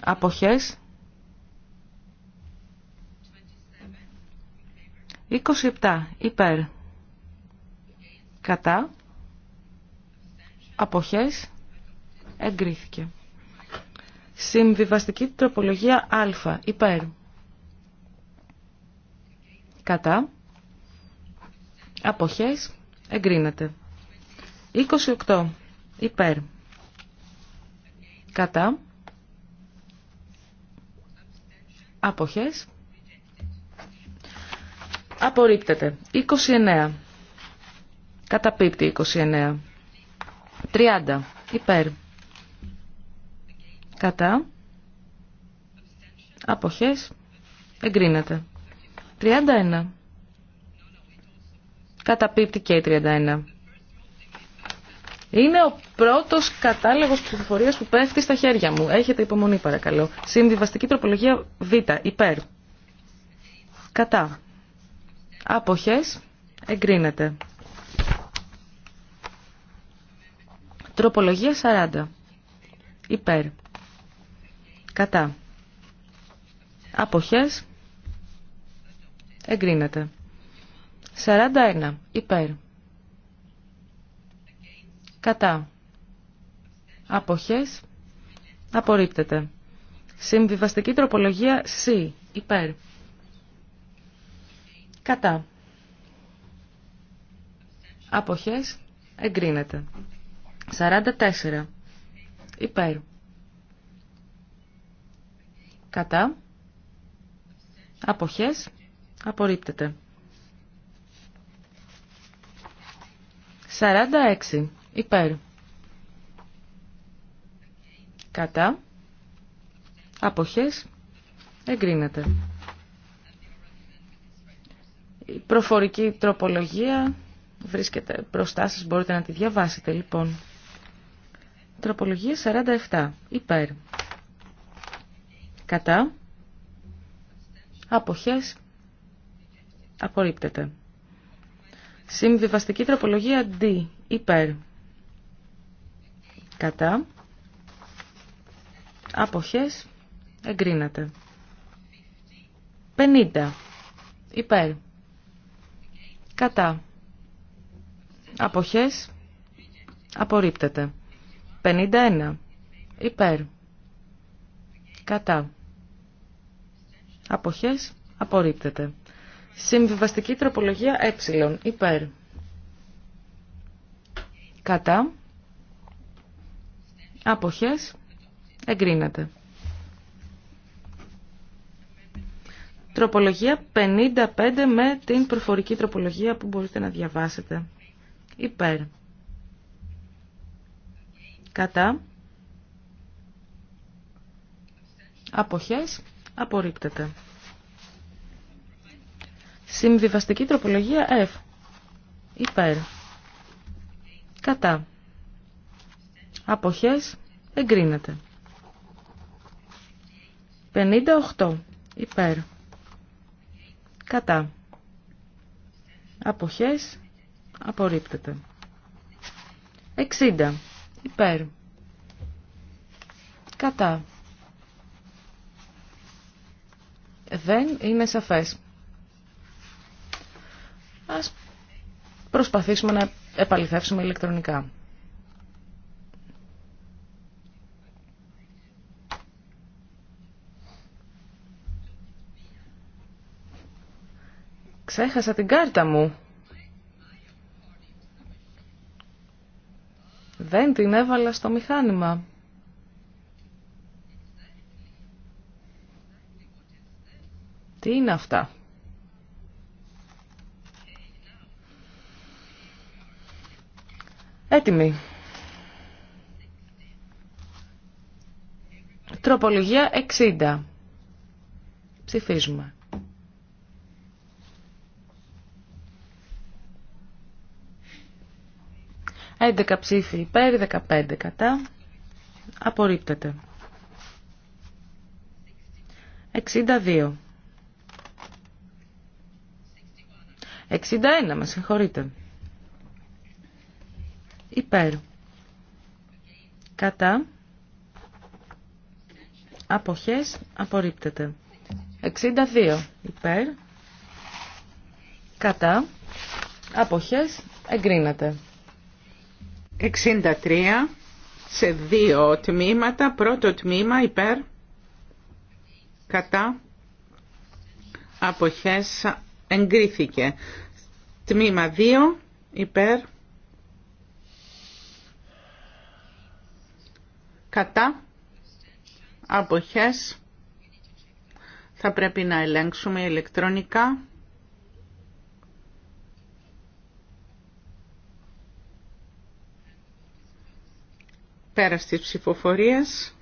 Αποχές. 27. Υπέρ. Κατά. Αποχές. Εγκρίθηκε. Συμβιβαστική τροπολογία α. Υπέρ. Κατά. Αποχές. Εγκρίνεται. 28. Υπέρ. Κατά. Αποχές. Απορρίπτεται. 29. Καταπίπτει 29. 30. Υπέρ. Κατά. Αποχές. Εγκρίνεται. 31. Καταπίπτει και η 31. Είναι ο πρώτος κατάλογο ψηφοφορία που πέφτει στα χέρια μου. Έχετε υπομονή παρακαλώ. Συμβιβαστική τροπολογία Β. Υπέρ. Κατά. Άποχες. Εγκρίνεται. Τροπολογία 40. Υπέρ. Κατά. Αποχές. Εγκρίνεται. 41. Υπέρ κατά αποχές απορρίπτεται. Συμβιβαστική τροπολογία C υπέρ κατά αποχές εγκρίνεται. 44 υπέρ κατά αποχές απορρίπτεται. 46 Υπέρ. Κατά. Αποχές. Εγκρίνεται. Η προφορική τροπολογία βρίσκεται μπροστά σας, μπορείτε να τη διαβάσετε λοιπόν. Τροπολογία 47. Υπέρ. Κατά. Αποχές. Απορρίπτεται. Συμβιβαστική τροπολογία D. Υπέρ κατά αποχές εγκρίνατε. 50 υπέρ κατά αποχές απορρίπτεται 51 υπέρ κατά αποχές απορρίπτεται Συμβιβαστική τροπολογία ε, υπέρ. Κατά. Αποχές. Εγκρίνεται. Τροπολογία 55 με την προφορική τροπολογία που μπορείτε να διαβάσετε. Υπέρ. Κατά. Αποχές. Απορρίπτεται. Συμβιβαστική τροπολογία F. Υπέρ. Κατά. Αποχές εγκρίνεται. 58. Υπέρ. Κατά. Αποχές απορρίπτεται. 60. Υπέρ. Κατά. Δεν είναι σαφές. Ας προσπαθήσουμε να επαληθεύσουμε ηλεκτρονικά. Ξέχασα την κάρτα μου. Δεν την έβαλα στο μηχάνημα. Τι είναι αυτά. Έτοιμοι. Τροπολογία 60. Ψηφίζουμε. 11 ψήφοι υπέρ, 15 κατά. Απορρίπτεται. 62. 61, με συγχωρείτε. Υπέρ. Κατά. Αποχές απορρίπτεται. 62. Υπέρ. Κατά. Αποχές εγκρίνεται. 63 σε δύο τμήματα. Πρώτο τμήμα υπέρ, κατά, αποχές εγκρίθηκε. Τμήμα 2 υπέρ, κατά, αποχές θα πρέπει να ελέγξουμε ηλεκτρονικά. Πέραστη της ψηφοφορίας.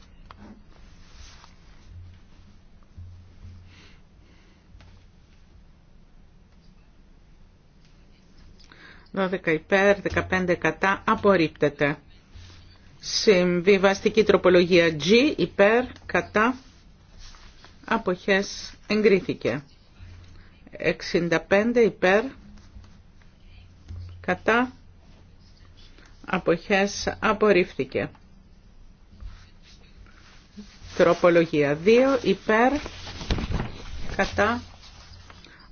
Δώδεκα υπέρ, 15 κατά, απορρίπτεται. Συμβιβαστική τροπολογία G, υπέρ, κατά, αποχές, εγκρίθηκε. 65 υπέρ, κατά, αποχές, απορρίφθηκε. Τροπολογία 2 υπέρ κατά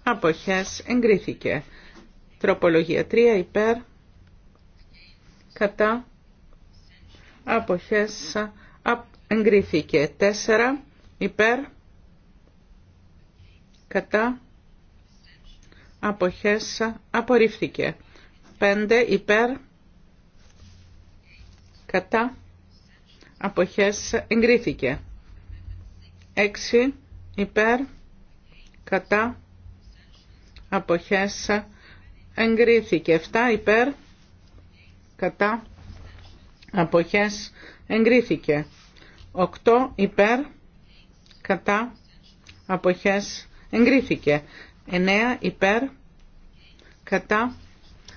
αποχές εγκρίθηκε. Τροπολογία 3 υπέρ κατά αποχές εγκρίθηκε. 4 υπέρ κατά αποχές απορρίφθηκε. 5 υπέρ κατά αποχές εγκρίθηκε. 6 υπέρ κατά απόχέσα. εγκρίθηκε 7 υπέρ κατά αποχές εγκρίθηκε 8 υπέρ κατά αποχές εγκρίθηκε 9 υπέρ κατά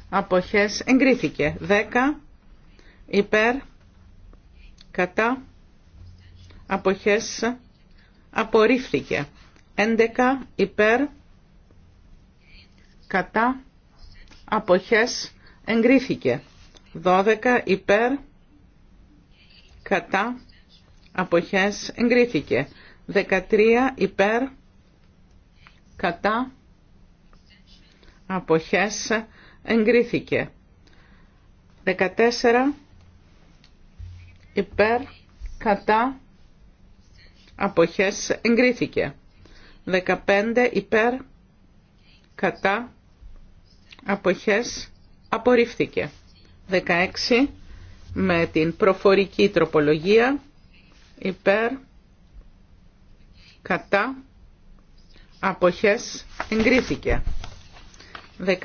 αποχές εγκρίθηκε 10 υπέρ κατά αποχές εγκρίθηκε απορρίφθηκε. 11 υπέρ κατά αποχές εγκρίθηκε. 12 υπέρ κατά αποχές εγκρίθηκε. 13 υπέρ κατά αποχές εγκρίθηκε. 14 υπέρ κατά αποχές εγκρίθηκε. 15 υπέρ κατά αποχές απορρίφθηκε. 16 με την προφορική τροπολογία υπέρ κατά αποχές εγκρίθηκε. 17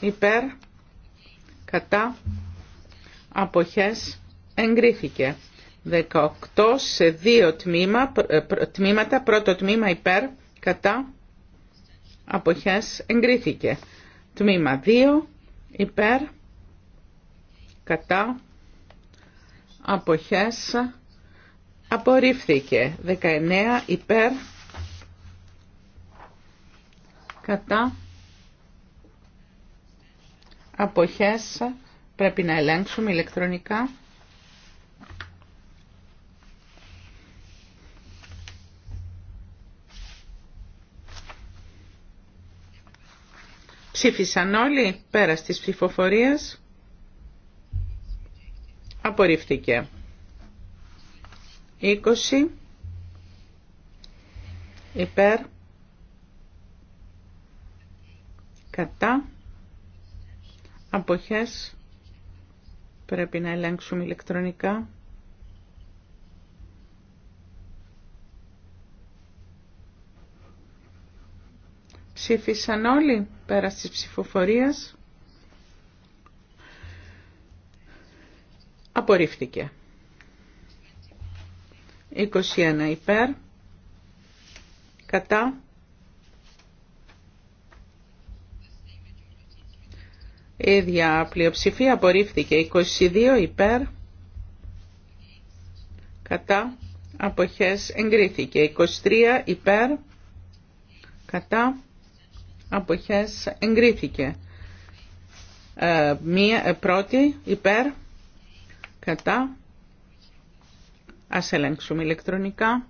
υπέρ κατά αποχές εγκρίθηκε. 18 σε δύο τμήμα, ε, τμήματα. Πρώτο τμήμα υπέρ, κατά, αποχές εγκρίθηκε. Τμήμα 2 υπέρ, κατά, αποχές απορρίφθηκε. 19 υπέρ, κατά, αποχές πρέπει να ελέγξουμε ηλεκτρονικά. Ψήφισαν όλοι πέρα της ψηφοφορίας. Απορρίφθηκε. 20 υπέρ κατά αποχές πρέπει να ελέγξουμε ηλεκτρονικά Ψήφισαν όλοι πέρα της ψηφοφορίας. Απορρίφθηκε. 21 υπέρ. Κατά. Η ίδια πλειοψηφία απορρίφθηκε. 22 υπέρ. Κατά. Αποχές εγκρίθηκε. 23 υπέρ. Κατά αποχές εγκρίθηκε. Ε, μία, ε, πρώτη υπέρ κατά ας ελέγξουμε ηλεκτρονικά.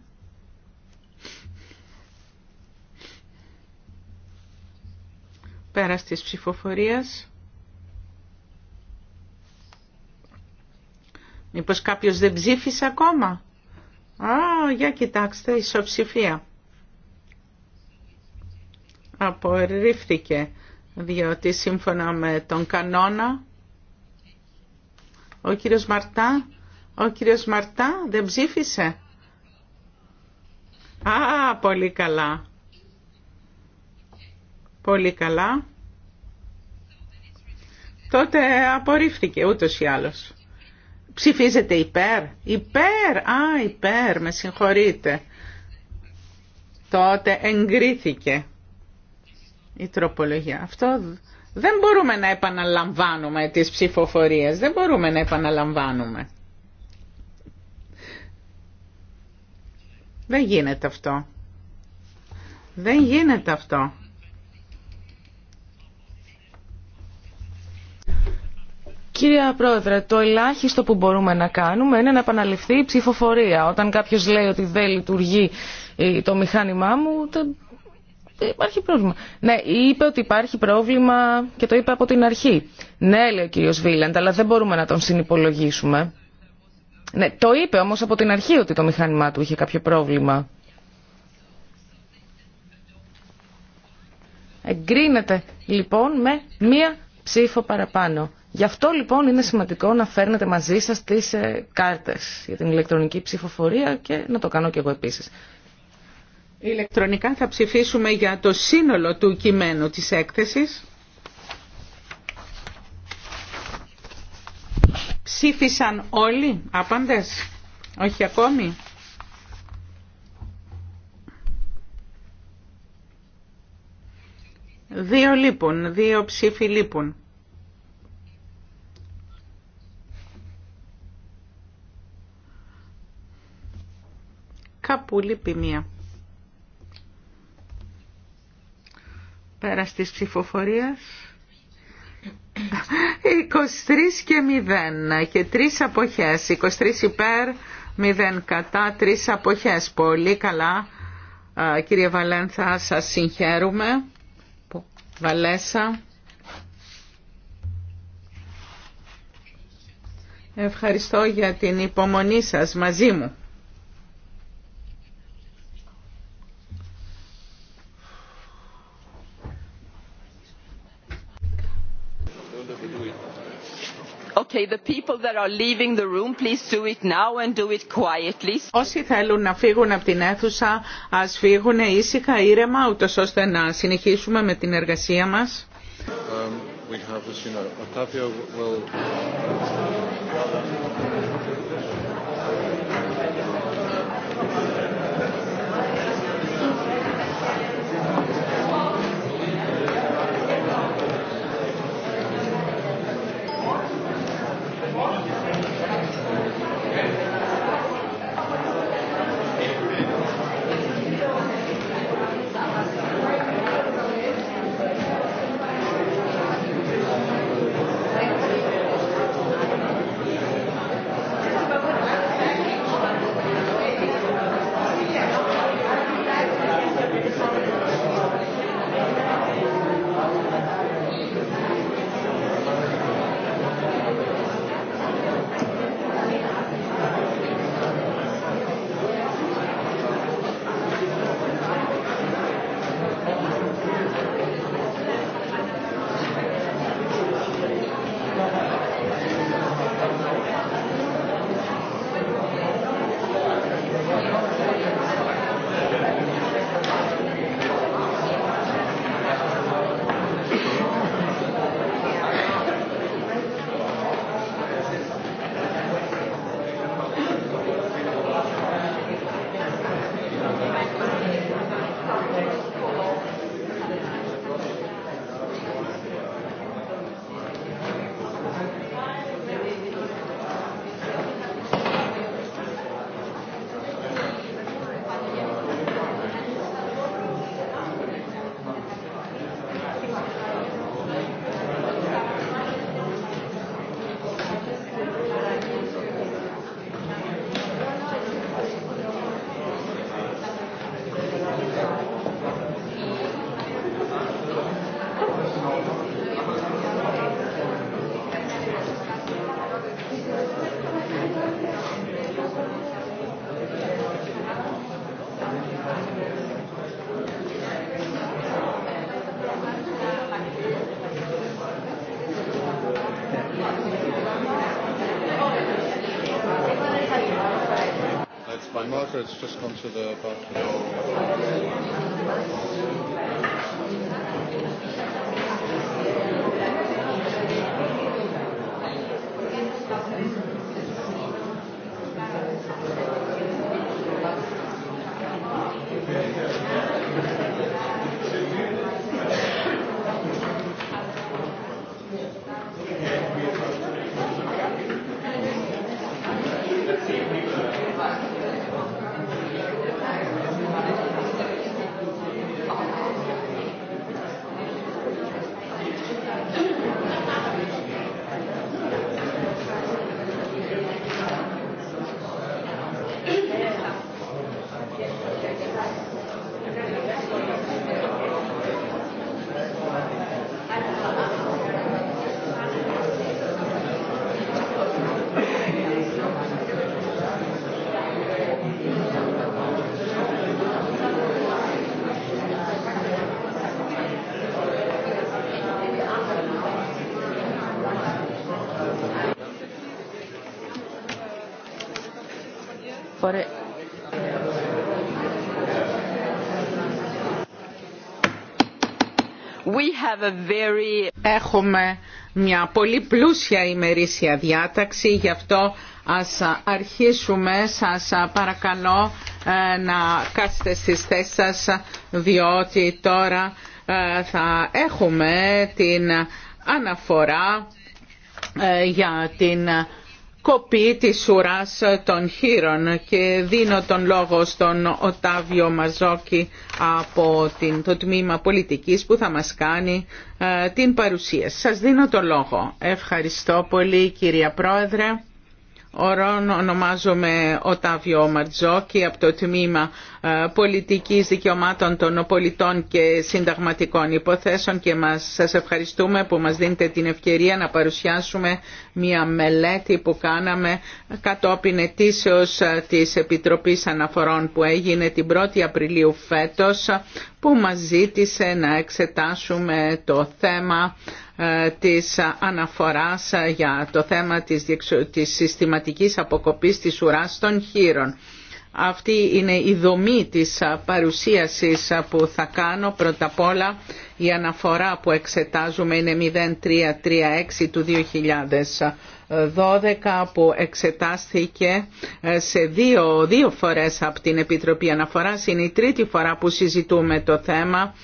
Πέρα της ψηφοφορίας. Μήπως κάποιος δεν ψήφισε ακόμα. Α, για κοιτάξτε, ισοψηφία απορρίφθηκε διότι σύμφωνα με τον κανόνα ο κύριος Μαρτά ο κύριος Μαρτά δεν ψήφισε Α, πολύ καλά πολύ καλά τότε απορρίφθηκε ούτως ή άλλως ψηφίζεται υπέρ υπέρ, α υπέρ με συγχωρείτε τότε εγκρίθηκε η τροπολογία. Αυτό δεν μπορούμε να επαναλαμβάνουμε τις ψηφοφορίες. Δεν μπορούμε να επαναλαμβάνουμε. Δεν γίνεται αυτό. Δεν γίνεται αυτό. Κύριε Πρόεδρε, το ελάχιστο που μπορούμε να κάνουμε είναι να επαναληφθεί η ψηφοφορία. Όταν κάποιος λέει ότι δεν λειτουργεί το μηχάνημά μου, ε, υπάρχει πρόβλημα. Ναι, είπε ότι υπάρχει πρόβλημα και το είπε από την αρχή. Ναι, λέει ο κύριο Βίλαντ, αλλά δεν μπορούμε να τον συνυπολογίσουμε. Ναι, το είπε όμως από την αρχή ότι το μηχάνημά του είχε κάποιο πρόβλημα. Εγκρίνεται λοιπόν με μία ψήφο παραπάνω. Γι' αυτό λοιπόν είναι σημαντικό να φέρνετε μαζί σας τις ε, κάρτες για την ηλεκτρονική ψηφοφορία και να το κάνω κι εγώ επίσης. Ηλεκτρονικά θα ψηφίσουμε για το σύνολο του κειμένου της έκθεσης. Ψήφισαν όλοι, άπαντες, όχι ακόμη. Δύο λείπουν, δύο ψήφοι λείπουν. Κάπου λείπει μία. Πέρα της ψηφοφορίας. 23 και 0 και 3 αποχές. 23 υπέρ, 0 κατά, 3 αποχές. Πολύ καλά. Κύριε Βαλένθα, σας συγχαίρουμε. Βαλέσα. Ευχαριστώ για την υπομονή σας μαζί μου. Okay, the people that are leaving the room, please do it now and do it quietly. Όσοι θέλουν να φύγουν από την αίθουσα, ας φύγουν ήσυχα, ήρεμα, ούτως ώστε να συνεχίσουμε με την εργασία μας. Um, we have you know, just gone to the bathroom. Έχουμε μια πολύ πλούσια ημερήσια διάταξη, γι' αυτό ας αρχίσουμε. Σας παρακαλώ ε, να κάτσετε στις θέσεις σας, διότι τώρα ε, θα έχουμε την αναφορά ε, για την κοπή της ουράς των χείρων και δίνω τον λόγο στον Οτάβιο Μαζόκη από την, το τμήμα πολιτικής που θα μας κάνει ε, την παρουσίαση. Σας δίνω τον λόγο. Ευχαριστώ πολύ κυρία Πρόεδρε. Ορών ονομάζομαι Οτάβιο Μαρζόκη από το τμήμα ε, πολιτικής δικαιωμάτων των πολιτών και συνταγματικών υποθέσεων και μας, σας ευχαριστούμε που μας δίνετε την ευκαιρία να παρουσιάσουμε μια μελέτη που κάναμε κατόπιν ετήσεως ε, της Επιτροπής Αναφορών που έγινε την 1η Απριλίου φέτος που μας ζήτησε να εξετάσουμε το θέμα ε, της αναφοράς για το θέμα της συστηματικής αποκοπής της ουράς των χείρων. Αυτή είναι η δομή της παρουσίασης που θα κάνω. Πρώτα απ' όλα η αναφορά που εξετάζουμε είναι 0336 του 2012 που εξετάστηκε ε, σε δύο, δύο φορές από την Επιτροπή Αναφοράς. Είναι η τρίτη φορά που συζητούμε το θέμα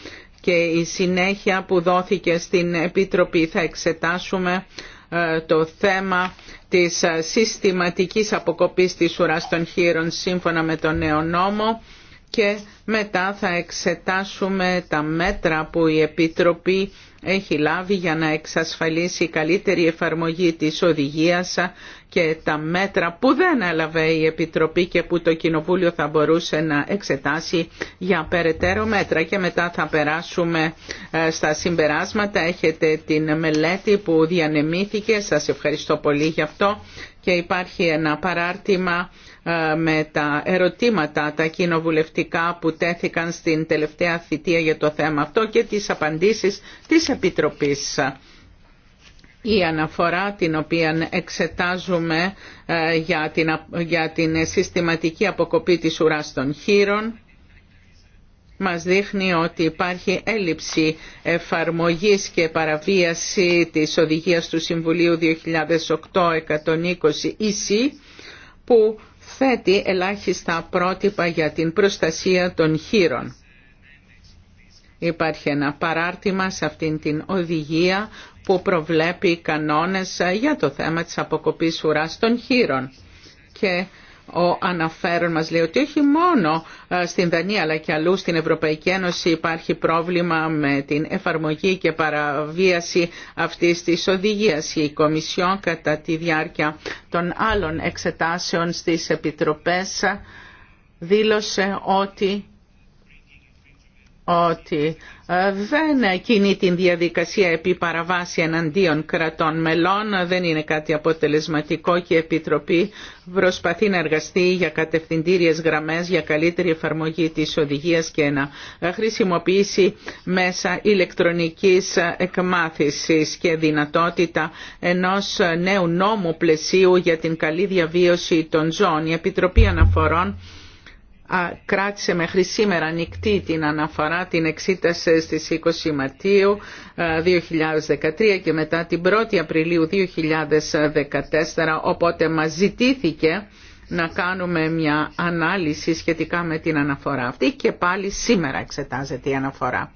και η συνέχεια που δόθηκε στην Επιτροπή θα εξετάσουμε ε, το θέμα της ε, συστηματικής αποκοπής της ουράς των χείρων σύμφωνα με τον νέο νόμο και μετά θα εξετάσουμε τα μέτρα που η Επιτροπή έχει λάβει για να εξασφαλίσει καλύτερη εφαρμογή της οδηγίας και τα μέτρα που δεν έλαβε η Επιτροπή και που το Κοινοβούλιο θα μπορούσε να εξετάσει για περαιτέρω μέτρα. Και μετά θα περάσουμε ε, στα συμπεράσματα. Έχετε την μελέτη που διανεμήθηκε. Σας ευχαριστώ πολύ γι' αυτό. Και υπάρχει ένα παράρτημα ε, με τα ερωτήματα τα κοινοβουλευτικά που τέθηκαν στην τελευταία θητεία για το θέμα αυτό και τις απαντήσεις της Επιτροπής. Η αναφορά την οποία εξετάζουμε ε, για την, συστηματική αποκοπή της ουράς των χείρων μας δείχνει ότι υπάρχει έλλειψη εφαρμογής και παραβίαση της οδηγίας του Συμβουλίου 2008-120 EC που προσθέτει ελάχιστα πρότυπα για την προστασία των χείρων. Υπάρχει ένα παράρτημα σε αυτήν την οδηγία που προβλέπει κανόνες για το θέμα της αποκοπής ουράς των χείρων και ο αναφέρον μας λέει ότι όχι μόνο ε, στην Δανία αλλά και αλλού στην Ευρωπαϊκή Ένωση υπάρχει πρόβλημα με την εφαρμογή και παραβίαση αυτής της οδηγίας. Η Κομισιόν κατά τη διάρκεια των άλλων εξετάσεων στις Επιτροπές δήλωσε ότι ότι ε, δεν κινεί την διαδικασία επί παραβάση εναντίον κρατών μελών, δεν είναι κάτι αποτελεσματικό και η Επιτροπή προσπαθεί να εργαστεί για κατευθυντήριες γραμμές για καλύτερη εφαρμογή της οδηγίας και να χρησιμοποιήσει μέσα ηλεκτρονικής εκμάθησης και δυνατότητα ενός νέου νόμου πλαισίου για την καλή διαβίωση των ζώων. Η Επιτροπή Αναφορών κράτησε μέχρι σήμερα ανοιχτή την αναφορά, την εξήτασε στις 20 Μαρτίου 2013 και μετά την 1η Απριλίου 2014, οπότε μας ζητήθηκε να κάνουμε μια ανάλυση σχετικά με την αναφορά αυτή και πάλι σήμερα εξετάζεται η αναφορά.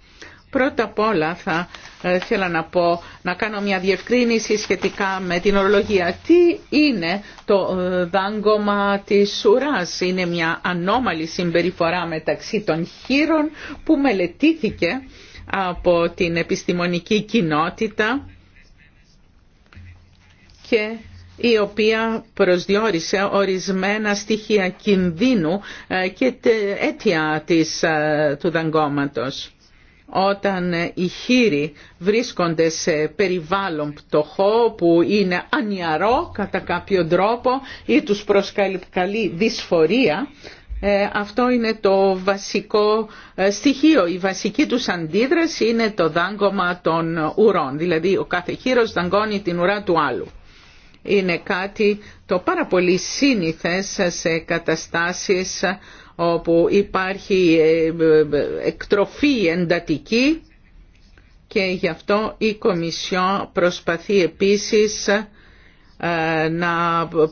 Πρώτα απ' όλα θα ήθελα ε, να πω, να κάνω μια διευκρίνηση σχετικά με την ορολογία. Τι είναι το ε, δάγκωμα της ουράς. Είναι μια ανώμαλη συμπεριφορά μεταξύ των χείρων που μελετήθηκε από την επιστημονική κοινότητα και η οποία προσδιορίσε ορισμένα στοιχεία κινδύνου ε, και αίτια της, του δαγκώματος όταν ε, οι χείροι βρίσκονται σε περιβάλλον πτωχό που είναι ανιαρό κατά κάποιο τρόπο ή τους προσκαλεί δυσφορία, ε, αυτό είναι το βασικό ε, στοιχείο. Η βασική τους αντίδραση είναι το δάγκωμα των ουρών, δηλαδή ο κάθε χείρος δαγκώνει την ουρά του άλλου. Είναι κάτι το πάρα πολύ σύνηθες σε καταστάσεις όπου υπάρχει ε, ε, εκτροφή εντατική και γι' αυτό η Κομισιό προσπαθεί επίσης ε, να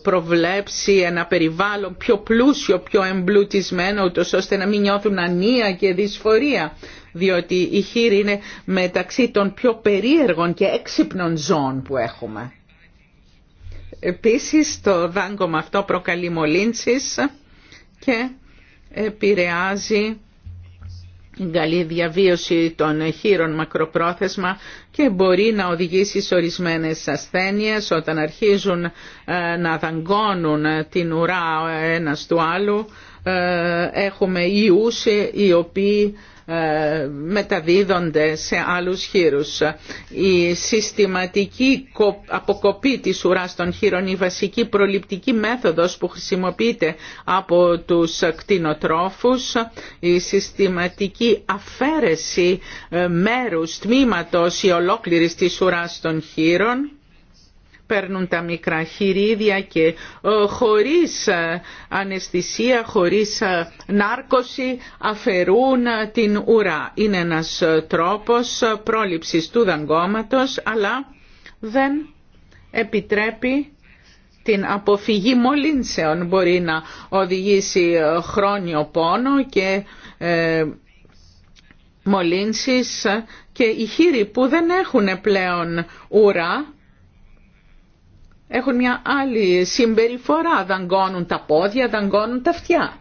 προβλέψει ένα περιβάλλον πιο πλούσιο, πιο εμπλουτισμένο, ούτως ώστε να μην νιώθουν ανία και δυσφορία, διότι η χείρη είναι μεταξύ των πιο περίεργων και έξυπνων ζώων που έχουμε. Επίσης το δάγκωμα αυτό προκαλεί μολύνσεις και επηρεάζει η καλή διαβίωση των χείρων μακροπρόθεσμα και μπορεί να οδηγήσει σε ορισμένες ασθένειες όταν αρχίζουν ε, να δαγκώνουν την ουρά ένας του άλλου. Ε, έχουμε ιούς οι οποίοι ε, μεταδίδονται σε άλλους χείρους. Η συστηματική αποκοπή της ουράς των χείρων, η βασική προληπτική μέθοδος που χρησιμοποιείται από τους κτηνοτρόφους, η συστηματική αφαίρεση ε, μέρους τμήματος ή ολόκληρης της ουράς των χείρων, παίρνουν τα μικρά χειρίδια και ε, χωρίς ε, αναισθησία, χωρίς ε, νάρκωση αφαιρούν την ουρά. Είναι ένας τρόπος πρόληψης του δαγκώματος αλλά δεν επιτρέπει την αποφυγή μολύνσεων. Μπορεί να οδηγήσει χρόνιο πόνο και μολύνσεις και οι χείροι που δεν έχουν πλέον ουρά έχουν μια άλλη συμπεριφορά, δαγκώνουν τα πόδια, δαγκώνουν τα αυτιά.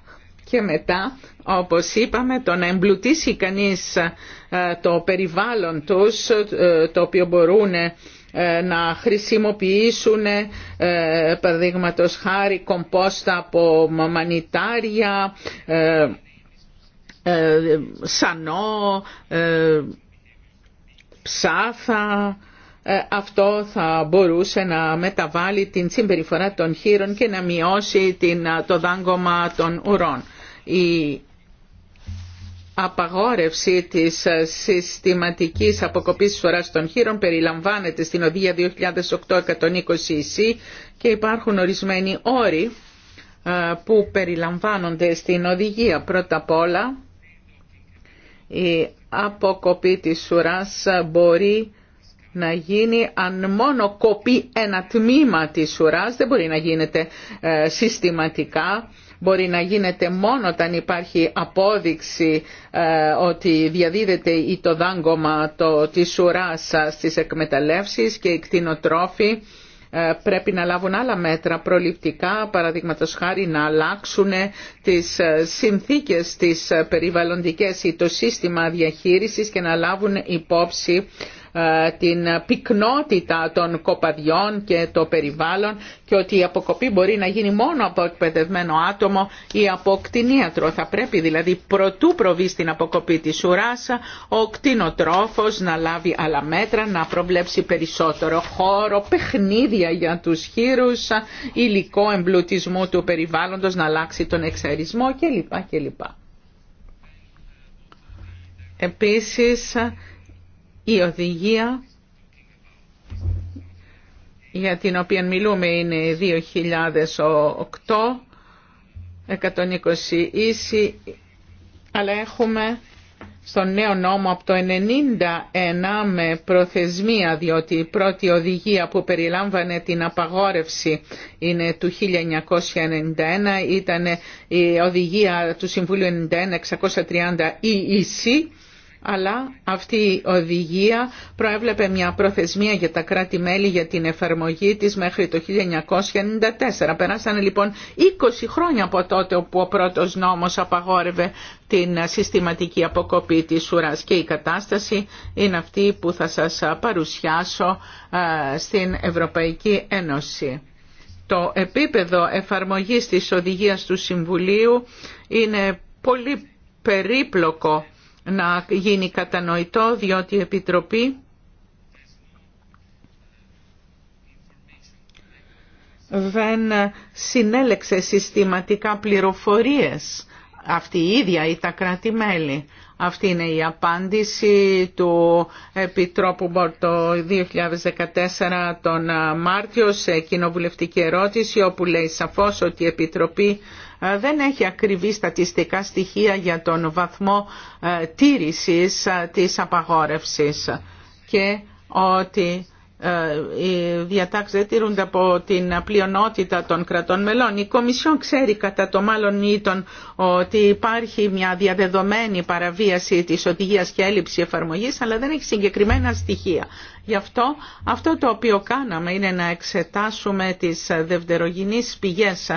Και μετά, όπως είπαμε, το να εμπλουτίσει κανείς ε, το περιβάλλον τους, ε, το οποίο μπορούν ε, να χρησιμοποιήσουν παραδείγματο χάρη κομπόστα από μανιτάρια, σανό, ψάθα, ε, αυτό θα μπορούσε να μεταβάλει την συμπεριφορά των χείρων και να μειώσει την, ε, το δάγκωμα των ουρών. Η απαγόρευση της ε, συστηματικής αποκοπής φοράς των χείρων περιλαμβάνεται στην οδηγία 2008-120 και υπάρχουν ορισμένοι όροι που περιλαμβάνονται στην οδηγία. Πρώτα απ' όλα η αποκοπή της σουράς μπορεί να γίνει αν μόνο κοπεί ένα τμήμα της ουράς, δεν μπορεί να γίνεται ε, συστηματικά. Μπορεί να γίνεται μόνο όταν υπάρχει απόδειξη ε, ότι διαδίδεται ή το δάγκωμα το, της ουράς στις εκμεταλλεύσεις και οι κτηνοτρόφοι ε, πρέπει να λάβουν άλλα μέτρα προληπτικά, παραδείγματο χάρη να αλλάξουν τις συνθήκες της περιβαλλοντικές ή το σύστημα διαχείρισης και να λάβουν υπόψη ε, την πυκνότητα των κοπαδιών και το περιβάλλον και ότι η αποκοπή μπορεί να γίνει μόνο από εκπαιδευμένο άτομο ή από κτηνίατρο. Θα πρέπει δηλαδή προτού προβεί στην αποκοπή της ουράς ο κτηνοτρόφος να λάβει άλλα μέτρα, να προβλέψει περισσότερο χώρο, παιχνίδια για τους χείρους, υλικό εμπλουτισμού του περιβάλλοντος, να αλλάξει τον εξαρισμό κλπ. κλπ. Επίσης η οδηγία για την οποία μιλούμε είναι 2008, 120 ίση, αλλά έχουμε στον νέο νόμο από το 1991 με προθεσμία, διότι η πρώτη οδηγία που περιλάμβανε την απαγόρευση είναι του 1991, ήταν η οδηγία του Συμβούλου 91-630 EEC αλλά αυτή η οδηγία προέβλεπε μια προθεσμία για τα κράτη-μέλη για την εφαρμογή της μέχρι το 1994. Περάσανε λοιπόν 20 χρόνια από τότε που ο πρώτος νόμος απαγόρευε την συστηματική αποκοπή της ουράς και η κατάσταση είναι αυτή που θα σας παρουσιάσω ε, στην Ευρωπαϊκή Ένωση. Το επίπεδο εφαρμογής της οδηγίας του Συμβουλίου είναι πολύ περίπλοκο να γίνει κατανοητό διότι η Επιτροπή δεν συνέλεξε συστηματικά πληροφορίες αυτή η ίδια ή τα κράτη-μέλη. Αυτή είναι η απάντηση του Επιτρόπου Μπορτο 2014 τον ε, Μάρτιο σε κοινοβουλευτική ερώτηση όπου λέει σαφώς ότι η Επιτροπή ε, δεν έχει ακριβή στατιστικά στοιχεία για τον βαθμό ε, τήρησης της απαγόρευσης και ότι ε, οι διατάξεις δεν από την πλειονότητα των κρατών μελών. Η Κομισιόν ξέρει κατά το μάλλον ήτον ότι υπάρχει μια διαδεδομένη παραβίαση της οδηγίας και έλλειψη εφαρμογής, αλλά δεν έχει συγκεκριμένα στοιχεία. Γι' αυτό αυτό το οποίο κάναμε είναι να εξετάσουμε τις δευτερογενείς πηγές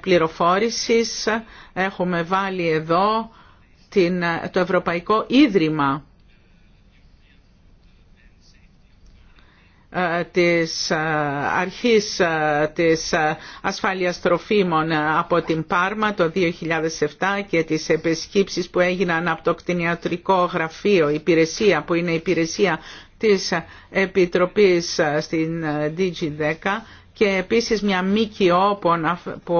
πληροφόρησης. Έχουμε βάλει εδώ το Ευρωπαϊκό Ίδρυμα Ε, της ε, αρχής ε, της ασφάλειας τροφίμων από την Πάρμα το 2007 και τις επισκύψεις που έγιναν από το κτηνιατρικό γραφείο, υπηρεσία που είναι υπηρεσία της Επιτροπής στην DG10 και επίσης μια ΜΚΟ που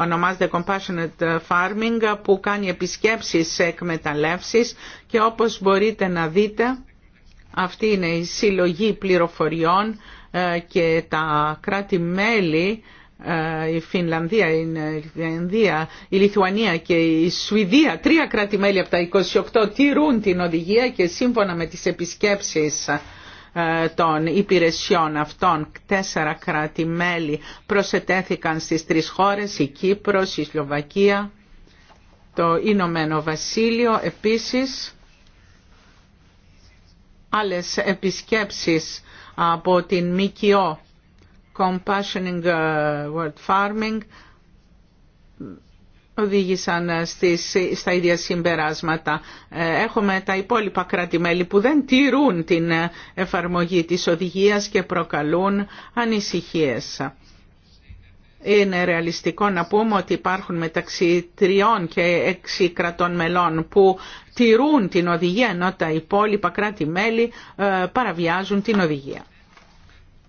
ονομάζεται Compassionate Farming που κάνει επισκέψεις σε εκμεταλλεύσεις και όπως μπορείτε να δείτε αυτή είναι η συλλογή πληροφοριών ε, και τα κράτη-μέλη, ε, η Φινλανδία, η Λιθουανία, η Λιθουανία και η Σουηδία, τρία κράτη-μέλη από τα 28 τηρούν την οδηγία και σύμφωνα με τις επισκέψεις ε, των υπηρεσιών αυτών. Τέσσερα κράτη-μέλη προσετέθηκαν στις τρεις χώρες, η Κύπρος, η Σλοβακία, το Ηνωμένο Βασίλειο επίσης άλλες επισκέψεις από την ΜΚΟ Compassioning ε, World Farming οδήγησαν στις, στα ίδια συμπεράσματα. Ε, έχουμε τα υπόλοιπα κράτη-μέλη που δεν τηρούν την ε, εφαρμογή της οδηγίας και προκαλούν ανησυχίες. Είναι ρεαλιστικό να πούμε ότι υπάρχουν μεταξύ τριών και έξι κρατών μελών που τηρούν την οδηγία ενώ τα υπόλοιπα κράτη-μέλη ε, παραβιάζουν την οδηγία.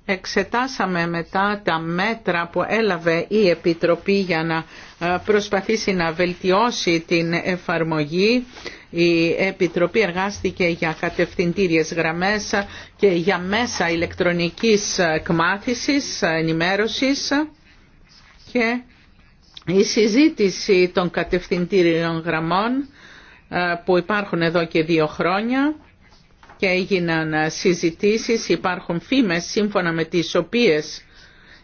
Εξετάσαμε μετά τα μέτρα που έλαβε η Επιτροπή για να ε, προσπαθήσει να βελτιώσει την εφαρμογή. Η Επιτροπή εργάστηκε για κατευθυντήριες γραμμές και για μέσα ηλεκτρονικής εκμάθησης, ενημέρωσης η συζήτηση των κατευθυντήριων γραμμών ε, που υπάρχουν εδώ και δύο χρόνια και έγιναν συζητήσεις, υπάρχουν φήμες σύμφωνα με τις οποίες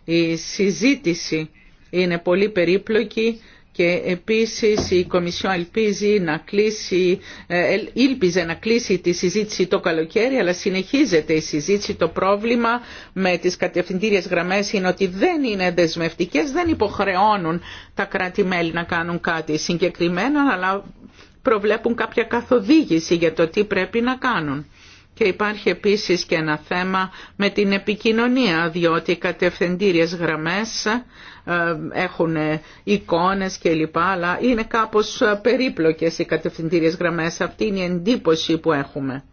η συζήτηση είναι πολύ περίπλοκη και επίσης η Κομισιόν ελπίζει να κλείσει, ε, ήλπιζε να κλείσει τη συζήτηση το καλοκαίρι αλλά συνεχίζεται η συζήτηση. Το πρόβλημα με τις κατευθυντήριες γραμμές είναι ότι δεν είναι δεσμευτικές, δεν υποχρεώνουν τα κράτη-μέλη να κάνουν κάτι συγκεκριμένο αλλά προβλέπουν κάποια καθοδήγηση για το τι πρέπει να κάνουν. Και υπάρχει επίσης και ένα θέμα με την επικοινωνία, διότι οι κατευθυντήριες γραμμές ε, έχουν εικόνες κλπ. Αλλά είναι κάπως περίπλοκες οι κατευθυντήριες γραμμές. Αυτή είναι η εντύπωση που έχουμε.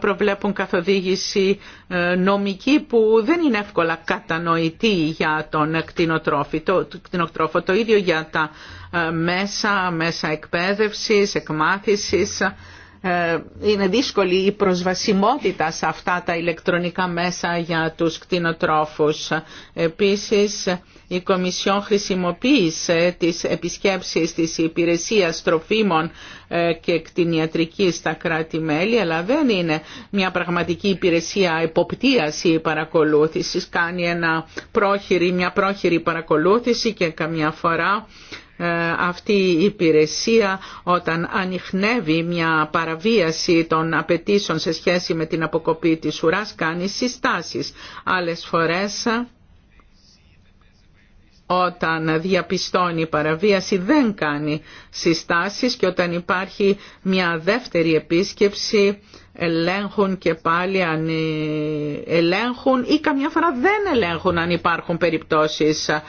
προβλέπουν καθοδήγηση ε, νομική που δεν είναι εύκολα κατανοητή για τον κτηνοτρόφο. Το, ίδιο για τα ε, μέσα, μέσα εκπαίδευσης, εκμάθησης. Ε, είναι δύσκολη η προσβασιμότητα σε αυτά τα ηλεκτρονικά μέσα για τους κτηνοτρόφους. Επίσης, η Κομισιόν χρησιμοποίησε τις επισκέψεις της υπηρεσίας τροφίμων ε, και κτηνιατρικής στα κράτη-μέλη, αλλά δεν είναι μια πραγματική υπηρεσία εποπτείας ή παρακολούθησης. Κάνει ένα πρόχειρη, μια πρόχειρη παρακολούθηση και καμιά φορά ε, αυτή η υπηρεσία όταν ανοιχνεύει μια παραβίαση των απαιτήσεων σε σχέση με την αποκοπή της ουράς κάνει συστάσεις. Άλλες φορές όταν διαπιστώνει παραβίαση δεν κάνει συστάσεις και όταν υπάρχει μια δεύτερη επίσκεψη ελέγχουν και πάλι αν ε, ελέγχουν ή καμιά φορά δεν ελέγχουν αν υπάρχουν περιπτώσεις ε,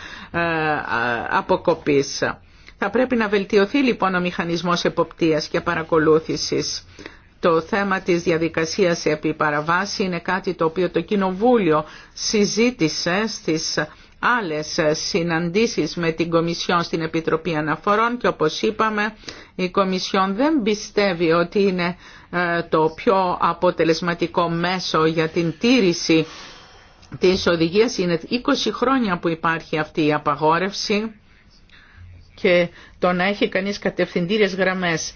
αποκοπής. Θα πρέπει να βελτιωθεί λοιπόν ο μηχανισμός εποπτείας και παρακολούθησης. Το θέμα της διαδικασίας επί παραβάση είναι κάτι το οποίο το Κοινοβούλιο συζήτησε στις άλλες συναντήσεις με την Κομισιόν στην Επιτροπή Αναφορών και όπως είπαμε η Κομισιόν δεν πιστεύει ότι είναι ε, το πιο αποτελεσματικό μέσο για την τήρηση της οδηγίας. Είναι 20 χρόνια που υπάρχει αυτή η απαγόρευση και το να έχει κανείς κατευθυντήριες γραμμές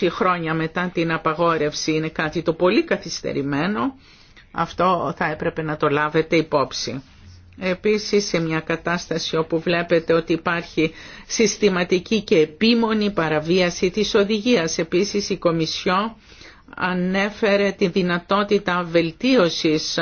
20 χρόνια μετά την απαγόρευση είναι κάτι το πολύ καθυστερημένο. Αυτό θα έπρεπε να το λάβετε υπόψη. Επίσης σε μια κατάσταση όπου βλέπετε ότι υπάρχει συστηματική και επίμονη παραβίαση της οδηγίας. Επίσης η Κομισιό ανέφερε τη δυνατότητα βελτίωσης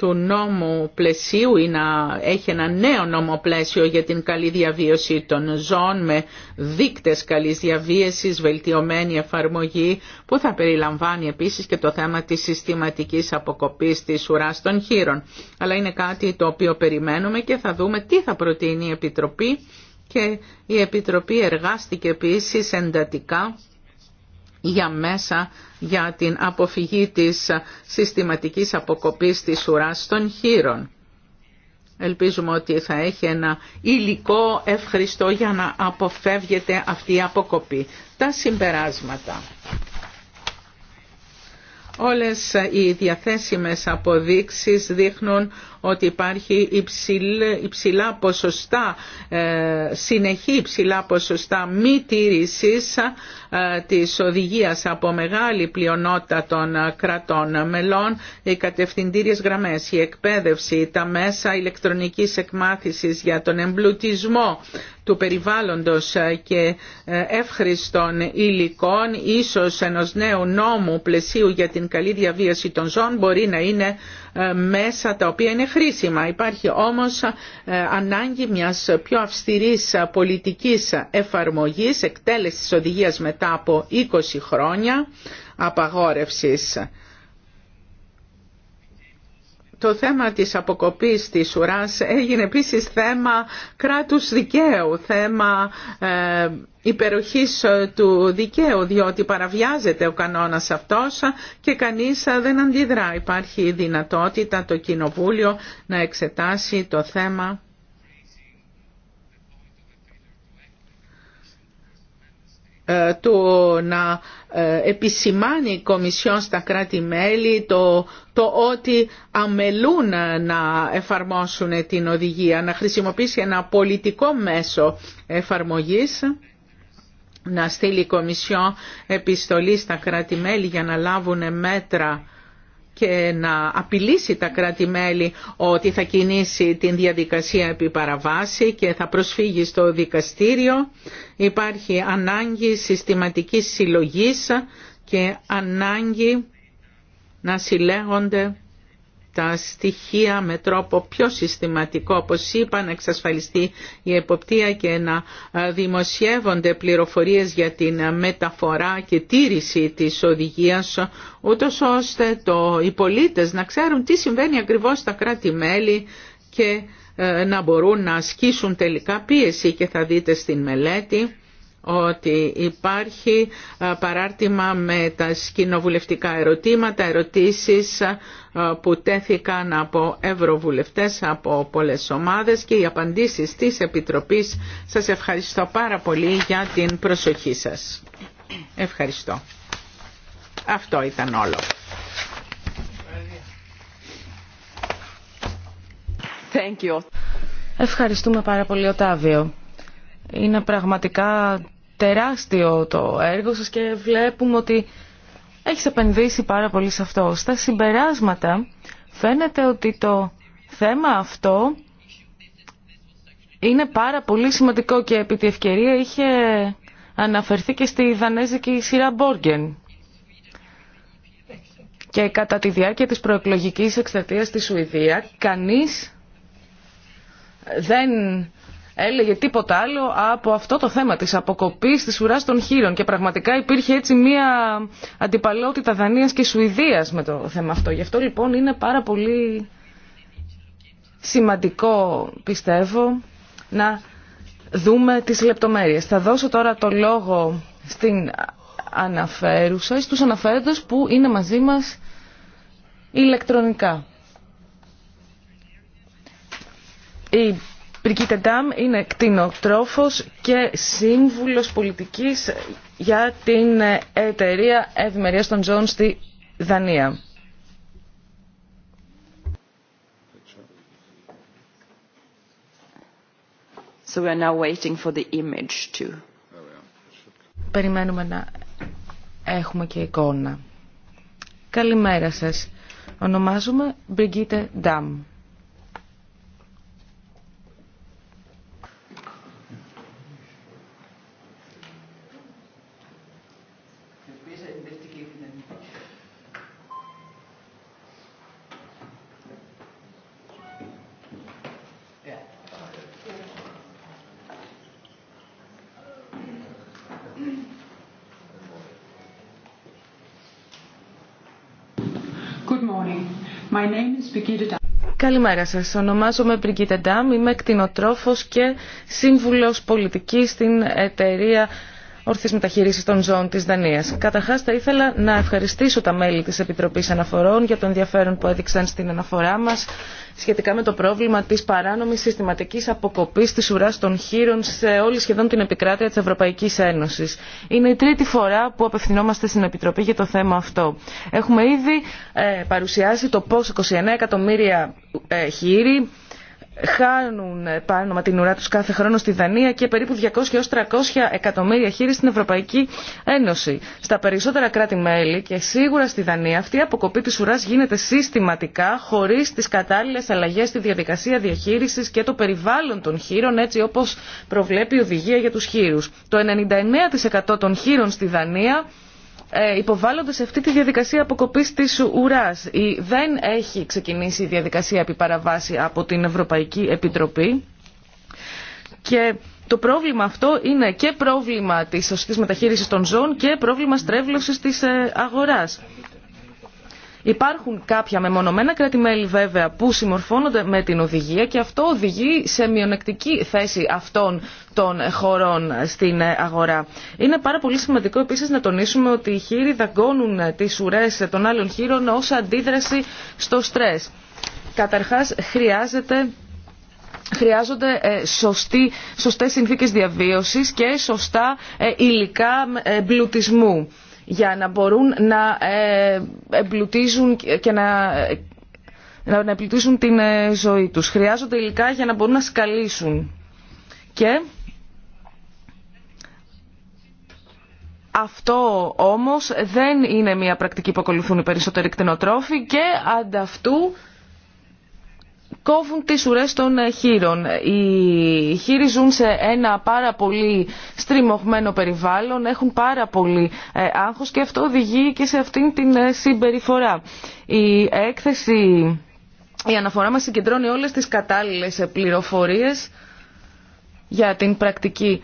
του νόμου πλαισίου ή να έχει ένα νέο νόμο πλαίσιο για την καλή διαβίωση των ζώων με δείκτες καλής διαβίωσης, βελτιωμένη εφαρμογή που θα περιλαμβάνει επίσης και το θέμα της συστηματικής αποκοπής της ουράς των χείρων. Αλλά είναι κάτι το οποίο περιμένουμε και θα δούμε τι θα προτείνει η Επιτροπή και η Επιτροπή εργάστηκε επίσης εντατικά για μέσα για την αποφυγή της συστηματικής αποκοπής της ουράς των χείρων. Ελπίζουμε ότι θα έχει ένα υλικό ευχριστό για να αποφεύγεται αυτή η αποκοπή. Τα συμπεράσματα. Όλες οι διαθέσιμες αποδείξεις δείχνουν ότι υπάρχει υψηλά ποσοστά, ε, συνεχή υψηλά ποσοστά μη τήρησης ε, της οδηγίας από μεγάλη πλειονότητα των ε, κρατών μελών, οι κατευθυντήριες γραμμές, η εκπαίδευση, τα μέσα ηλεκτρονικής εκμάθησης για τον εμπλουτισμό του περιβάλλοντος ε, και εύχριστων υλικών, ίσως ενός νέου νόμου πλαισίου για την καλή διαβίωση των ζώων μπορεί να είναι ε, μέσα τα οποία είναι χρήσιμα. Υπάρχει όμως ε, ανάγκη μιας πιο αυστηρής πολιτικής εφαρμογής, εκτέλεσης οδηγίας μετά από 20 χρόνια απαγόρευσης το θέμα της αποκοπής της ουράς έγινε επίσης θέμα κράτους δικαίου, θέμα ε, υπεροχής ε, του δικαίου, διότι παραβιάζεται ο κανόνας αυτός και κανείς ε, δεν αντιδρά. Υπάρχει δυνατότητα το Κοινοβούλιο να εξετάσει το θέμα Ε, το να ε, επισημάνει η Κομισιόν στα κράτη-μέλη το, το ότι αμελούν να εφαρμόσουν την οδηγία, να χρησιμοποιήσει ένα πολιτικό μέσο εφαρμογής να στείλει η Κομισιόν επιστολή στα κράτη-μέλη για να λάβουν μέτρα και να απειλήσει τα κράτη-μέλη ότι θα κινήσει την διαδικασία επί παραβάση και θα προσφύγει στο δικαστήριο. Υπάρχει ανάγκη συστηματικής συλλογής και ανάγκη να συλλέγονται τα στοιχεία με τρόπο πιο συστηματικό, όπως είπα, να εξασφαλιστεί η εποπτεία και να ε, δημοσιεύονται πληροφορίες για την μεταφορά και τήρηση της οδηγίας, ούτως ώστε το, οι πολίτες να ξέρουν τι συμβαίνει ακριβώς στα κράτη-μέλη και ε, να μπορούν να ασκήσουν τελικά πίεση και θα δείτε στην μελέτη ότι υπάρχει παράρτημα με τα σκηνοβουλευτικά ερωτήματα, ερωτήσεις που τέθηκαν από ευρωβουλευτές από πολλές ομάδες και οι απαντήσεις της Επιτροπής. Σας ευχαριστώ πάρα πολύ για την προσοχή σας. Ευχαριστώ. Αυτό ήταν όλο. Ευχαριστούμε πάρα πολύ, Οτάβιο. Είναι πραγματικά τεράστιο το έργο σας και βλέπουμε ότι έχει επενδύσει πάρα πολύ σε αυτό. Στα συμπεράσματα φαίνεται ότι το θέμα αυτό είναι πάρα πολύ σημαντικό και επί τη ευκαιρία είχε αναφερθεί και στη δανέζικη σειρά Μπόργεν. Και κατά τη διάρκεια της προεκλογικής εκστρατείας στη Σουηδία, κανείς δεν έλεγε τίποτα άλλο από αυτό το θέμα της αποκοπής της ουράς των χείρων και πραγματικά υπήρχε έτσι μια αντιπαλότητα Δανίας και Σουηδίας με το θέμα αυτό. Γι' αυτό λοιπόν είναι πάρα πολύ σημαντικό πιστεύω να δούμε τις λεπτομέρειες. Θα δώσω τώρα το λόγο στην αναφέρουσα, στους αναφέροντες που είναι μαζί μας ηλεκτρονικά. Η Μπριγκίτε Ντάμ είναι κτηνοτρόφος και σύμβουλος πολιτικής για την εταιρεία Ευημερία των ζώων στη Δανία. waiting for the image Περιμένουμε να έχουμε και εικόνα. Καλημέρα σας. Ονομάζομαι Brigitte Ντάμ. Καλημέρα σας. Ονομάζομαι Brigitte Ντάμ. είμαι κτηνοτρόφο και σύμβουλος πολιτικής στην εταιρεία ορθής μεταχείρισης των ζώων της Δανίας. Καταρχάς θα ήθελα να ευχαριστήσω τα μέλη της Επιτροπής Αναφορών για το ενδιαφέρον που έδειξαν στην αναφορά μας σχετικά με το πρόβλημα της παράνομης συστηματικής αποκοπής της ουράς των χείρων σε όλη σχεδόν την επικράτεια της Ευρωπαϊκής Ένωσης. Είναι η τρίτη φορά που απευθυνόμαστε στην Επιτροπή για το θέμα αυτό. Έχουμε ήδη ε, παρουσιάσει το πώς 29 εκατομμύρια ε, χείροι χάνουν πάνω με την ουρά τους κάθε χρόνο στη Δανία και περίπου 200 έω 300 εκατομμύρια χείρι στην Ευρωπαϊκή Ένωση. Στα περισσότερα κράτη-μέλη και σίγουρα στη Δανία αυτή η αποκοπή της ουράς γίνεται συστηματικά χωρίς τις κατάλληλες αλλαγές στη διαδικασία διαχείρισης και το περιβάλλον των χείρων έτσι όπω προβλέπει η οδηγία για του χείρου. Το 99% των χείρων στη Δανία ε, υποβάλλονται αυτή τη διαδικασία αποκοπής της ουράς. Δεν έχει ξεκινήσει η διαδικασία επιπαραβάση από την Ευρωπαϊκή Επιτροπή και το πρόβλημα αυτό είναι και πρόβλημα της σωστής μεταχείρισης των ζώων και πρόβλημα στρέβλωσης της ε, αγοράς. Υπάρχουν κάποια μεμονωμένα κράτη-μέλη βέβαια που συμμορφώνονται με την οδηγία και αυτό οδηγεί σε μειονεκτική θέση αυτών των χωρών στην αγορά. Είναι πάρα πολύ σημαντικό επίσης να τονίσουμε ότι οι χείροι δαγκώνουν τις ουρές των άλλων χείρων ως αντίδραση στο στρες. Καταρχάς χρειάζεται χρειάζονται ε, σωστή, σωστές συνθήκες διαβίωσης και σωστά ε, υλικά ε, εμπλουτισμού για να μπορούν να ε, εμπλουτίζουν και να, να την ε, ζωή τους. Χρειάζονται υλικά για να μπορούν να σκαλίσουν. Και Αυτό όμως δεν είναι μια πρακτική που ακολουθούν οι περισσότεροι κτηνοτρόφοι και ανταυτού κόβουν τις ουρές των ε, χείρων. Οι χείροι ζουν σε ένα πάρα πολύ στριμωγμένο περιβάλλον, έχουν πάρα πολύ ε, άγχος και αυτό οδηγεί και σε αυτήν την ε, συμπεριφορά. Η έκθεση, η αναφορά μας συγκεντρώνει όλες τις κατάλληλες πληροφορίες για την πρακτική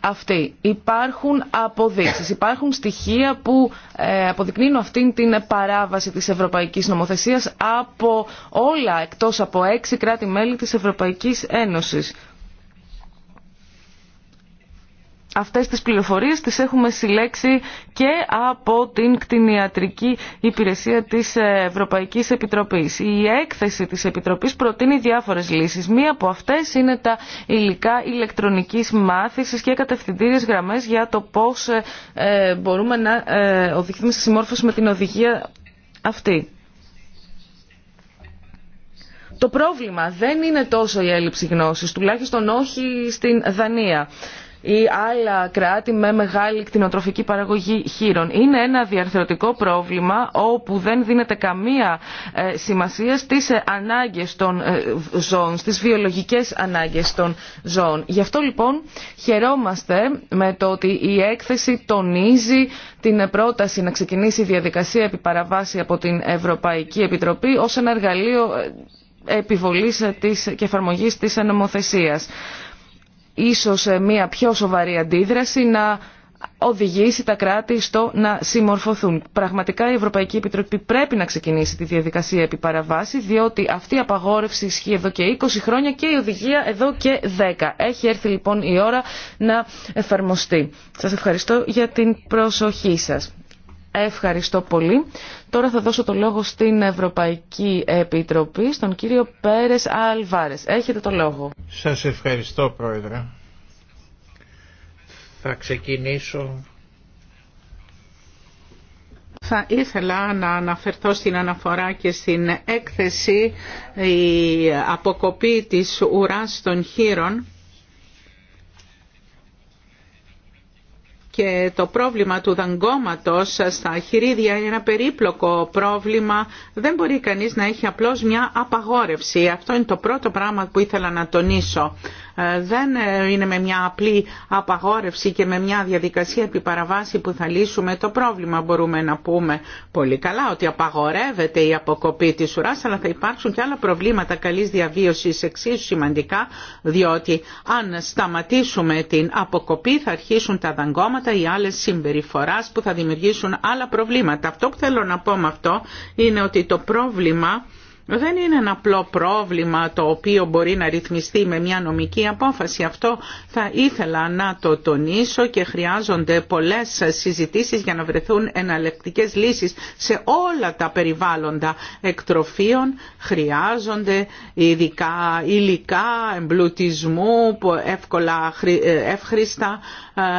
αυτή. Υπάρχουν αποδείξεις, υπάρχουν στοιχεία που ε, αποδεικνύουν αυτήν την παράβαση της Ευρωπαϊκής Νομοθεσίας από όλα εκτός από έξι κράτη-μέλη της Ευρωπαϊκής Ένωσης. Αυτές τις πληροφορίες τις έχουμε συλλέξει και από την κτηνιατρική υπηρεσία της Ευρωπαϊκής Επιτροπής. Η έκθεση της Επιτροπής προτείνει διάφορες λύσεις. Μία από αυτές είναι τα υλικά ηλεκτρονικής μάθησης και κατευθυντήριες γραμμές για το πώς ε, ε, μπορούμε να ε, οδηγηθούμε στη συμμόρφωση με την οδηγία αυτή. Το πρόβλημα δεν είναι τόσο η έλλειψη γνώσης, τουλάχιστον όχι στην Δανία ή άλλα κράτη με μεγάλη κτηνοτροφική παραγωγή χείρων. Είναι ένα διαρθρωτικό πρόβλημα όπου δεν δίνεται καμία ε, σημασία στις ε, ανάγκες των ε, ζώων, στις βιολογικές ανάγκες των ζώων. Γι' αυτό λοιπόν χαιρόμαστε με το ότι η έκθεση τονίζει την πρόταση να ξεκινήσει η διαδικασία επιπαραβάση από την Ευρωπαϊκή Επιτροπή ως ένα εργαλείο επιβολής της και εφαρμογής της νομοθεσίας ίσως ε, μια πιο σοβαρή αντίδραση να οδηγήσει τα κράτη στο να συμμορφωθούν. Πραγματικά η Ευρωπαϊκή Επιτροπή πρέπει να ξεκινήσει τη διαδικασία επί παραβάση, διότι αυτή η απαγόρευση ισχύει εδώ και 20 χρόνια και η οδηγία εδώ και 10. Έχει έρθει λοιπόν η ώρα να εφαρμοστεί. Σας ευχαριστώ για την προσοχή σας. Ευχαριστώ πολύ. Τώρα θα δώσω το λόγο στην Ευρωπαϊκή Επιτροπή, στον κύριο Πέρες Αλβάρες. Έχετε το λόγο. Σας ευχαριστώ Πρόεδρε. Θα ξεκινήσω. Θα ήθελα να αναφερθώ στην αναφορά και στην έκθεση η αποκοπή της ουράς των χείρων και το πρόβλημα του δαγκώματος στα χειρίδια είναι ένα περίπλοκο πρόβλημα. Δεν μπορεί κανείς να έχει απλώς μια απαγόρευση. Αυτό είναι το πρώτο πράγμα που ήθελα να τονίσω. Ε, δεν ε, είναι με μια απλή απαγόρευση και με μια διαδικασία επιπαραβάση που θα λύσουμε το πρόβλημα. Μπορούμε να πούμε πολύ καλά ότι απαγορεύεται η αποκοπή της ουράς, αλλά θα υπάρξουν και άλλα προβλήματα καλής διαβίωσης εξίσου σημαντικά, διότι αν σταματήσουμε την αποκοπή θα αρχίσουν τα δαγκώματα ή άλλες συμπεριφοράς που θα δημιουργήσουν άλλα προβλήματα. Αυτό που θέλω να πω με αυτό είναι ότι το πρόβλημα δεν είναι ένα απλό πρόβλημα το οποίο μπορεί να ρυθμιστεί με μια νομική απόφαση. Αυτό θα ήθελα να το τονίσω και χρειάζονται πολλές συζητήσεις για να βρεθούν εναλλεκτικές λύσεις σε όλα τα περιβάλλοντα εκτροφίων. Χρειάζονται ειδικά υλικά, εμπλουτισμού, εύκολα εύχρηστα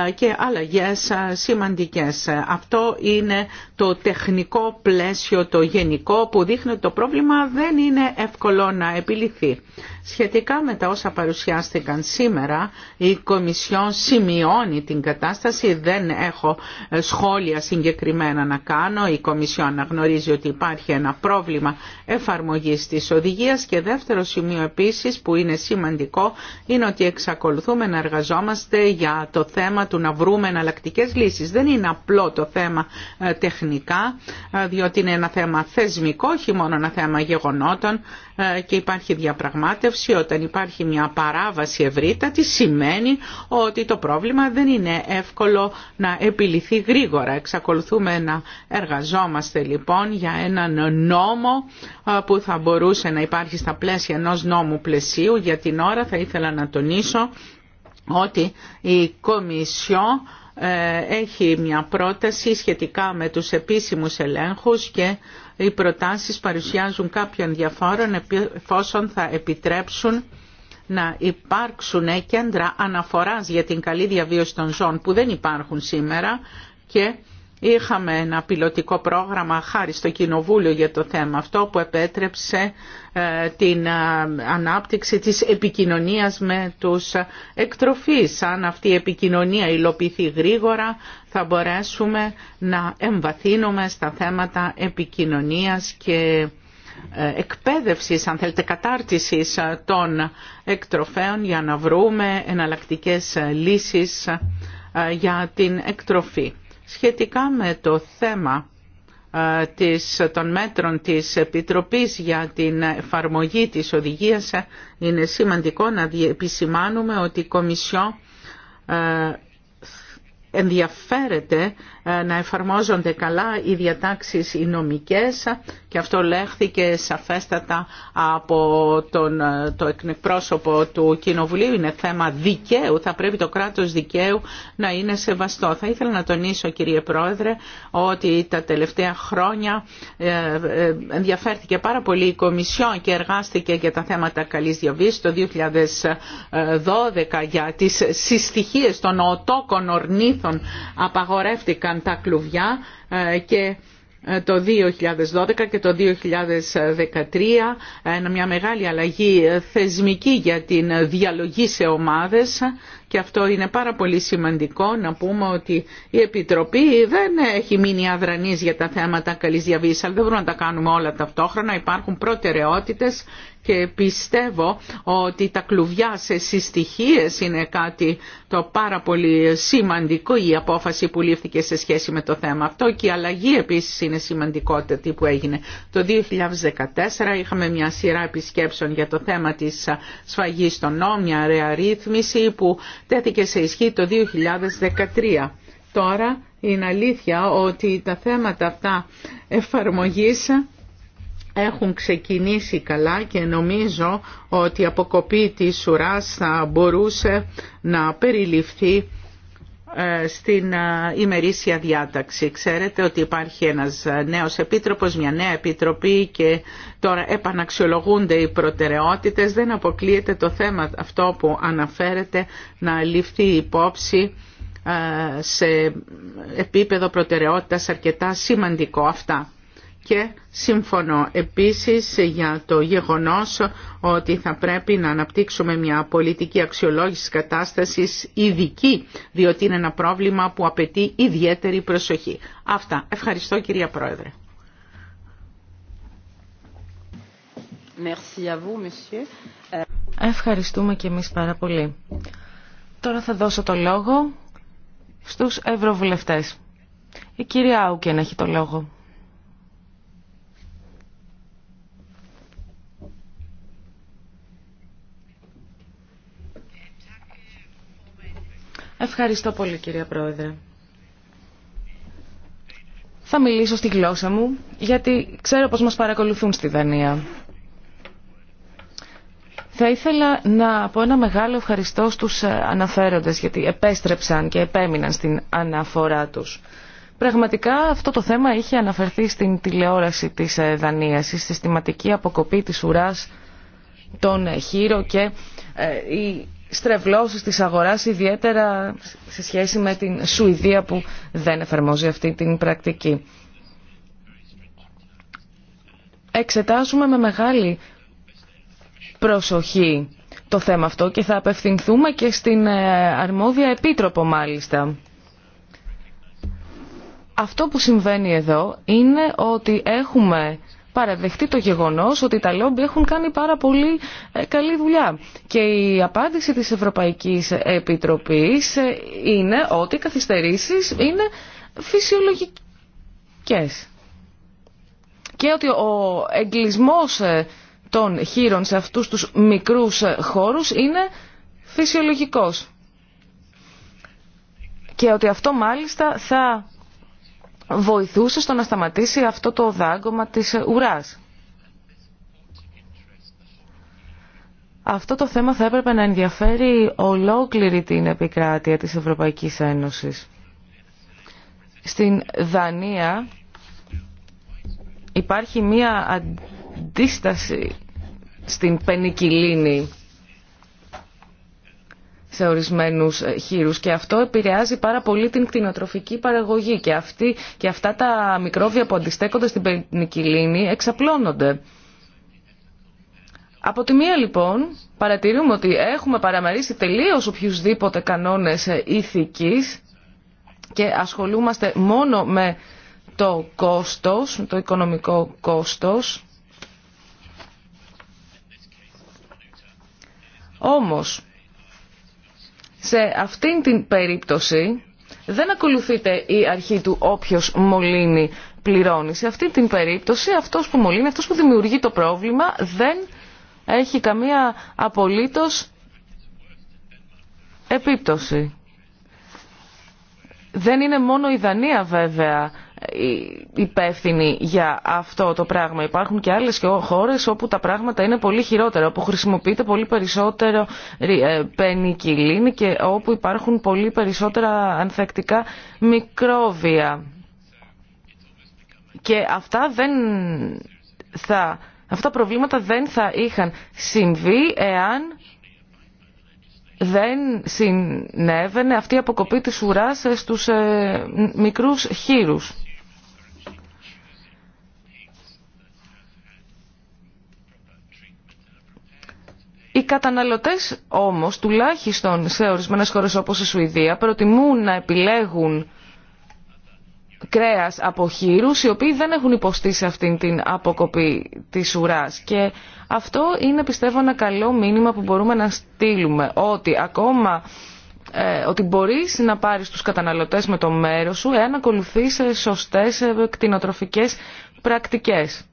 ε, και αλλαγές ε, σημαντικές. Αυτό είναι το τεχνικό πλαίσιο, το γενικό που δείχνει ότι το πρόβλημα δεν είναι εύκολο να επιληθεί. Σχετικά με τα όσα παρουσιάστηκαν σήμερα, η Κομισιόν σημειώνει την κατάσταση, δεν έχω ε, σχόλια συγκεκριμένα να κάνω. Η Κομισιόν αναγνωρίζει ότι υπάρχει ένα πρόβλημα εφαρμογής της οδηγίας και δεύτερο σημείο επίσης που είναι σημαντικό είναι ότι εξακολουθούμε να εργαζόμαστε για το θέμα του να βρούμε εναλλακτικέ λύσεις. Δεν είναι απλό το θέμα ε, τεχνικό ε, διότι είναι ένα θέμα θεσμικό, όχι μόνο ένα θέμα γεγονότων ε, και υπάρχει διαπραγμάτευση. Όταν υπάρχει μια παράβαση ευρύτατη, σημαίνει ότι το πρόβλημα δεν είναι εύκολο να επιληθεί γρήγορα. Εξακολουθούμε να εργαζόμαστε λοιπόν για έναν νόμο ε, που θα μπορούσε να υπάρχει στα πλαίσια ενός νόμου πλαισίου. Για την ώρα θα ήθελα να τονίσω ότι η Κομισιό ε, έχει μια πρόταση σχετικά με τους επίσημους ελέγχους και οι προτάσεις παρουσιάζουν κάποιο ενδιαφέρον εφόσον θα επιτρέψουν να υπάρξουν κέντρα αναφοράς για την καλή διαβίωση των ζώων που δεν υπάρχουν σήμερα και Είχαμε ένα πιλωτικό πρόγραμμα χάρη στο Κοινοβούλιο για το θέμα αυτό που επέτρεψε ε, την ε, ανάπτυξη της επικοινωνίας με τους εκτροφείς. Αν αυτή η επικοινωνία υλοποιηθεί γρήγορα θα μπορέσουμε να εμβαθύνουμε στα θέματα επικοινωνίας και ε, εκπαίδευσης, αν θέλετε, κατάρτισης των εκτροφέων για να βρούμε εναλλακτικές λύσεις για την εκτροφή σχετικά με το θέμα ε, της, των μέτρων της Επιτροπής για την εφαρμογή της οδηγίας ε, είναι σημαντικό να επισημάνουμε ότι η Κομισιό ε, ενδιαφέρεται ε, να εφαρμόζονται καλά οι διατάξεις οι νομικές και αυτό λέχθηκε σαφέστατα από τον, ε, το εκπρόσωπο του Κοινοβουλίου. Είναι θέμα δικαίου, θα πρέπει το κράτος δικαίου να είναι σεβαστό. Θα ήθελα να τονίσω κύριε Πρόεδρε ότι τα τελευταία χρόνια ε, ενδιαφέρθηκε πάρα πολύ η Κομισιόν και εργάστηκε για τα θέματα καλής διαβίωσης το 2012 για τις συστοιχίες των οτόκων ορνήθων απαγορεύτηκαν τα κλουβιά ε, ε, και το 2012 και το 2013 μια μεγάλη αλλαγή ε, θεσμική για την διαλογή σε ομάδες και αυτό είναι πάρα πολύ σημαντικό να πούμε ότι η Επιτροπή δεν έχει μείνει αδρανής για τα θέματα καλής διαβίωσης αλλά δεν μπορούμε να τα κάνουμε όλα ταυτόχρονα υπάρχουν προτεραιότητες και πιστεύω ότι τα κλουβιά σε συστοιχίες είναι κάτι το πάρα πολύ σημαντικό η απόφαση που λήφθηκε σε σχέση με το θέμα αυτό και η αλλαγή επίσης είναι σημαντικότητα που έγινε. Το 2014 είχαμε μια σειρά επισκέψεων για το θέμα της σφαγής των νόμων, μια που τέθηκε σε ισχύ το 2013. Τώρα είναι αλήθεια ότι τα θέματα αυτά εφαρμογής έχουν ξεκινήσει καλά και νομίζω ότι η αποκοπή της ουράς θα μπορούσε να περιληφθεί ε, στην ε, ημερήσια διάταξη. Ξέρετε ότι υπάρχει ένας ε, νέος επίτροπος, μια νέα επιτροπή και τώρα επαναξιολογούνται οι προτεραιότητες. Δεν αποκλείεται το θέμα αυτό που αναφέρετε να ληφθεί υπόψη σε επίπεδο προτεραιότητας αρκετά σημαντικό αυτά και συμφωνώ επίσης για το γεγονός ότι θα πρέπει να αναπτύξουμε μια πολιτική αξιολόγηση κατάστασης ειδική, διότι είναι ένα πρόβλημα που απαιτεί ιδιαίτερη προσοχή. Αυτά. Ευχαριστώ κυρία Πρόεδρε. Ευχαριστούμε και εμείς πάρα πολύ. Τώρα θα δώσω το λόγο στους ευρωβουλευτές. Η κυρία Άουκεν έχει το λόγο. Ευχαριστώ πολύ κυρία Πρόεδρε. Θα μιλήσω στη γλώσσα μου, γιατί ξέρω πως μας παρακολουθούν στη Δανία. Θα ήθελα να πω ένα μεγάλο ευχαριστώ στους ε, αναφέροντες, γιατί επέστρεψαν και επέμειναν στην αναφορά τους. Πραγματικά αυτό το θέμα είχε αναφερθεί στην τηλεόραση της ε, Δανίας, η συστηματική αποκοπή της ουράς, των ε, χείρων και η στρεβλώσεις της αγοράς, ιδιαίτερα σε σχέση με την Σουηδία που δεν εφαρμόζει αυτή την πρακτική. Εξετάζουμε με μεγάλη προσοχή το θέμα αυτό και θα απευθυνθούμε και στην ε, αρμόδια επίτροπο μάλιστα. Αυτό που συμβαίνει εδώ είναι ότι έχουμε παραδεχτεί το γεγονός ότι τα λόμπι έχουν κάνει πάρα πολύ ε, καλή δουλειά. Και η απάντηση της Ευρωπαϊκής Επιτροπής ε, είναι ότι οι καθυστερήσεις είναι φυσιολογικές. Και ότι ο εγκλισμός ε, των χείρων σε αυτούς τους μικρούς χώρους είναι φυσιολογικός. Και ότι αυτό μάλιστα θα βοηθούσε στο να σταματήσει αυτό το δάγκωμα της ουράς. Αυτό το θέμα θα έπρεπε να ενδιαφέρει ολόκληρη την επικράτεια της Ευρωπαϊκής Ένωσης. Στην Δανία υπάρχει μία αντίσταση στην πενικυλίνη σε ορισμένους ε, χείρους και αυτό επηρεάζει πάρα πολύ την κτηνοτροφική παραγωγή και, αυτή, και αυτά τα μικρόβια που αντιστέκονται στην πενικυλίνη εξαπλώνονται. Από τη μία λοιπόν παρατηρούμε ότι έχουμε παραμερίσει τελείως οποιουσδήποτε κανόνες ε, ηθικής και ασχολούμαστε μόνο με το κόστος, το οικονομικό κόστος. Όμως, σε αυτήν την περίπτωση δεν ακολουθείται η αρχή του όποιος μολύνει πληρώνει. Σε αυτή την περίπτωση αυτός που μολύνει, αυτός που δημιουργεί το πρόβλημα δεν έχει καμία απολύτως επίπτωση. Δεν είναι μόνο η Δανία βέβαια ε, υπεύθυνοι για αυτό το πράγμα. Υπάρχουν και άλλες χώρες όπου τα πράγματα είναι πολύ χειρότερα, όπου χρησιμοποιείται πολύ περισσότερο ε, πενικυλίνη και όπου υπάρχουν πολύ περισσότερα ανθεκτικά μικρόβια. Και αυτά δεν θα... Αυτά τα προβλήματα δεν θα είχαν συμβεί εάν δεν συνέβαινε αυτή η αποκοπή της ουράς στους ε, μικρούς χείρους. Οι καταναλωτές όμως, τουλάχιστον σε ορισμένες χώρες όπως η Σουηδία, προτιμούν να επιλέγουν κρέας από χείρους οι οποίοι δεν έχουν υποστεί σε αυτήν την αποκοπή της ουράς και αυτό είναι πιστεύω ένα καλό μήνυμα που μπορούμε να στείλουμε ότι ακόμα ε, ότι μπορείς να πάρεις τους καταναλωτές με το μέρος σου εάν ακολουθείς σωστές ε, κτηνοτροφικές πρακτικές.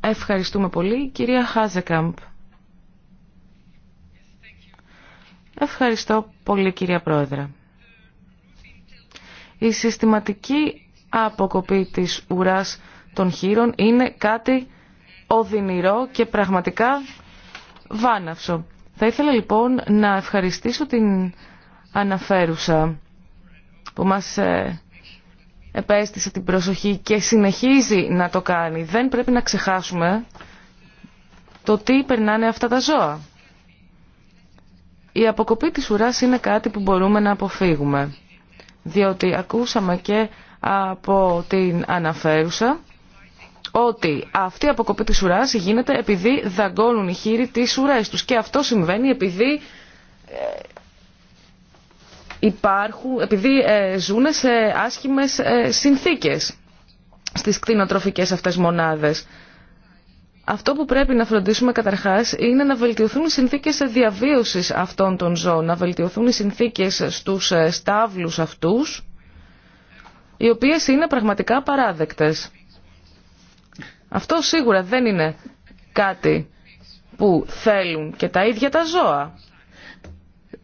Ευχαριστούμε πολύ. Κυρία Χάζεκαμπ. Ευχαριστώ πολύ κυρία Πρόεδρε. Η συστηματική αποκοπή της ουράς των χείρων είναι κάτι οδυνηρό και πραγματικά βάναυσο. Θα ήθελα λοιπόν να ευχαριστήσω την αναφέρουσα που μας ε, επέστησε την προσοχή και συνεχίζει να το κάνει. Δεν πρέπει να ξεχάσουμε το τι περνάνε αυτά τα ζώα. Η αποκοπή της ουράς είναι κάτι που μπορούμε να αποφύγουμε. Διότι ακούσαμε και από την αναφέρουσα ότι αυτή η αποκοπή της ουράς γίνεται επειδή δαγκώνουν οι χείροι της ουράς τους. Και αυτό συμβαίνει επειδή ε, υπάρχουν, επειδή ε, ζουν σε άσχημες ε, συνθήκες στις κτηνοτροφικές αυτές μονάδες. Αυτό που πρέπει να φροντίσουμε καταρχάς είναι να βελτιωθούν οι συνθήκες διαβίωσης αυτών των ζώων, να βελτιωθούν οι συνθήκες στους ε, στάβλους αυτούς, οι οποίες είναι πραγματικά παράδεκτες. Αυτό σίγουρα δεν είναι κάτι που θέλουν και τα ίδια τα ζώα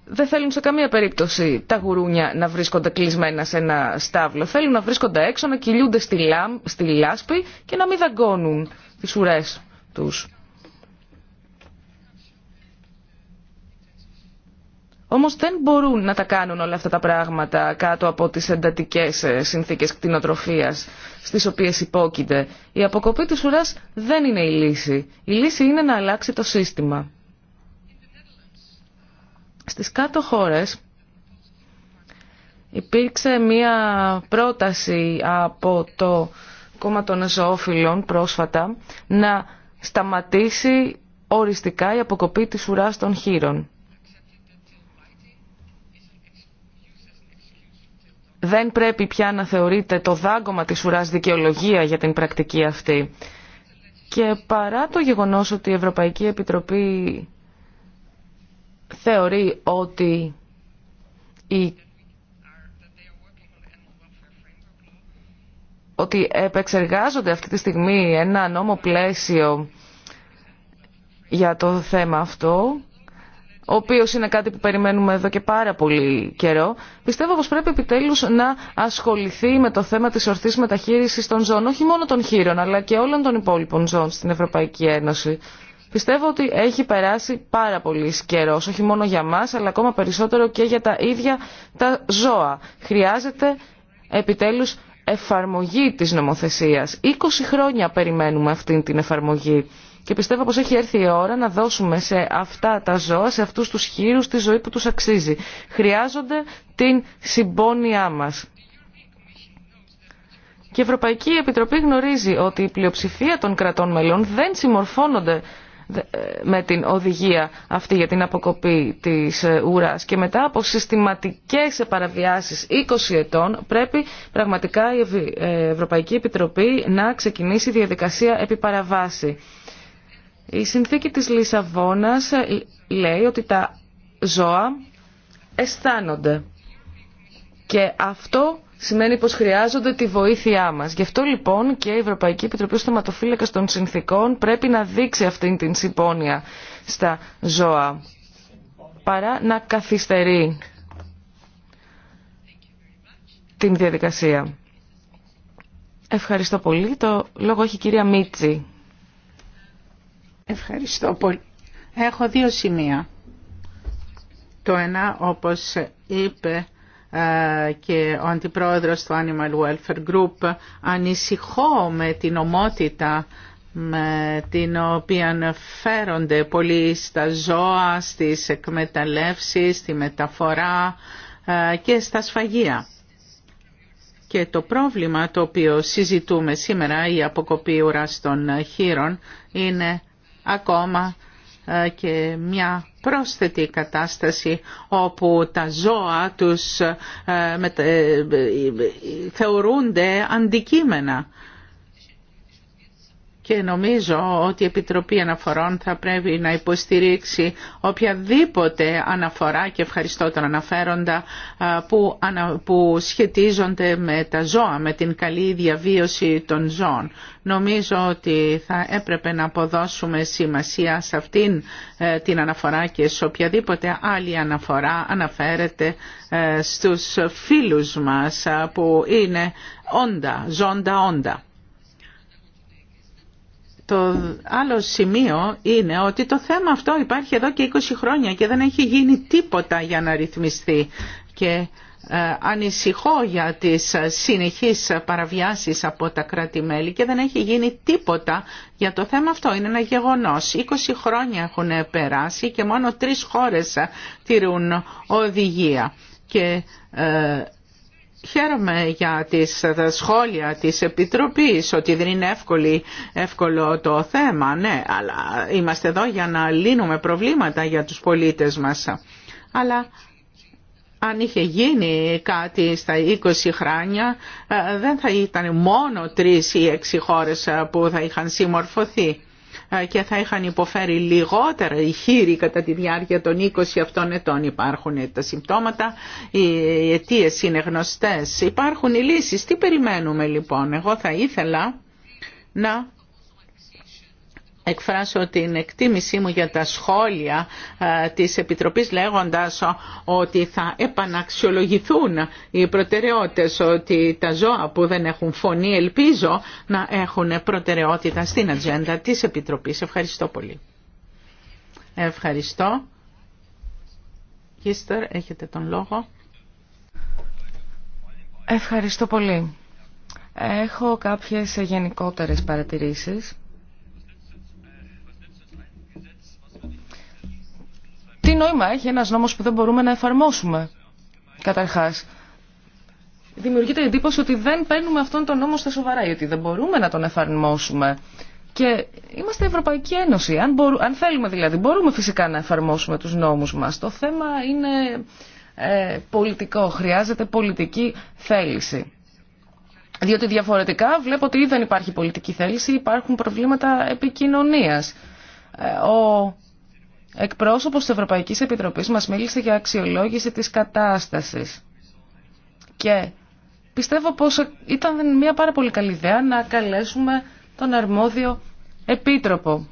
δεν θέλουν σε καμία περίπτωση τα γουρούνια να βρίσκονται κλεισμένα σε ένα στάβλο. Θέλουν να βρίσκονται έξω, να κυλιούνται στη, λάμ, στη λάσπη και να μην δαγκώνουν τις ουρές τους. Όμως δεν μπορούν να τα κάνουν όλα αυτά τα πράγματα κάτω από τις εντατικές ε, συνθήκες κτηνοτροφίας στις οποίες υπόκειται. Η αποκοπή της ουράς δεν είναι η λύση. Η λύση είναι να αλλάξει το σύστημα. Στις κάτω χώρες υπήρξε μία πρόταση από το κόμμα των ζωόφιλων πρόσφατα να σταματήσει οριστικά η αποκοπή της ουράς των χείρων. Δεν πρέπει πια να θεωρείται το δάγκωμα της ουράς δικαιολογία για την πρακτική αυτή. Και παρά το γεγονός ότι η Ευρωπαϊκή Επιτροπή θεωρεί ότι ότι επεξεργάζονται αυτή τη στιγμή ένα νόμο πλαίσιο για το θέμα αυτό, ο οποίος είναι κάτι που περιμένουμε εδώ και πάρα πολύ καιρό, πιστεύω πως πρέπει επιτέλους να ασχοληθεί με το θέμα της ορθής μεταχείρισης των ζώων, όχι μόνο των χείρων, αλλά και όλων των υπόλοιπων ζώων στην Ευρωπαϊκή Ένωση. Πιστεύω ότι έχει περάσει πάρα πολύ καιρό, όχι μόνο για μας, αλλά ακόμα περισσότερο και για τα ίδια τα ζώα. Χρειάζεται επιτέλους εφαρμογή της νομοθεσίας. 20 χρόνια περιμένουμε αυτή την εφαρμογή. Και πιστεύω πως έχει έρθει η ώρα να δώσουμε σε αυτά τα ζώα, σε αυτούς τους χείρους, τη ζωή που τους αξίζει. Χρειάζονται την συμπόνια μας. Και η Ευρωπαϊκή Επιτροπή γνωρίζει ότι η πλειοψηφία των κρατών μελών δεν συμμορφώνονται ε, με την οδηγία αυτή για την αποκοπή της ε, ουράς και μετά από συστηματικές παραβιάσεις 20 ετών πρέπει πραγματικά η ε, Ευρωπαϊκή Επιτροπή να ξεκινήσει διαδικασία επιπαραβάση. Η συνθήκη της Λισαβόνας λέει ότι τα ζώα αισθάνονται και αυτό σημαίνει πως χρειάζονται τη βοήθειά μας. Γι' αυτό λοιπόν και η Ευρωπαϊκή Επιτροπή ως Θεματοφύλακας των Συνθήκων πρέπει να δείξει αυτήν την συμπόνια στα ζώα παρά να καθυστερεί την διαδικασία. Ευχαριστώ πολύ. Το λόγο έχει η κυρία Μίτση. Ευχαριστώ πολύ. Έχω δύο σημεία. Το ένα, όπως είπε ε, και ο αντιπρόεδρος του Animal Welfare Group ανησυχώ με την ομότητα με την οποία φέρονται πολλοί στα ζώα, στις εκμεταλλεύσεις, στη μεταφορά ε, και στα σφαγεία. Και το πρόβλημα το οποίο συζητούμε σήμερα, η αποκοπή ουρά των χείρων, είναι ακόμα ε, και μια πρόσθετη κατάσταση όπου τα ζώα τους ε, ε, ε, θεωρούνται αντικείμενα και νομίζω ότι η Επιτροπή Αναφορών θα πρέπει να υποστηρίξει οποιαδήποτε αναφορά και ευχαριστώ τον αναφέροντα που, που σχετίζονται με τα ζώα, με την καλή διαβίωση των ζώων. Νομίζω ότι θα έπρεπε να αποδώσουμε σημασία σε αυτήν ε, την αναφορά και σε οποιαδήποτε άλλη αναφορά αναφέρεται ε, στους φίλους μας που είναι όντα, ζώντα όντα. Το άλλο σημείο είναι ότι το θέμα αυτό υπάρχει εδώ και 20 χρόνια και δεν έχει γίνει τίποτα για να ρυθμιστεί. Και ε, ανησυχώ για τις συνεχείς παραβιάσεις από τα κράτη-μέλη και δεν έχει γίνει τίποτα για το θέμα αυτό. Είναι ένα γεγονός. 20 χρόνια έχουν περάσει και μόνο τρεις χώρες τηρούν οδηγία. Και ε, Χαίρομαι για τις, τα σχόλια της Επιτροπής ότι δεν είναι εύκολη, εύκολο το θέμα, ναι, αλλά είμαστε εδώ για να λύνουμε προβλήματα για τους πολίτες μας. Αλλά αν είχε γίνει κάτι στα 20 χρόνια, ε, δεν θα ήταν μόνο τρεις ή έξι χώρες ε, που θα είχαν συμμορφωθεί. Ε, και θα είχαν υποφέρει λιγότερα οι χείροι κατά τη διάρκεια των 20 αυτών ετών. Υπάρχουν τα συμπτώματα, οι αιτίε είναι γνωστές, υπάρχουν οι λύσεις. Τι περιμένουμε λοιπόν, εγώ θα ήθελα να εκφράσω την εκτίμησή μου για τα σχόλια ε, της Επιτροπής λέγοντας ότι θα επαναξιολογηθούν οι προτεραιότητες, ότι τα ζώα που δεν έχουν φωνή ελπίζω να έχουν προτεραιότητα στην ατζέντα της Επιτροπής. Ευχαριστώ πολύ. Ευχαριστώ. Κίστερ, έχετε τον λόγο. Ευχαριστώ πολύ. Έχω κάποιες γενικότερες παρατηρήσεις. νόημα έχει ένας νόμος που δεν μπορούμε να εφαρμόσουμε, καταρχάς. Δημιουργείται η εντύπωση ότι δεν παίρνουμε αυτόν τον νόμο στα σοβαρά, γιατί δεν μπορούμε να τον εφαρμόσουμε. Και είμαστε Ευρωπαϊκή Ένωση. Αν, αν θέλουμε δηλαδή, μπορούμε φυσικά να εφαρμόσουμε τους νόμους μας. Το θέμα είναι ε, πολιτικό. Χρειάζεται πολιτική θέληση. Διότι διαφορετικά βλέπω ότι ή δεν υπάρχει πολιτική θέληση, υπάρχουν προβλήματα επικοινωνίας. Ε, ο εκπρόσωπος της Ευρωπαϊκής Επιτροπής μας μίλησε για αξιολόγηση της κατάστασης. Και πιστεύω πως ήταν μια πάρα πολύ καλή ιδέα να καλέσουμε τον αρμόδιο επίτροπο.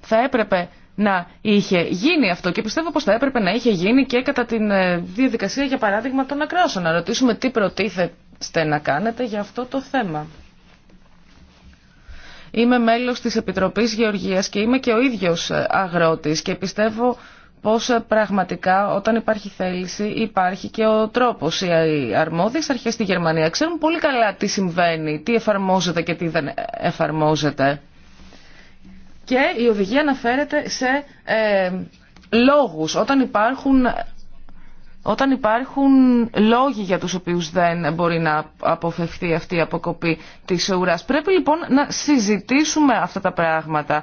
Θα έπρεπε να είχε γίνει αυτό και πιστεύω πως θα έπρεπε να είχε γίνει και κατά τη ε, διαδικασία για παράδειγμα των ακράσεων. Να ρωτήσουμε τι προτίθεστε να κάνετε για αυτό το θέμα. Είμαι μέλος της Επιτροπής Γεωργίας και είμαι και ο ίδιος ε, αγρότης και πιστεύω πως ε, πραγματικά όταν υπάρχει θέληση υπάρχει και ο τρόπος. Οι αρμόδιες αρχές στη Γερμανία ξέρουν πολύ καλά τι συμβαίνει, τι εφαρμόζεται και τι δεν εφαρμόζεται. Και η οδηγία αναφέρεται σε ε, λόγους όταν υπάρχουν όταν υπάρχουν λόγοι για τους οποίους δεν μπορεί να αποφευθεί αυτή η αποκοπή της ουράς. Πρέπει λοιπόν να συζητήσουμε αυτά τα πράγματα,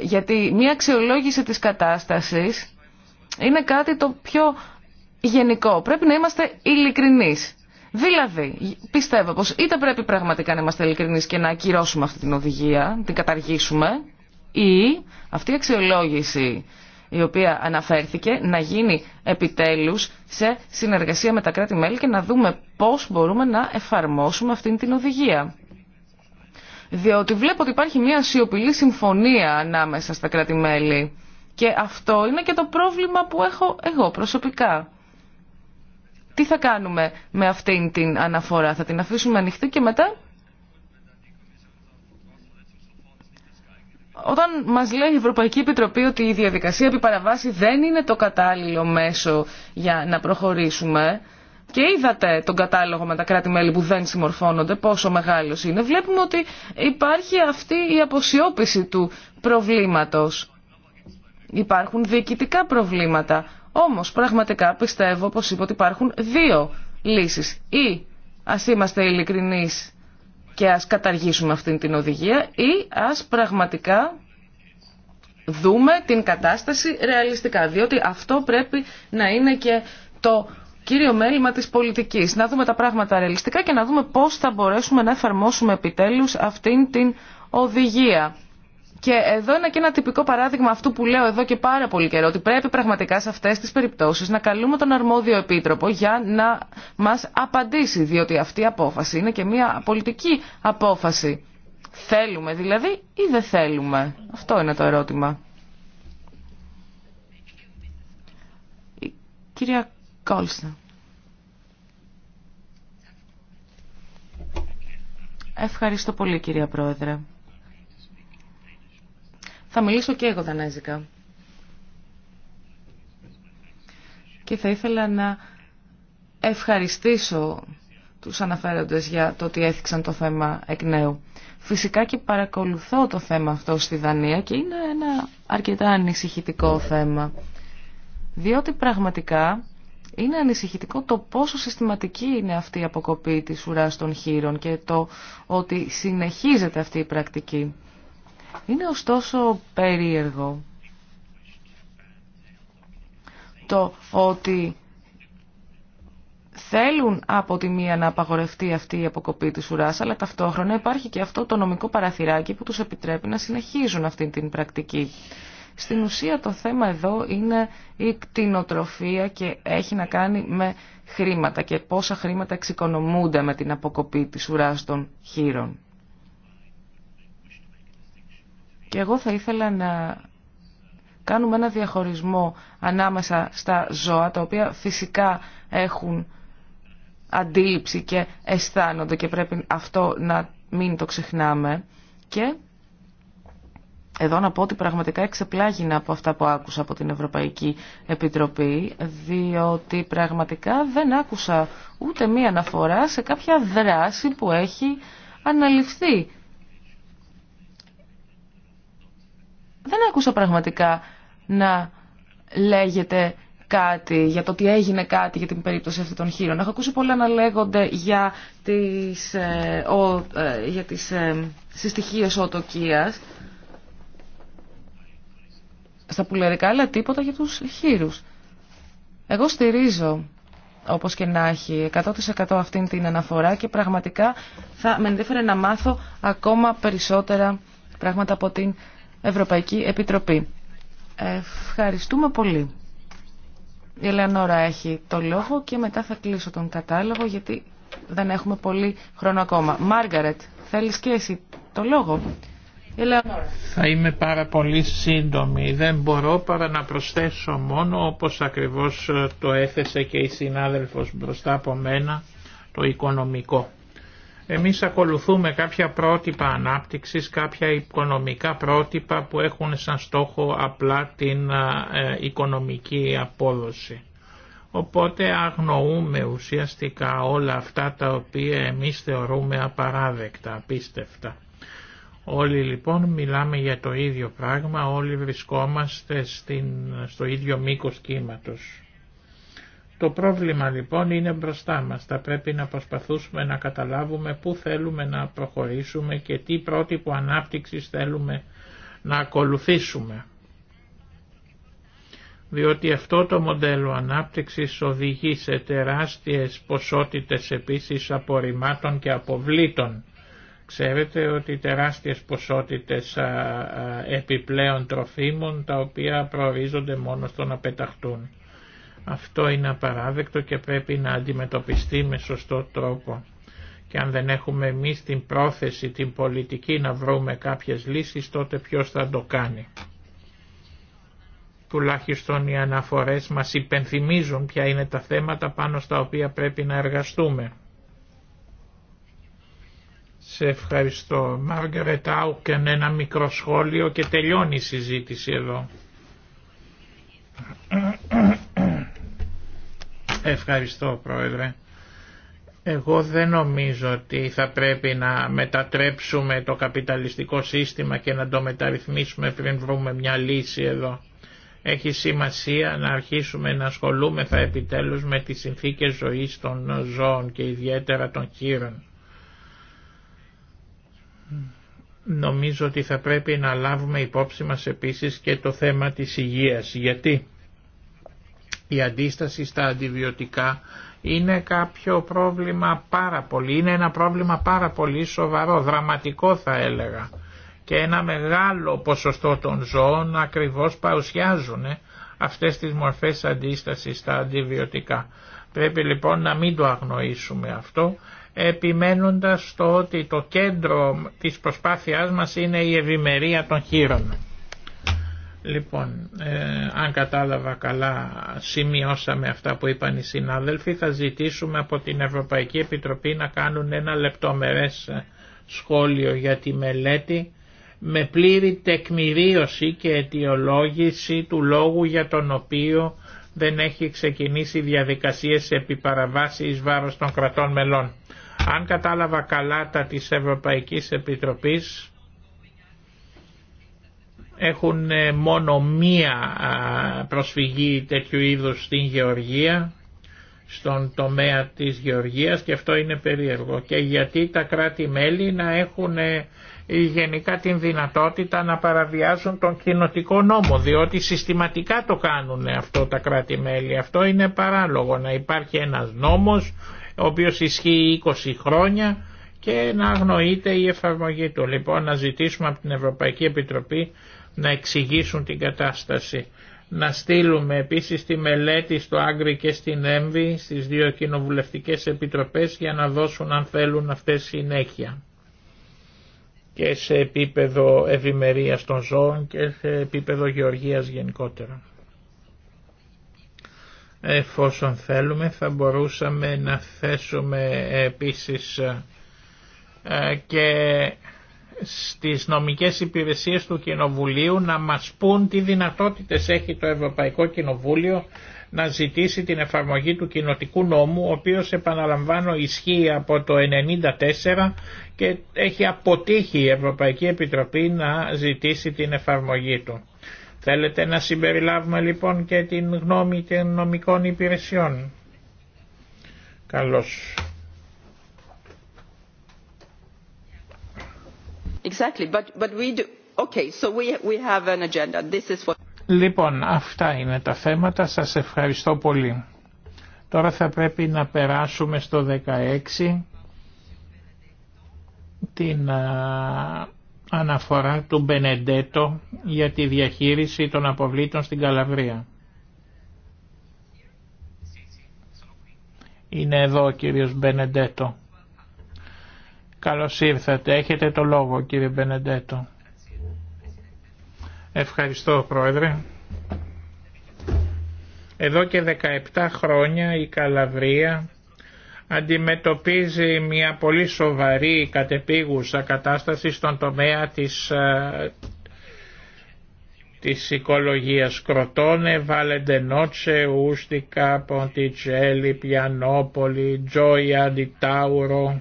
γιατί μια αξιολόγηση της κατάστασης είναι κάτι το πιο γενικό. Πρέπει να είμαστε ειλικρινείς. Δηλαδή, πιστεύω πως είτε πρέπει πραγματικά να είμαστε ειλικρινείς και να ακυρώσουμε αυτή την οδηγία, την καταργήσουμε, ή αυτή η αξιολόγηση η οποία αναφέρθηκε να γίνει επιτέλους σε συνεργασία με τα κράτη-μέλη και να δούμε πώς μπορούμε να εφαρμόσουμε αυτήν την οδηγία. Διότι βλέπω ότι υπάρχει μια σιωπηλή συμφωνία ανάμεσα στα κράτη-μέλη και αυτό είναι και το πρόβλημα που έχω εγώ προσωπικά. Τι θα κάνουμε με αυτήν την αναφορά, θα την αφήσουμε ανοιχτή και μετά όταν μας λέει η Ευρωπαϊκή Επιτροπή ότι η διαδικασία επιπαραβάση δεν είναι το κατάλληλο μέσο για να προχωρήσουμε και είδατε τον κατάλογο με τα κράτη-μέλη που δεν συμμορφώνονται, πόσο μεγάλος είναι, βλέπουμε ότι υπάρχει αυτή η αποσιώπηση του προβλήματος. Υπάρχουν διοικητικά προβλήματα. Όμως πραγματικά πιστεύω, όπως είπα, ότι υπάρχουν δύο λύσεις. Ή ας είμαστε ειλικρινείς και ας καταργήσουμε αυτήν την οδηγία ή ας πραγματικά δούμε την κατάσταση ρεαλιστικά, διότι αυτό πρέπει να είναι και το κύριο μέλημα της πολιτικής. Να δούμε τα πράγματα ρεαλιστικά και να δούμε πώς θα μπορέσουμε να εφαρμόσουμε επιτέλους αυτήν την οδηγία. Και εδώ είναι και ένα τυπικό παράδειγμα αυτού που λέω εδώ και πάρα πολύ καιρό, ότι πρέπει πραγματικά σε αυτές τις περιπτώσεις να καλούμε τον αρμόδιο επίτροπο για να μας απαντήσει, διότι αυτή η απόφαση είναι και μια πολιτική απόφαση. Θέλουμε δηλαδή ή δεν θέλουμε. Αυτό είναι το ερώτημα. Η κυρία Κόλστα. Ευχαριστώ πολύ κυρία Πρόεδρε. Θα μιλήσω και εγώ δανέζικα. Και θα ήθελα να ευχαριστήσω τους αναφέροντες για το ότι έθιξαν το θέμα εκ νέου. Φυσικά και παρακολουθώ το θέμα αυτό στη Δανία και είναι ένα αρκετά ανησυχητικό θέμα. Διότι πραγματικά είναι ανησυχητικό το πόσο συστηματική είναι αυτή η αποκοπή της ουράς των χείρων και το ότι συνεχίζεται αυτή η πρακτική. Είναι ωστόσο περίεργο το ότι θέλουν από τη μία να απαγορευτεί αυτή η αποκοπή της ουράς, αλλά ταυτόχρονα υπάρχει και αυτό το νομικό παραθυράκι που τους επιτρέπει να συνεχίζουν αυτή την πρακτική. Στην ουσία το θέμα εδώ είναι η κτηνοτροφία και έχει να κάνει με χρήματα και πόσα χρήματα εξοικονομούνται με την αποκοπή της ουράς των χείρων. Και εγώ θα ήθελα να κάνουμε ένα διαχωρισμό ανάμεσα στα ζώα, τα οποία φυσικά έχουν αντίληψη και αισθάνονται και πρέπει αυτό να μην το ξεχνάμε. Και εδώ να πω ότι πραγματικά εξεπλάγινα από αυτά που άκουσα από την Ευρωπαϊκή Επιτροπή, διότι πραγματικά δεν άκουσα ούτε μία αναφορά σε κάποια δράση που έχει αναλυφθεί δεν άκουσα πραγματικά να λέγεται κάτι, για το ότι έγινε κάτι για την περίπτωση αυτή των χείρων. Έχω ακούσει πολλά να λέγονται για τις, ε, ο, ε, για τις ε, συστοιχίες οτοκίας στα πουλερικά, αλλά τίποτα για τους χείρους. Εγώ στηρίζω, όπως και να έχει, 100% αυτήν την αναφορά και πραγματικά θα με ενδιαφέρει να μάθω ακόμα περισσότερα πράγματα από την Ευρωπαϊκή Επιτροπή. Ευχαριστούμε πολύ. Η Ελεανόρα έχει το λόγο και μετά θα κλείσω τον κατάλογο γιατί δεν έχουμε πολύ χρόνο ακόμα. Μάργαρετ, θέλεις και εσύ το λόγο. Θα είμαι πάρα πολύ σύντομη. Δεν μπορώ παρά να προσθέσω μόνο όπως ακριβώς το έθεσε και η συνάδελφος μπροστά από μένα το οικονομικό. Εμείς ακολουθούμε κάποια πρότυπα ανάπτυξης, κάποια οικονομικά πρότυπα που έχουν σαν στόχο απλά την ε, ε, οικονομική απόδοση. Οπότε αγνοούμε ουσιαστικά όλα αυτά τα οποία εμείς θεωρούμε απαράδεκτα, απίστευτα. Όλοι λοιπόν μιλάμε για το ίδιο πράγμα, όλοι βρισκόμαστε στην, στο ίδιο μήκος κύματος. Το πρόβλημα λοιπόν είναι μπροστά μας. Θα πρέπει να προσπαθούμε να καταλάβουμε πού θέλουμε να προχωρήσουμε και τι πρότυπο ανάπτυξης θέλουμε να ακολουθήσουμε. Διότι αυτό το μοντέλο ανάπτυξης οδηγεί σε τεράστιες ποσότητες επίσης απορριμμάτων και αποβλήτων. Ξέρετε ότι τεράστιες ποσότητες επιπλέον τροφίμων τα οποία προορίζονται μόνο στο να πεταχτούν. Αυτό είναι απαράδεκτο και πρέπει να αντιμετωπιστεί με σωστό τρόπο. Και αν δεν έχουμε εμείς την πρόθεση, την πολιτική να βρούμε κάποιες λύσεις, τότε ποιος θα το κάνει. Τουλάχιστον οι αναφορές μας υπενθυμίζουν ποια είναι τα θέματα πάνω στα οποία πρέπει να εργαστούμε. Σε ευχαριστώ. Μάργαρετ Άουκεν ένα μικρό σχόλιο και τελειώνει η συζήτηση εδώ. Ευχαριστώ Πρόεδρε. Εγώ δεν νομίζω ότι θα πρέπει να μετατρέψουμε το καπιταλιστικό σύστημα και να το μεταρρυθμίσουμε πριν βρούμε μια λύση εδώ. Έχει σημασία να αρχίσουμε να ασχολούμεθα επιτέλους με τις συνθήκες ζωής των ζώων και ιδιαίτερα των κύρων. Νομίζω ότι θα πρέπει να λάβουμε υπόψη μας επίσης και το θέμα της υγείας. Γιατί η αντίσταση στα αντιβιωτικά είναι κάποιο πρόβλημα πάρα πολύ, είναι ένα πρόβλημα πάρα πολύ σοβαρό, δραματικό θα έλεγα και ένα μεγάλο ποσοστό των ζώων ακριβώς παρουσιάζουν ε, αυτές τις μορφές αντίστασης στα αντιβιωτικά. Πρέπει λοιπόν να μην το αγνοήσουμε αυτό, επιμένοντας στο ότι το κέντρο της προσπάθειάς μας είναι η ευημερία των χείρων. Λοιπόν, ε, αν κατάλαβα καλά, σημειώσαμε αυτά που είπαν οι συνάδελφοι. Θα ζητήσουμε από την Ευρωπαϊκή Επιτροπή να κάνουν ένα λεπτομερές ε, σχόλιο για τη μελέτη με πλήρη τεκμηρίωση και αιτιολόγηση του λόγου για τον οποίο δεν έχει ξεκινήσει διαδικασίες επί παραβάση βάρος των κρατών μελών. Αν κατάλαβα καλά τα της Ευρωπαϊκής Επιτροπής, έχουν ε, μόνο μία προσφυγή τέτοιου είδους στην Γεωργία, στον τομέα της Γεωργίας και αυτό είναι περίεργο. Και γιατί τα κράτη-μέλη να έχουν ε, γενικά την δυνατότητα να παραβιάζουν τον κοινοτικό νόμο, διότι συστηματικά το κάνουν αυτό τα κράτη-μέλη. Αυτό είναι παράλογο, να υπάρχει ένας νόμος ο οποίος ισχύει 20 χρόνια και να αγνοείται η εφαρμογή του. Λοιπόν, να ζητήσουμε από την Ευρωπαϊκή Επιτροπή να εξηγήσουν την κατάσταση. Να στείλουμε επίσης τη μελέτη στο Άγκρη και στην Έμβη στις δύο κοινοβουλευτικές επιτροπές για να δώσουν αν θέλουν αυτές συνέχεια και σε επίπεδο ευημερία των ζώων και σε επίπεδο γεωργίας γενικότερα. Εφόσον θέλουμε θα μπορούσαμε να θέσουμε επίσης ε, και στις νομικές υπηρεσίες του Κοινοβουλίου να μας πούν τι δυνατότητες έχει το Ευρωπαϊκό Κοινοβούλιο να ζητήσει την εφαρμογή του κοινοτικού νόμου, ο οποίος επαναλαμβάνω ισχύει από το 1994 και έχει αποτύχει η Ευρωπαϊκή Επιτροπή να ζητήσει την εφαρμογή του. Θέλετε να συμπεριλάβουμε λοιπόν και την γνώμη των νομικών υπηρεσιών. Καλώς. Λοιπόν, αυτά είναι τα θέματα. Σας ευχαριστώ πολύ. Τώρα θα πρέπει να περάσουμε στο 16 την αναφορά του Μπενεντέτο για τη διαχείριση των αποβλήτων στην Καλαβρία. Είναι εδώ ο κύριος Μπενεντέτο. Καλώς ήρθατε. Έχετε το λόγο κύριε Μπενεντέτο. Ευχαριστώ πρόεδρε. Εδώ και 17 χρόνια η Καλαβρία αντιμετωπίζει μια πολύ σοβαρή κατεπίγουσα κατάσταση στον τομέα της, ε, της οικολογίας. Κροτώνε, νότσε, Ούστικα, Ποντιτσέλη, Πιανόπολη, Τζόια, Αντιτάουρο,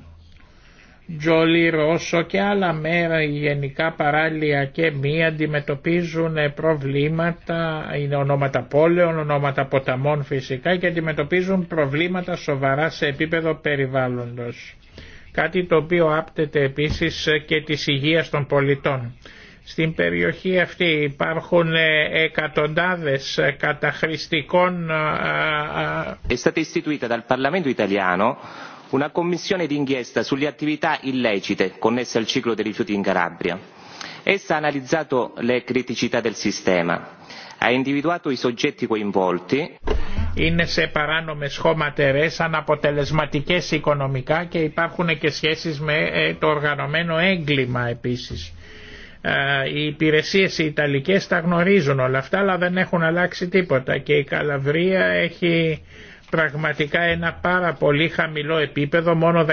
Τζολί Ρώσο και άλλα μέρα γενικά παράλια και μη αντιμετωπίζουν προβλήματα, είναι ονόματα πόλεων, ονόματα ποταμών φυσικά και αντιμετωπίζουν προβλήματα σοβαρά σε επίπεδο περιβάλλοντος. Κάτι το οποίο άπτεται επίσης και της υγείας των πολιτών. Στην περιοχή αυτή υπάρχουν εκατοντάδες καταχρηστικών... Στα una commissione d'inchiesta sulle attività illecite connesse al ciclo dei rifiuti in Calabria. Essa ha analizzato le criticità del sistema, ha individuato i soggetti coinvolti είναι σε παράνομες χωματερές αναποτελεσματικές οικονομικά και υπάρχουν και σχέσεις με ε, το οργανωμένο έγκλημα επίσης. Ε, οι υπηρεσίες οι Ιταλικές τα γνωρίζουν όλα αυτά αλλά δεν έχουν αλλάξει τίποτα και η Καλαβρία έχει πραγματικά ένα πάρα πολύ χαμηλό επίπεδο, μόνο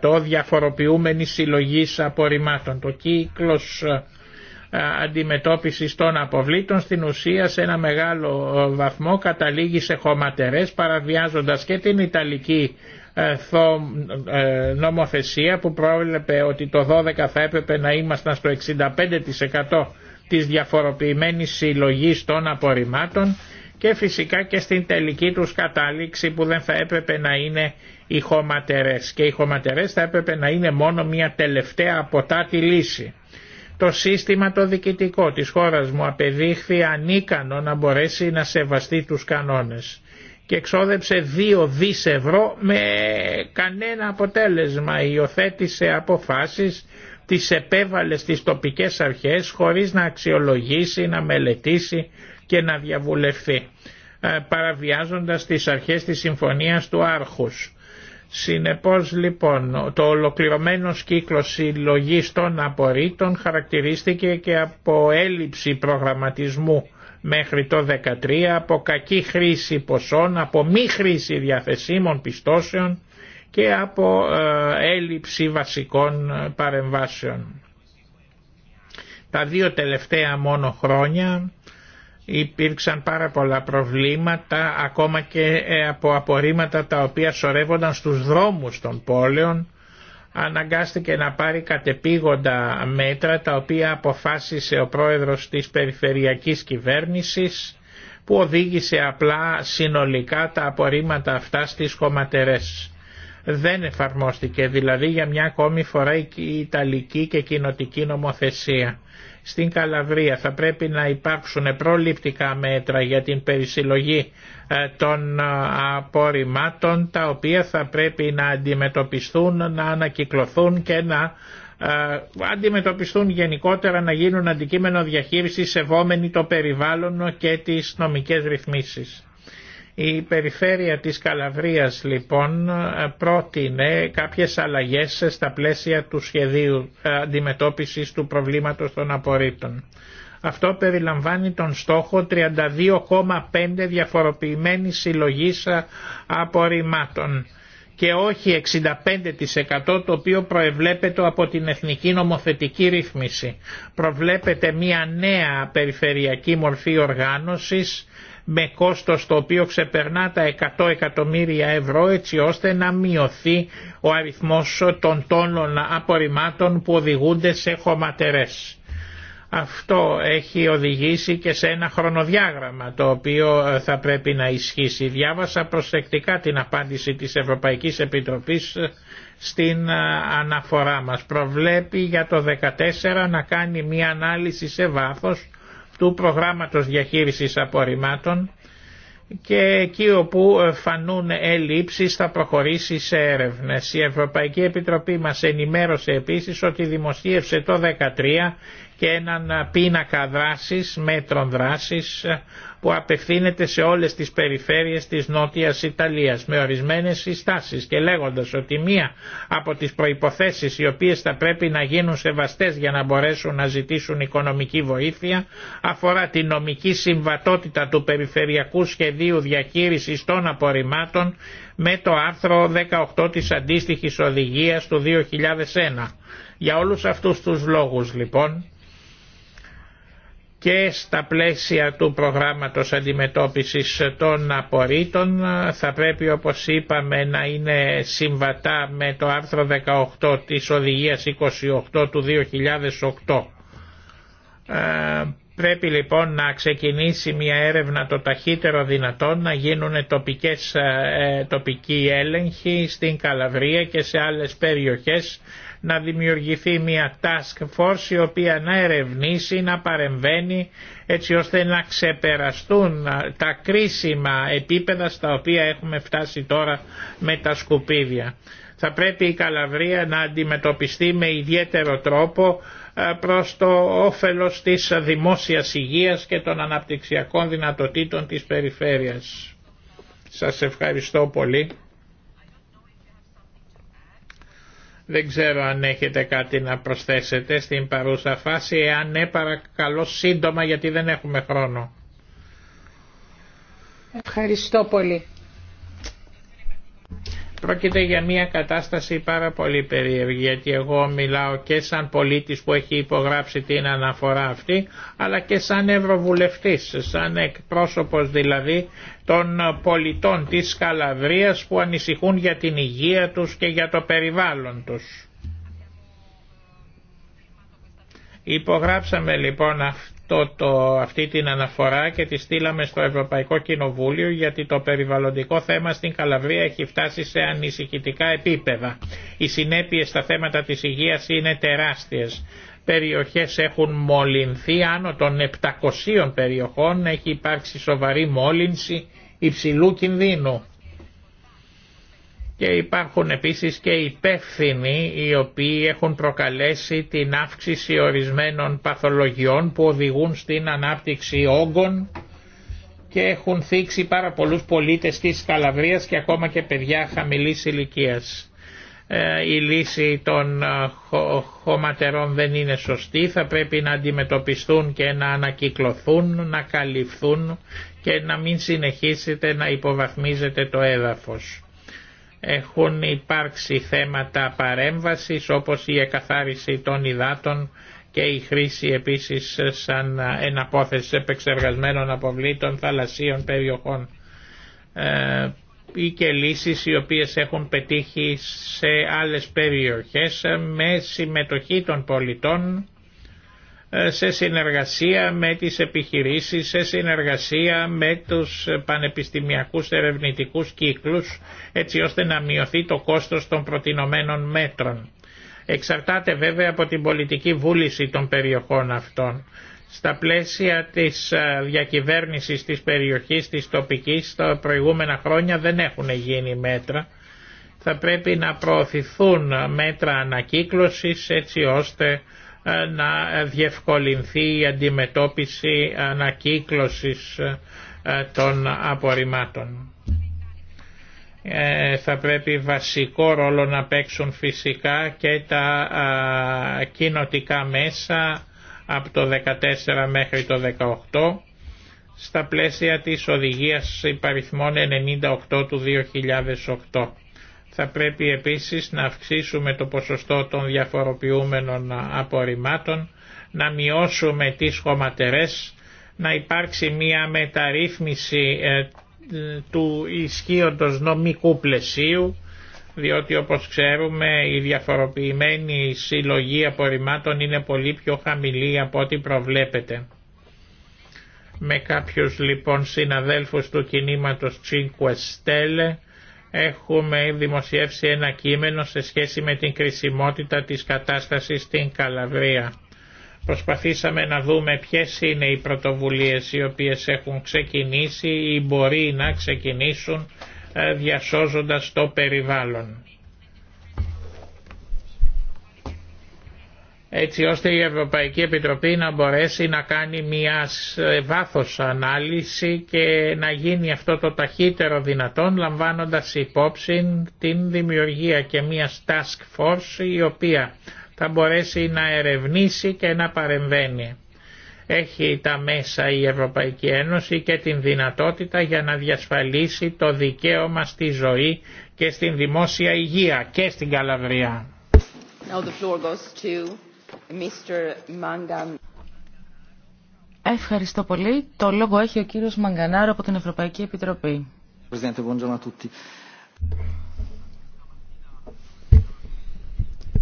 13% διαφοροποιούμενη συλλογή απορριμμάτων. Το κύκλος ε, αντιμετώπισης των αποβλήτων στην ουσία σε ένα μεγάλο ε, βαθμό καταλήγει σε χωματερές παραβιάζοντας και την Ιταλική ε, νομοθεσία που πρόβλεπε ότι το 12 θα έπρεπε να ήμασταν στο 65% της διαφοροποιημένης συλλογής των απορριμμάτων και φυσικά και στην τελική τους κατάληξη που δεν θα έπρεπε να είναι οι χωματερές και οι χωματερές θα έπρεπε να είναι μόνο μια τελευταία αποτάτη λύση. Το σύστημα το διοικητικό της χώρας μου απεδείχθη ανίκανο να μπορέσει να σεβαστεί τους κανόνες και εξόδεψε δύο δις ευρώ με κανένα αποτέλεσμα. Υιοθέτησε αποφάσεις, τις επέβαλε στις τοπικές αρχές χωρίς να αξιολογήσει, να μελετήσει και να διαβουλευθεί ε, παραβιάζοντας τις αρχές της συμφωνίας του άρχους. Συνεπώς λοιπόν το ολοκληρωμένο κύκλο συλλογή των απορρίτων χαρακτηρίστηκε και από έλλειψη προγραμματισμού μέχρι το 2013, από κακή χρήση ποσών, από μη χρήση διαθεσίμων πιστώσεων και από ε, έλλειψη βασικών ε, παρεμβάσεων. Τα δύο τελευταία μόνο χρόνια υπήρξαν πάρα πολλά προβλήματα ακόμα και ε, από απορρίμματα τα οποία σωρεύονταν στους δρόμους των πόλεων αναγκάστηκε να πάρει κατεπήγοντα μέτρα τα οποία αποφάσισε ο πρόεδρος της περιφερειακής κυβέρνησης που οδήγησε απλά συνολικά τα απορρίμματα αυτά στις χωματερές. Δεν εφαρμόστηκε δηλαδή για μια ακόμη φορά η Ιταλική και κοινοτική νομοθεσία στην Καλαβρία θα πρέπει να υπάρξουν προληπτικά μέτρα για την περισυλλογή ε, των ε, απορριμμάτων τα οποία θα πρέπει να αντιμετωπιστούν, να ανακυκλωθούν και να ε, αντιμετωπιστούν γενικότερα να γίνουν αντικείμενο διαχείρισης σεβόμενοι το περιβάλλον και τις νομικές ρυθμίσεις. Η περιφέρεια της Καλαβρίας λοιπόν πρότεινε κάποιες αλλαγές στα πλαίσια του σχεδίου ε, αντιμετώπισης του προβλήματος των απορρίπτων. Αυτό περιλαμβάνει τον στόχο 32,5 διαφοροποιημένη συλλογής ε, απορριμμάτων και όχι 65% το οποίο προεβλέπεται από την Εθνική Νομοθετική Ρύθμιση. Προβλέπεται μια νέα περιφερειακή μορφή οργάνωσης με κόστος το οποίο ξεπερνά τα 100 εκατομμύρια ευρώ έτσι ώστε να μειωθεί ο αριθμός των τόνων απορριμμάτων που οδηγούνται σε χωματερές. Αυτό έχει οδηγήσει και σε ένα χρονοδιάγραμμα το οποίο ε, θα πρέπει να ισχύσει. Διάβασα προσεκτικά την απάντηση της Ευρωπαϊκής Επιτροπής ε, στην ε, αναφορά μας. Προβλέπει για το 2014 να κάνει μια ανάλυση σε βάθος του προγράμματος διαχείρισης απορριμμάτων και εκεί όπου ε, φανούν ελλείψεις θα προχωρήσει σε έρευνες. Η Ευρωπαϊκή Επιτροπή μας ενημέρωσε επίσης ότι δημοσίευσε το 2013 και έναν ε, πίνακα δράσης, μέτρων δράσης, που απευθύνεται σε όλες τις περιφέρειες της Νότιας Ιταλίας με ορισμένες συστάσεις και λέγοντας ότι μία από τις προϋποθέσεις οι οποίες θα πρέπει να γίνουν σεβαστές για να μπορέσουν να ζητήσουν οικονομική βοήθεια αφορά τη νομική συμβατότητα του Περιφερειακού Σχεδίου Διαχείρισης των Απορριμμάτων με το άρθρο 18 της αντίστοιχης οδηγίας του 2001. Για όλους αυτούς τους λόγους λοιπόν και στα πλαίσια του προγράμματος αντιμετώπισης των απορρίτων θα πρέπει όπως είπαμε να είναι συμβατά με το άρθρο 18 της Οδηγίας 28 του 2008. Ε, πρέπει λοιπόν να ξεκινήσει μια έρευνα το ταχύτερο δυνατόν να γίνουν τοπικές, ε, ε, τοπικοί έλεγχοι στην Καλαβρία και σε άλλες περιοχές να δημιουργηθεί μια task force η οποία να ερευνήσει, να παρεμβαίνει έτσι ώστε να ξεπεραστούν τα κρίσιμα επίπεδα στα οποία έχουμε φτάσει τώρα με τα σκουπίδια. Θα πρέπει η Καλαβρία να αντιμετωπιστεί με ιδιαίτερο τρόπο προς το όφελος της δημόσιας υγείας και των αναπτυξιακών δυνατοτήτων της περιφέρειας. Σας ευχαριστώ πολύ. Δεν ξέρω αν έχετε κάτι να προσθέσετε στην παρούσα φάση. Εάν ναι, παρακαλώ σύντομα γιατί δεν έχουμε χρόνο. Ευχαριστώ πολύ. Πρόκειται για μια κατάσταση πάρα πολύ περίεργη γιατί εγώ μιλάω και σαν πολίτης που έχει υπογράψει την αναφορά αυτή αλλά και σαν ευρωβουλευτής, σαν εκπρόσωπος δηλαδή των πολιτών της Καλαβρίας που ανησυχούν για την υγεία τους και για το περιβάλλον τους. Υπογράψαμε λοιπόν αυτή το, το, αυτή την αναφορά και τη στείλαμε στο Ευρωπαϊκό Κοινοβούλιο γιατί το περιβαλλοντικό θέμα στην Καλαβρία έχει φτάσει σε ανησυχητικά επίπεδα. Οι συνέπειες στα θέματα της υγείας είναι τεράστιες. Περιοχές έχουν μολυνθεί, άνω των 700 περιοχών έχει υπάρξει σοβαρή μόλυνση υψηλού κινδύνου και υπάρχουν επίσης και υπεύθυνοι οι οποίοι έχουν προκαλέσει την αύξηση ορισμένων παθολογιών που οδηγούν στην ανάπτυξη όγκων και έχουν θίξει πάρα πολλούς πολίτες της Καλαβρίας και ακόμα και παιδιά χαμηλής ηλικίας. Ε, η λύση των ε, χωματερών δεν είναι σωστή, θα πρέπει να αντιμετωπιστούν και να ανακυκλωθούν, να καλυφθούν και να μην συνεχίσετε να υποβαθμίζετε το έδαφος έχουν υπάρξει θέματα παρέμβασης όπως η εκαθάριση των υδάτων και η χρήση επίσης σαν εναπόθεση επεξεργασμένων αποβλήτων θαλασσίων περιοχών ε, ή και λύσεις οι οποίες έχουν πετύχει σε άλλες περιοχές με συμμετοχή των πολιτών ε, σε συνεργασία με τις επιχειρήσεις, σε συνεργασία με τους πανεπιστημιακούς ερευνητικούς κύκλους, έτσι ώστε να μειωθεί το κόστος των προτινομένων μέτρων. Εξαρτάται βέβαια από την πολιτική βούληση των περιοχών αυτών. Στα πλαίσια της ε, διακυβέρνησης της περιοχής, της τοπικής, τα προηγούμενα χρόνια δεν έχουν γίνει μέτρα. Θα πρέπει να προωθηθούν μέτρα ανακύκλωσης έτσι ώστε ε, να διευκολυνθεί η αντιμετώπιση ανακύκλωσης ε, των απορριμμάτων. Ε, θα πρέπει βασικό ρόλο να παίξουν φυσικά και τα κοινοτικά μέσα από το 14 μέχρι το 18 στα πλαίσια της οδηγίας υπαριθμών 98 του 2008. Θα πρέπει επίσης να αυξήσουμε το ποσοστό των διαφοροποιούμενων απορριμμάτων, να μειώσουμε τις χωματερές, να υπάρξει μια μεταρρύθμιση ε, του ισχύοντος νομικού πλαισίου, διότι όπως ξέρουμε η διαφοροποιημένη συλλογή απορριμμάτων είναι πολύ πιο χαμηλή από ό,τι προβλέπεται. Με κάποιους λοιπόν συναδέλφους του κινήματος Cinque Stelle έχουμε δημοσιεύσει ένα κείμενο σε σχέση με την κρισιμότητα της κατάστασης στην Καλαβρία. Προσπαθήσαμε να δούμε ποιες είναι οι πρωτοβουλίες οι οποίες έχουν ξεκινήσει ή μπορεί να ξεκινήσουν ε, διασώζοντας το περιβάλλον. έτσι ώστε η Ευρωπαϊκή Επιτροπή να μπορέσει να κάνει μια βάθος ανάλυση και να γίνει αυτό το ταχύτερο δυνατόν λαμβάνοντας υπόψη την δημιουργία και μια task force η οποία θα μπορέσει να ερευνήσει και να παρεμβαίνει. Έχει τα μέσα η Ευρωπαϊκή Ένωση και την δυνατότητα για να διασφαλίσει το δικαίωμα στη ζωή και στην δημόσια υγεία και στην Καλαβριά. Ευχαριστώ πολύ. Το λόγο έχει ο κύριος Μαγκανάρο από την Ευρωπαϊκή Επιτροπή.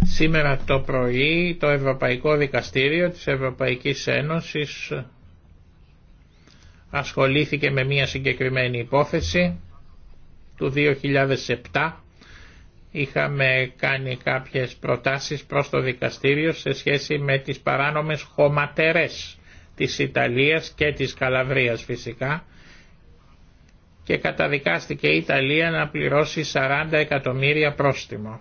Σήμερα το πρωί το Ευρωπαϊκό Δικαστήριο της Ευρωπαϊκής Ένωσης ασχολήθηκε με μια συγκεκριμένη υπόθεση του 2007 είχαμε κάνει κάποιες προτάσεις προς το δικαστήριο σε σχέση με τις παράνομες χωματερές της Ιταλίας και της Καλαβρίας φυσικά και καταδικάστηκε η Ιταλία να πληρώσει 40 εκατομμύρια πρόστιμο.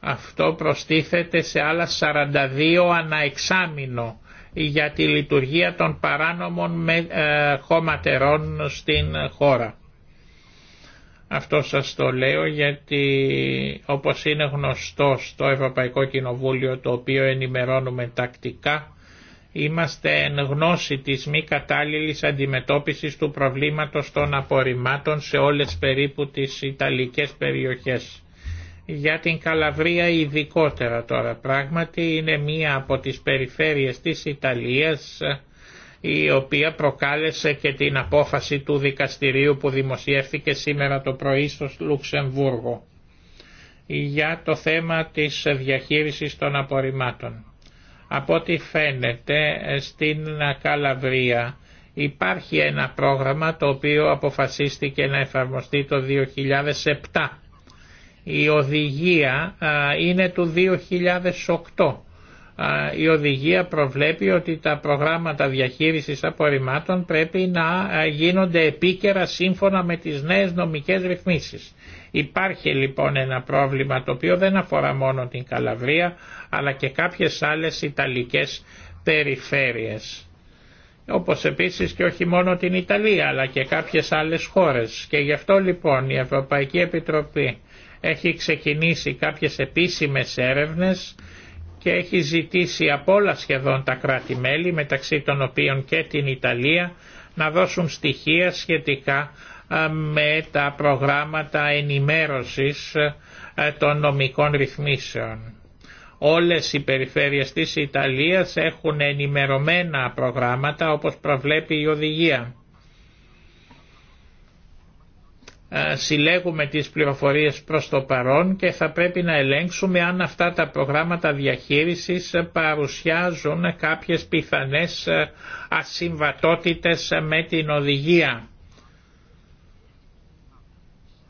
Αυτό προστίθεται σε άλλα 42 αναεξάμεινο για τη λειτουργία των παράνομων ε, χωματερών στην χώρα. Αυτό σας το λέω γιατί όπως είναι γνωστό στο Ευρωπαϊκό Κοινοβούλιο το οποίο ενημερώνουμε τακτικά είμαστε εν γνώση της μη κατάλληλης αντιμετώπισης του προβλήματος των απορριμμάτων σε όλες περίπου τις Ιταλικές περιοχές. Για την Καλαβρία ειδικότερα τώρα πράγματι είναι μία από τις περιφέρειες της Ιταλίας η οποία προκάλεσε και την απόφαση του δικαστηρίου που δημοσιεύθηκε σήμερα το πρωί στο Λουξεμβούργο για το θέμα της διαχείρισης των απορριμμάτων. Από ό,τι φαίνεται στην Καλαβρία υπάρχει ένα πρόγραμμα το οποίο αποφασίστηκε να εφαρμοστεί το 2007. Η οδηγία είναι του 2008 η οδηγία προβλέπει ότι τα προγράμματα διαχείρισης απορριμμάτων πρέπει να γίνονται επίκαιρα σύμφωνα με τις νέες νομικές ρυθμίσεις. Υπάρχει λοιπόν ένα πρόβλημα το οποίο δεν αφορά μόνο την Καλαβρία αλλά και κάποιες άλλες Ιταλικές περιφέρειες. Όπως επίσης και όχι μόνο την Ιταλία αλλά και κάποιες άλλες χώρες. Και γι' αυτό λοιπόν η Ευρωπαϊκή Επιτροπή έχει ξεκινήσει κάποιες επίσημες έρευνες και έχει ζητήσει από όλα σχεδόν τα κράτη-μέλη μεταξύ των οποίων και την Ιταλία να δώσουν στοιχεία σχετικά με τα προγράμματα ενημέρωσης των νομικών ρυθμίσεων. Όλες οι περιφέρειες της Ιταλίας έχουν ενημερωμένα προγράμματα όπως προβλέπει η οδηγία. Ε, συλλέγουμε τις πληροφορίες προς το παρόν και θα πρέπει να ελέγξουμε αν αυτά τα προγράμματα διαχείρισης παρουσιάζουν κάποιες πιθανές ε, ασυμβατότητες με την οδηγία.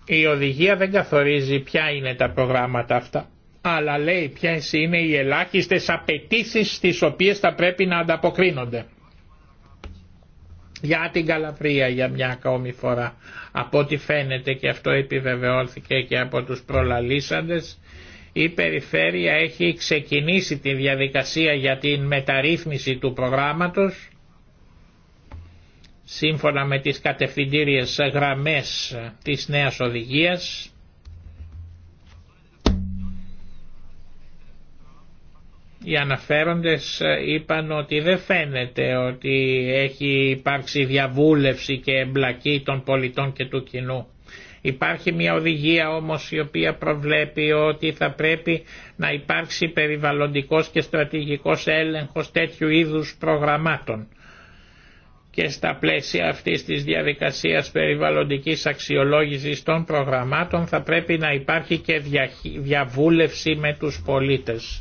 Η οδηγία δεν καθορίζει ποια είναι τα προγράμματα αυτά, αλλά λέει ποιες είναι οι ελάχιστες απαιτήσει στις οποίες θα πρέπει να ανταποκρίνονται για την Καλαβρία για μια ακόμη φορά. Από ό,τι φαίνεται και αυτό επιβεβαιώθηκε και από τους προλαλήσαντες, η Περιφέρεια έχει ξεκινήσει τη διαδικασία για την μεταρρύθμιση του προγράμματος σύμφωνα με τις κατευθυντήριες γραμμές της νέας οδηγίας Οι αναφέροντες ε, είπαν ότι δεν φαίνεται ότι έχει υπάρξει διαβούλευση και εμπλακή των πολιτών και του κοινού. Υπάρχει μια οδηγία όμως η οποία προβλέπει ότι θα πρέπει να υπάρξει περιβαλλοντικός και στρατηγικός έλεγχος τέτοιου είδους προγραμμάτων. Και στα πλαίσια αυτής της διαδικασίας περιβαλλοντικής αξιολόγησης των προγραμμάτων θα πρέπει να υπάρχει και διαβούλευση με τους πολίτες.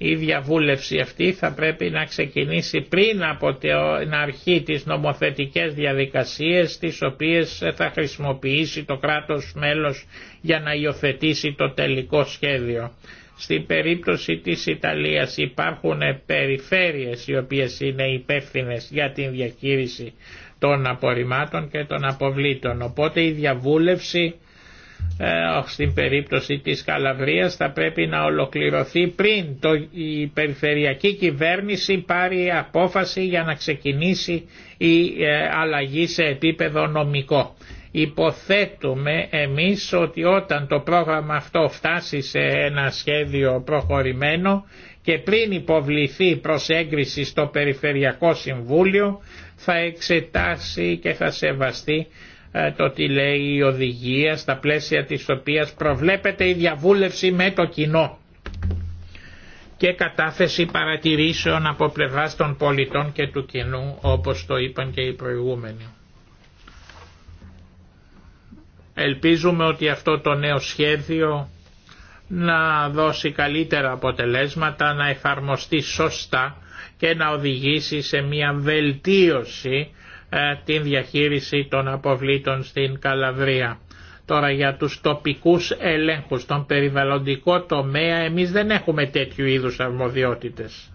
Η διαβούλευση αυτή θα πρέπει να ξεκινήσει πριν από την αρχή της νομοθετικές διαδικασίες τις οποίες θα χρησιμοποιήσει το κράτος μέλος για να υιοθετήσει το τελικό σχέδιο. Στην περίπτωση της Ιταλίας υπάρχουν περιφέρειες οι οποίες είναι υπεύθυνε για την διαχείριση των απορριμμάτων και των αποβλήτων. Οπότε η διαβούλευση ε, στην περίπτωση της Καλαβρίας θα πρέπει να ολοκληρωθεί πριν το, η περιφερειακή κυβέρνηση πάρει απόφαση για να ξεκινήσει η ε, αλλαγή σε επίπεδο νομικό. Υποθέτουμε εμείς ότι όταν το πρόγραμμα αυτό φτάσει σε ένα σχέδιο προχωρημένο και πριν υποβληθεί προς έγκριση στο Περιφερειακό Συμβούλιο θα εξετάσει και θα σεβαστεί ε, το τι λέει η οδηγία στα πλαίσια της οποίας προβλέπεται η διαβούλευση με το κοινό και κατάθεση παρατηρήσεων από πλευράς των πολιτών και του κοινού όπως το είπαν και οι προηγούμενοι. Ελπίζουμε ότι αυτό το νέο σχέδιο να δώσει καλύτερα αποτελέσματα, να εφαρμοστεί σωστά και να οδηγήσει σε μια βελτίωση ε, την διαχείριση των αποβλήτων στην Καλαβρία. Τώρα για τους τοπικούς ελέγχους, τον περιβαλλοντικό τομέα, εμείς δεν έχουμε τέτοιου είδους αρμοδιότητες.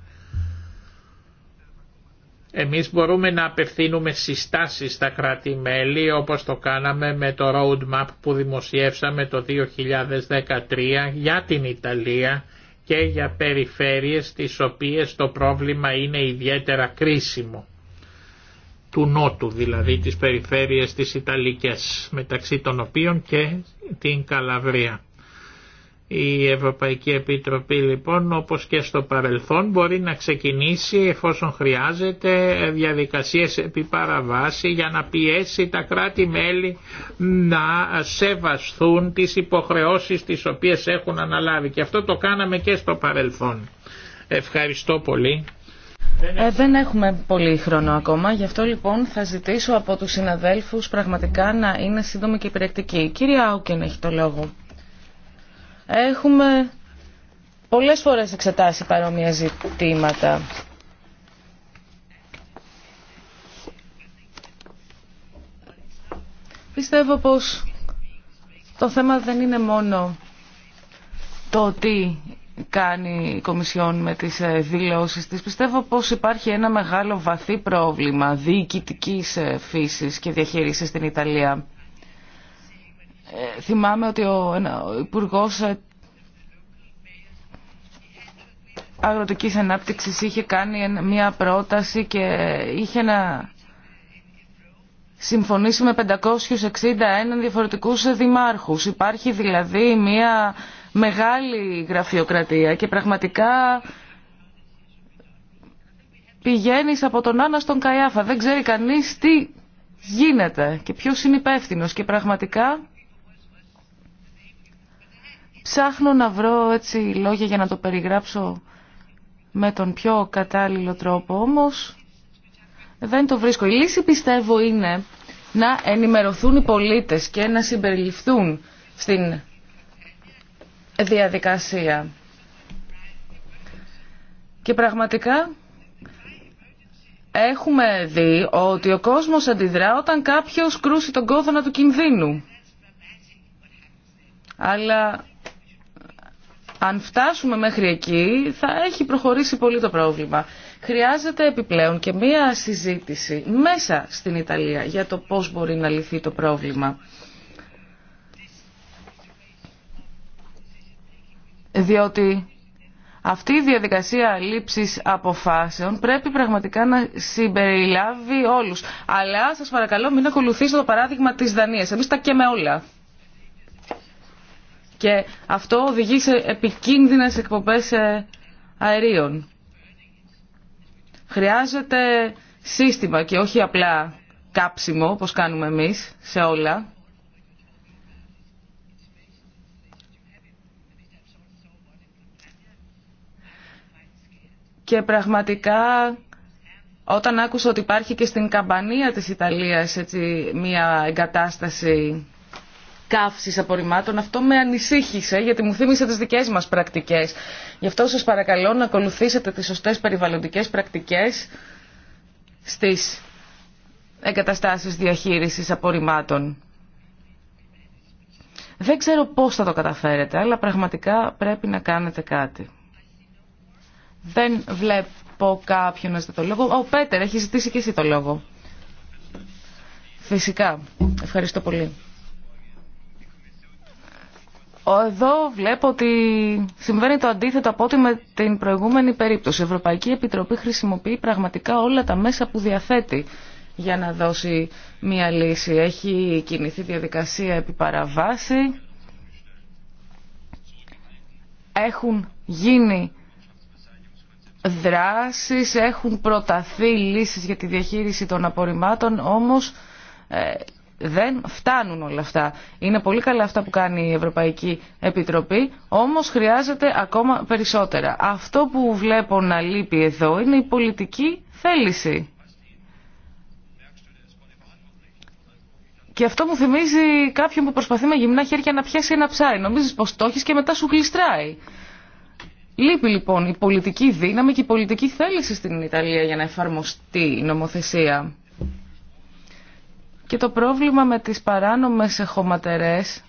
Εμείς μπορούμε να απευθύνουμε συστάσεις στα κράτη-μέλη όπως το κάναμε με το roadmap που δημοσιεύσαμε το 2013 για την Ιταλία και για περιφέρειες τις οποίες το πρόβλημα είναι ιδιαίτερα κρίσιμο του Νότου, δηλαδή τις περιφέρειες της Ιταλικές, μεταξύ των οποίων και την Καλαβρία. Η Ευρωπαϊκή Επιτροπή λοιπόν όπως και στο παρελθόν μπορεί να ξεκινήσει εφόσον χρειάζεται διαδικασίες επί παραβάση για να πιέσει τα κράτη-μέλη να σεβαστούν τις υποχρεώσεις τις οποίες έχουν αναλάβει και αυτό το κάναμε και στο παρελθόν. Ευχαριστώ πολύ. Ε, δεν έχουμε πολύ χρόνο ακόμα, γι' αυτό λοιπόν θα ζητήσω από τους συναδέλφους πραγματικά να είναι σύντομοι και υπηρεκτικοί. Κύριε Άουκεν έχει το λόγο. Έχουμε πολλές φορές εξετάσει παρόμοια ζητήματα. Πιστεύω πως το θέμα δεν είναι μόνο το ότι κάνει η Κομισιόν με τις ε, δηλώσεις της. Πιστεύω πως υπάρχει ένα μεγάλο βαθύ πρόβλημα διοικητικής ε, φύσης και διαχείρισης στην Ιταλία. Ε, θυμάμαι ότι ο Υπουργός Αγροτικής Ανάπτυξης είχε κάνει μια πρόταση και είχε να συμφωνήσει με 561 διαφορετικούς δημάρχους. Υπάρχει δηλαδή μια μεγάλη γραφειοκρατία και πραγματικά πηγαίνεις από τον Άννα στον Καϊάφα. Δεν ξέρει κανείς τι γίνεται και ποιος είναι υπεύθυνο και πραγματικά ψάχνω να βρω έτσι λόγια για να το περιγράψω με τον πιο κατάλληλο τρόπο όμως δεν το βρίσκω. Η λύση πιστεύω είναι να ενημερωθούν οι πολίτες και να συμπεριληφθούν στην διαδικασία. Και πραγματικά έχουμε δει ότι ο κόσμος αντιδρά όταν κάποιος κρούσει τον κόδωνα του κινδύνου. Αλλά αν φτάσουμε μέχρι εκεί θα έχει προχωρήσει πολύ το πρόβλημα. Χρειάζεται επιπλέον και μία συζήτηση μέσα στην Ιταλία για το πώς μπορεί να λυθεί το πρόβλημα. διότι αυτή η διαδικασία λήψης αποφάσεων πρέπει πραγματικά να συμπεριλάβει όλους. Αλλά σας παρακαλώ μην ακολουθήσετε το παράδειγμα της Δανίας. Εμείς τα καίμε όλα. Και αυτό οδηγεί σε επικίνδυνες εκπομπές ε, αερίων. Χρειάζεται σύστημα και όχι απλά κάψιμο, όπως κάνουμε εμείς σε όλα. Και πραγματικά όταν άκουσα ότι υπάρχει και στην καμπανία της Ιταλίας έτσι, μια εγκατάσταση καύσης απορριμμάτων, αυτό με ανησύχησε γιατί μου θύμισε τις δικές μας πρακτικές. Γι' αυτό σας παρακαλώ να ακολουθήσετε τις σωστές περιβαλλοντικές πρακτικές στις εγκαταστάσεις διαχείρισης απορριμμάτων. Δεν ξέρω πώς θα το καταφέρετε, αλλά πραγματικά πρέπει να κάνετε κάτι. Δεν βλέπω κάποιον να ζητά το λόγο. Ο Πέτερ, έχει ζητήσει και εσύ το λόγο. Φυσικά. Ευχαριστώ πολύ. Εδώ βλέπω ότι συμβαίνει το αντίθετο από ό,τι με την προηγούμενη περίπτωση. Η Ευρωπαϊκή Επιτροπή χρησιμοποιεί πραγματικά όλα τα μέσα που διαθέτει για να δώσει μία λύση. Έχει κινηθεί διαδικασία επί παραβάση. Έχουν γίνει δράσεις, έχουν προταθεί λύσεις για τη διαχείριση των απορριμμάτων, όμως ε, δεν φτάνουν όλα αυτά. Είναι πολύ καλά αυτά που κάνει η Ευρωπαϊκή Επιτροπή, όμως χρειάζεται ακόμα περισσότερα. Αυτό που βλέπω να λείπει εδώ είναι η πολιτική θέληση. Και αυτό μου θυμίζει κάποιον που προσπαθεί με γυμνά χέρια να πιάσει ένα ψάρι. Νομίζεις πως το έχεις και μετά σου γλιστράει. Λείπει λοιπόν η πολιτική δύναμη και η πολιτική θέληση στην Ιταλία για να εφαρμοστεί η νομοθεσία. Και το πρόβλημα με τις παράνομες εχωματερές,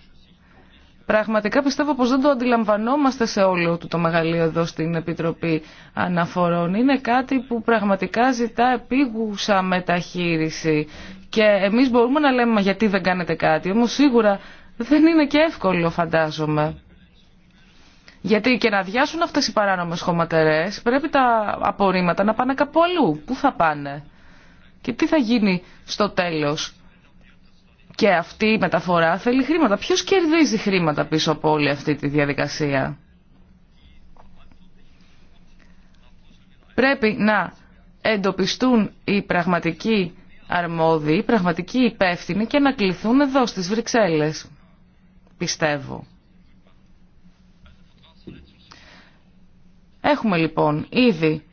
πραγματικά πιστεύω πως δεν το αντιλαμβανόμαστε σε όλο του το μεγαλείο εδώ στην Επιτροπή Αναφορών. Είναι κάτι που πραγματικά ζητά επίγουσα μεταχείριση και εμείς μπορούμε να λέμε γιατί δεν κάνετε κάτι, όμως σίγουρα δεν είναι και εύκολο φαντάζομαι. Γιατί και να αδειάσουν αυτές οι παράνομες χωματερέ, πρέπει τα απορρίμματα να πάνε κάπου αλλού. Πού θα πάνε και τι θα γίνει στο τέλος. Και αυτή η μεταφορά θέλει χρήματα. Ποιο κερδίζει χρήματα πίσω από όλη αυτή τη διαδικασία. Πρέπει να εντοπιστούν οι πραγματικοί αρμόδιοι, οι πραγματικοί υπεύθυνοι και να κληθούν εδώ στις Βρυξέλλες. Πιστεύω. Έχουμε λοιπόν ήδη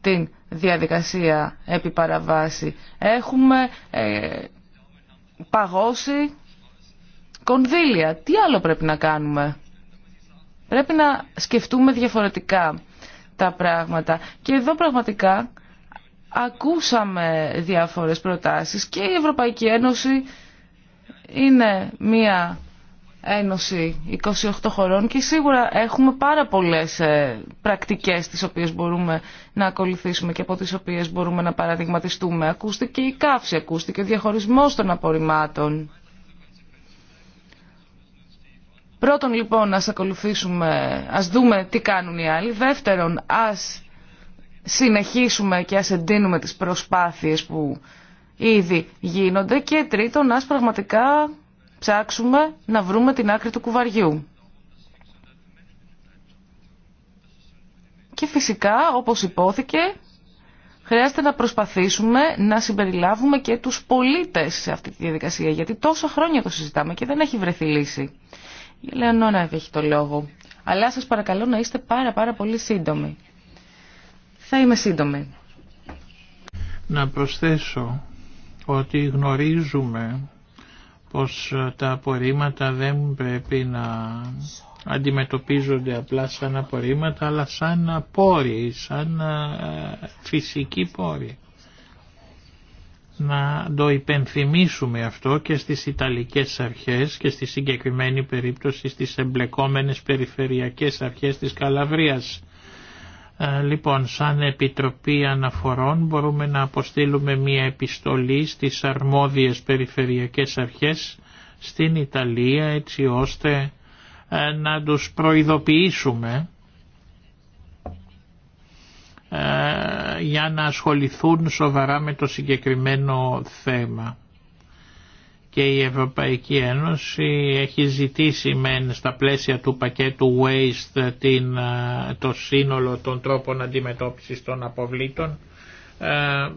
την διαδικασία επί Έχουμε ε, παγώσει κονδύλια. Τι άλλο πρέπει να κάνουμε. Πρέπει να σκεφτούμε διαφορετικά τα πράγματα. Και εδώ πραγματικά ακούσαμε διάφορες προτάσεις και η Ευρωπαϊκή Ένωση είναι μία Ένωση 28 χωρών και σίγουρα έχουμε πάρα πολλές ε, πρακτικές τις οποίες μπορούμε να ακολουθήσουμε και από τις οποίες μπορούμε να παραδειγματιστούμε. Ακούστηκε η καύση, ακούστηκε ο διαχωρισμός των απορριμμάτων. Πρώτον λοιπόν ας ακολουθήσουμε, ας δούμε τι κάνουν οι άλλοι. Δεύτερον ας συνεχίσουμε και ας εντείνουμε τις προσπάθειες που ήδη γίνονται. Και τρίτον ας πραγματικά ψάξουμε να βρούμε την άκρη του κουβαριού. Και φυσικά, όπως υπόθηκε, χρειάζεται να προσπαθήσουμε να συμπεριλάβουμε και τους πολίτες σε αυτή τη διαδικασία, γιατί τόσα χρόνια το συζητάμε και δεν έχει βρεθεί λύση. Η Λεωνόνα έχει το λόγο. Αλλά σας παρακαλώ να είστε πάρα πάρα πολύ σύντομοι. Θα είμαι σύντομη. Να προσθέσω ότι γνωρίζουμε πως ε, τα απορρίμματα δεν πρέπει να αντιμετωπίζονται απλά σαν απορρίμματα αλλά σαν πόροι, σαν ε, φυσικοί πόροι. Να το υπενθυμίσουμε αυτό και στις Ιταλικές αρχές και στη συγκεκριμένη περίπτωση στις εμπλεκόμενες περιφερειακές αρχές της Καλαβρίας ε, λοιπόν, σαν Επιτροπή Αναφορών μπορούμε να αποστείλουμε μία επιστολή στις αρμόδιες περιφερειακές αρχές στην Ιταλία έτσι ώστε ε, να τους προειδοποιήσουμε ε, για να ασχοληθούν σοβαρά με το συγκεκριμένο θέμα και η Ευρωπαϊκή Ένωση έχει ζητήσει μεν στα πλαίσια του πακέτου Waste την, ε, το σύνολο των τρόπων αντιμετώπισης των αποβλήτων ε,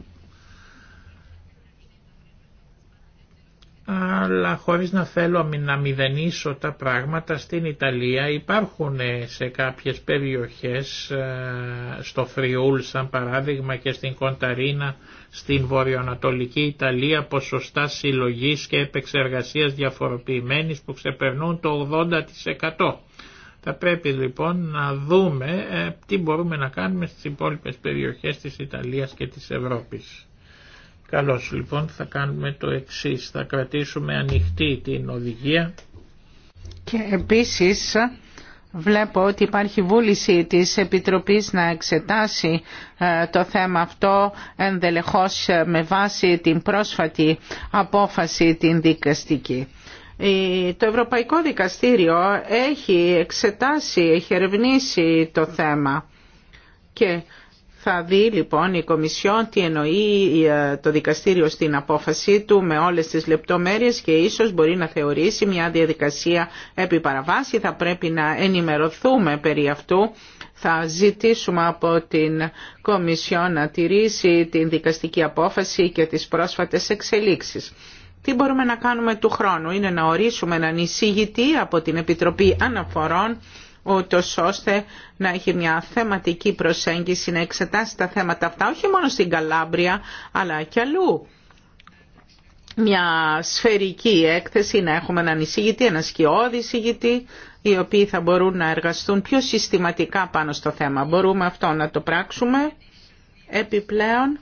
αλλά χωρίς να θέλω να μηδενίσω τα πράγματα στην Ιταλία υπάρχουν ε, σε κάποιες περιοχές ε, στο Φριούλ σαν παράδειγμα και στην Κονταρίνα στην βορειοανατολική Ιταλία ποσοστά συλλογής και επεξεργασίας διαφοροποιημένης που ξεπερνούν το 80%. Θα πρέπει λοιπόν να δούμε ε, τι μπορούμε να κάνουμε στις υπόλοιπες περιοχές της Ιταλίας και της Ευρώπης. Καλώς λοιπόν θα κάνουμε το εξής, θα κρατήσουμε ανοιχτή την οδηγία. Και επίσης βλέπω ότι υπάρχει βούληση της Επιτροπής να εξετάσει ε, το θέμα αυτό ενδελεχώς ε, με βάση την πρόσφατη απόφαση την δικαστική. Το Ευρωπαϊκό Δικαστήριο έχει εξετάσει, έχει ερευνήσει το θέμα και θα δει λοιπόν η Κομισιόν τι εννοεί ε, το δικαστήριο στην απόφαση του με όλες τις λεπτομέρειες και ίσως μπορεί να θεωρήσει μια διαδικασία επί παραβάση. Θα πρέπει να ενημερωθούμε περί αυτού. Θα ζητήσουμε από την Κομισιόν να τηρήσει την δικαστική απόφαση και τις πρόσφατες εξελίξεις. Τι μπορούμε να κάνουμε του χρόνου είναι να ορίσουμε έναν εισηγητή από την Επιτροπή Αναφορών ούτω ώστε να έχει μια θεματική προσέγγιση να εξετάσει τα θέματα αυτά όχι μόνο στην Καλάμπρια αλλά και αλλού. Μια σφαιρική έκθεση, να έχουμε έναν εισηγητή, ένα σκιώδη εισηγητή, οι οποίοι θα μπορούν να εργαστούν πιο συστηματικά πάνω στο θέμα. Μπορούμε αυτό να το πράξουμε. Επιπλέον,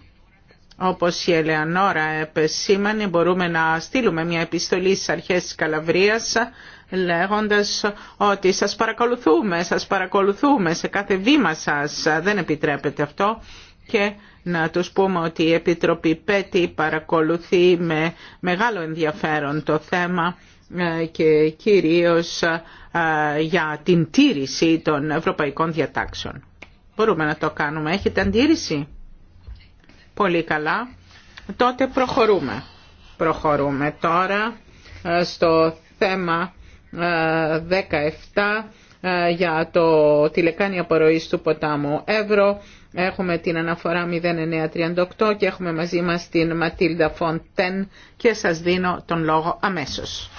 όπως η Ελεανόρα επεσήμανε, μπορούμε να στείλουμε μια επιστολή στις αρχές της Καλαβρίας λέγοντας ότι σας παρακολουθούμε, σας παρακολουθούμε σε κάθε βήμα σας, δεν επιτρέπετε αυτό και να τους πούμε ότι η Επιτροπή ΠΕΤΗ παρακολουθεί με μεγάλο ενδιαφέρον το θέμα ε, και κυρίως ε, για την τήρηση των ευρωπαϊκών διατάξεων. Μπορούμε να το κάνουμε. Έχετε αντίρρηση? Πολύ καλά. Τότε προχωρούμε. Προχωρούμε τώρα ε, στο θέμα 17 ε, για το τηλεκάνη απορροής του ποτάμου Εύρο. Έχουμε την αναφορά 0938 και έχουμε μαζί μας την Ματίλντα Φοντέν και σας δίνω τον λόγο αμέσως.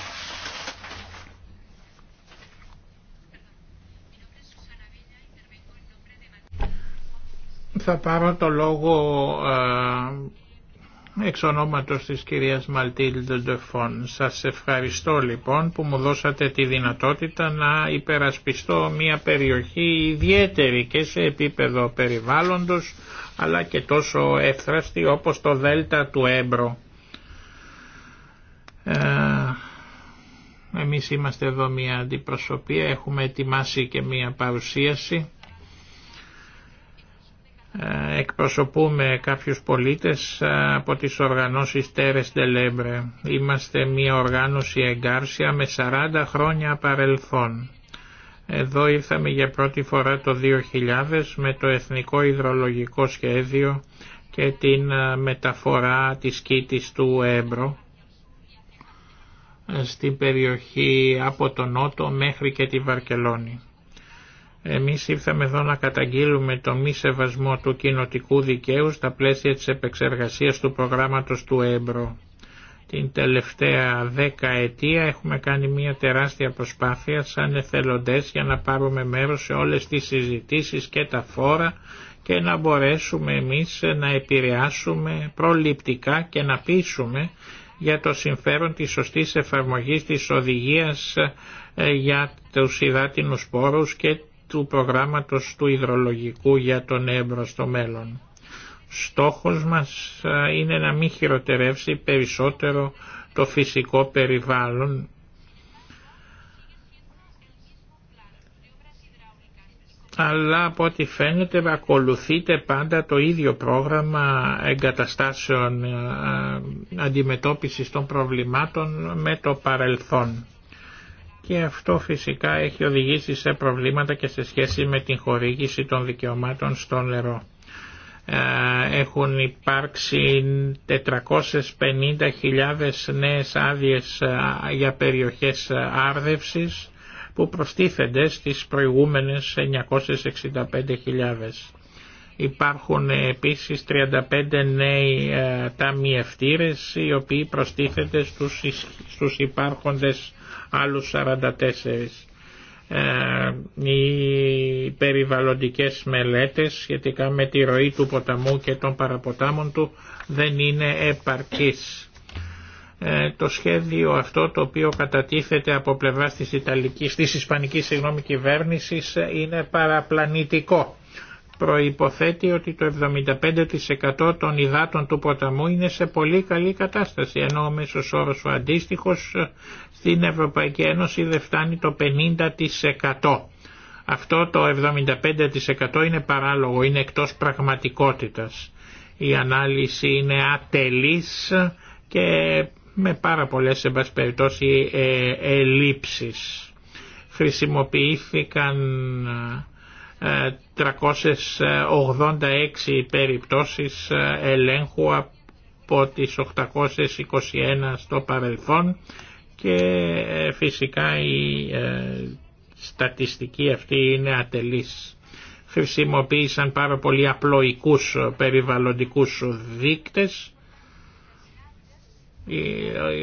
Θα πάρω το λόγο ε, Εξ ονόματος της κυρίας Μαλτίλντο Ντεφόν. σας ευχαριστώ λοιπόν που μου δώσατε τη δυνατότητα να υπερασπιστώ μια περιοχή ιδιαίτερη και σε επίπεδο περιβάλλοντος αλλά και τόσο εύθραστη όπως το Δέλτα του Έμπρο. Ε, εμείς είμαστε εδώ μια αντιπροσωπεία, έχουμε ετοιμάσει και μια παρουσίαση ε, εκπροσωπούμε κάποιους πολίτες ε, από τις οργανώσεις Τέρες Τελέμπρε. Είμαστε μια οργάνωση εγκάρσια με 40 χρόνια παρελθόν. Εδώ ήρθαμε για πρώτη φορά το 2000 με το Εθνικό Ιδρολογικό Σχέδιο και την ε, μεταφορά της κήτης του Έμπρο στην περιοχή από τον Νότο μέχρι και τη Βαρκελόνη. Εμείς ήρθαμε εδώ να καταγγείλουμε το μη σεβασμό του κοινοτικού δικαίου στα πλαίσια της επεξεργασίας του προγράμματος του ΕΜΠΡΟ. Την τελευταία δέκα ετία έχουμε κάνει μια τεράστια προσπάθεια σαν εθελοντές για να πάρουμε μέρος σε όλες τις συζητήσεις και τα φόρα και να μπορέσουμε εμείς να επηρεάσουμε προληπτικά και να πείσουμε για το συμφέρον της σωστής εφαρμογής της οδηγίας ε, για τους υδάτινους πόρους και του προγράμματος του υδρολογικού για τον Έμπρο στο μέλλον. Στόχος μας είναι να μην χειροτερεύσει περισσότερο το φυσικό περιβάλλον αλλά από ό,τι φαίνεται ακολουθείται πάντα το ίδιο πρόγραμμα εγκαταστάσεων αντιμετώπισης των προβλημάτων με το παρελθόν και αυτό φυσικά έχει οδηγήσει σε προβλήματα και σε σχέση με την χορήγηση των δικαιωμάτων στο νερό. Ε, έχουν υπάρξει 450.000 νέες άδειες ε, για περιοχές άρδευσης που προστίθενται στις προηγούμενες 965.000. Υπάρχουν επίσης 35 νέοι ε, ταμιευτήρες οι οποίοι προστίθενται στους υπάρχοντες άλλους 44. Ε, οι περιβαλλοντικές μελέτες σχετικά με τη ροή του ποταμού και των παραποτάμων του δεν είναι επαρκής. Ε, το σχέδιο αυτό το οποίο κατατίθεται από πλευράς της, Ιταλικής, της Ισπανικής συγγνώμη, κυβέρνησης είναι παραπλανητικό προϋποθέτει ότι το 75% των υδάτων του ποταμού είναι σε πολύ καλή κατάσταση, ενώ ο μέσος όρος ο αντίστοιχος ε, στην Ευρωπαϊκή Ένωση δεν φτάνει το 50%. Αυτό το 75% είναι παράλογο, είναι εκτός πραγματικότητας. Η ανάλυση είναι ατελής και με πάρα πολλές εμπασπεριτώσεις περιπτώσει ε, ε, ελλείψεις. Χρησιμοποιήθηκαν 386 περιπτώσεις ε, ελέγχου από τις 821 στο παρελθόν και ε, φυσικά η ε, στατιστική αυτή είναι ατελής. Χρησιμοποίησαν πάρα πολύ απλοϊκούς περιβαλλοντικούς δείκτες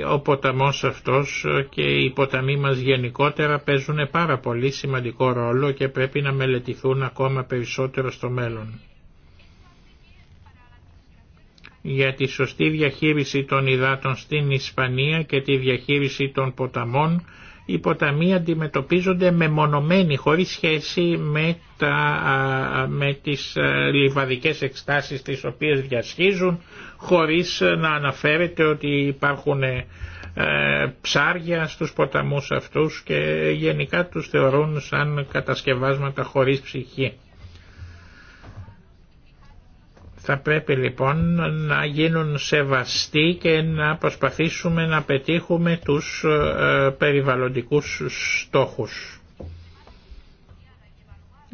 ο ποταμός αυτός και οι ποταμοί μας γενικότερα παίζουν πάρα πολύ σημαντικό ρόλο και πρέπει να μελετηθούν ακόμα περισσότερο στο μέλλον. Για τη σωστή διαχείριση των υδάτων στην Ισπανία και τη διαχείριση των ποταμών οι ποταμοί αντιμετωπίζονται μεμονωμένοι χωρίς σχέση με, τα, με τις λιβαδικές εκστάσεις τις οποίες διασχίζουν χωρίς να αναφέρεται ότι υπάρχουν ε, ψάρια στους ποταμούς αυτούς και γενικά τους θεωρούν σαν κατασκευάσματα χωρίς ψυχή. Θα πρέπει λοιπόν να γίνουν σεβαστοί και να προσπαθήσουμε να πετύχουμε τους ε, περιβαλλοντικούς στόχους.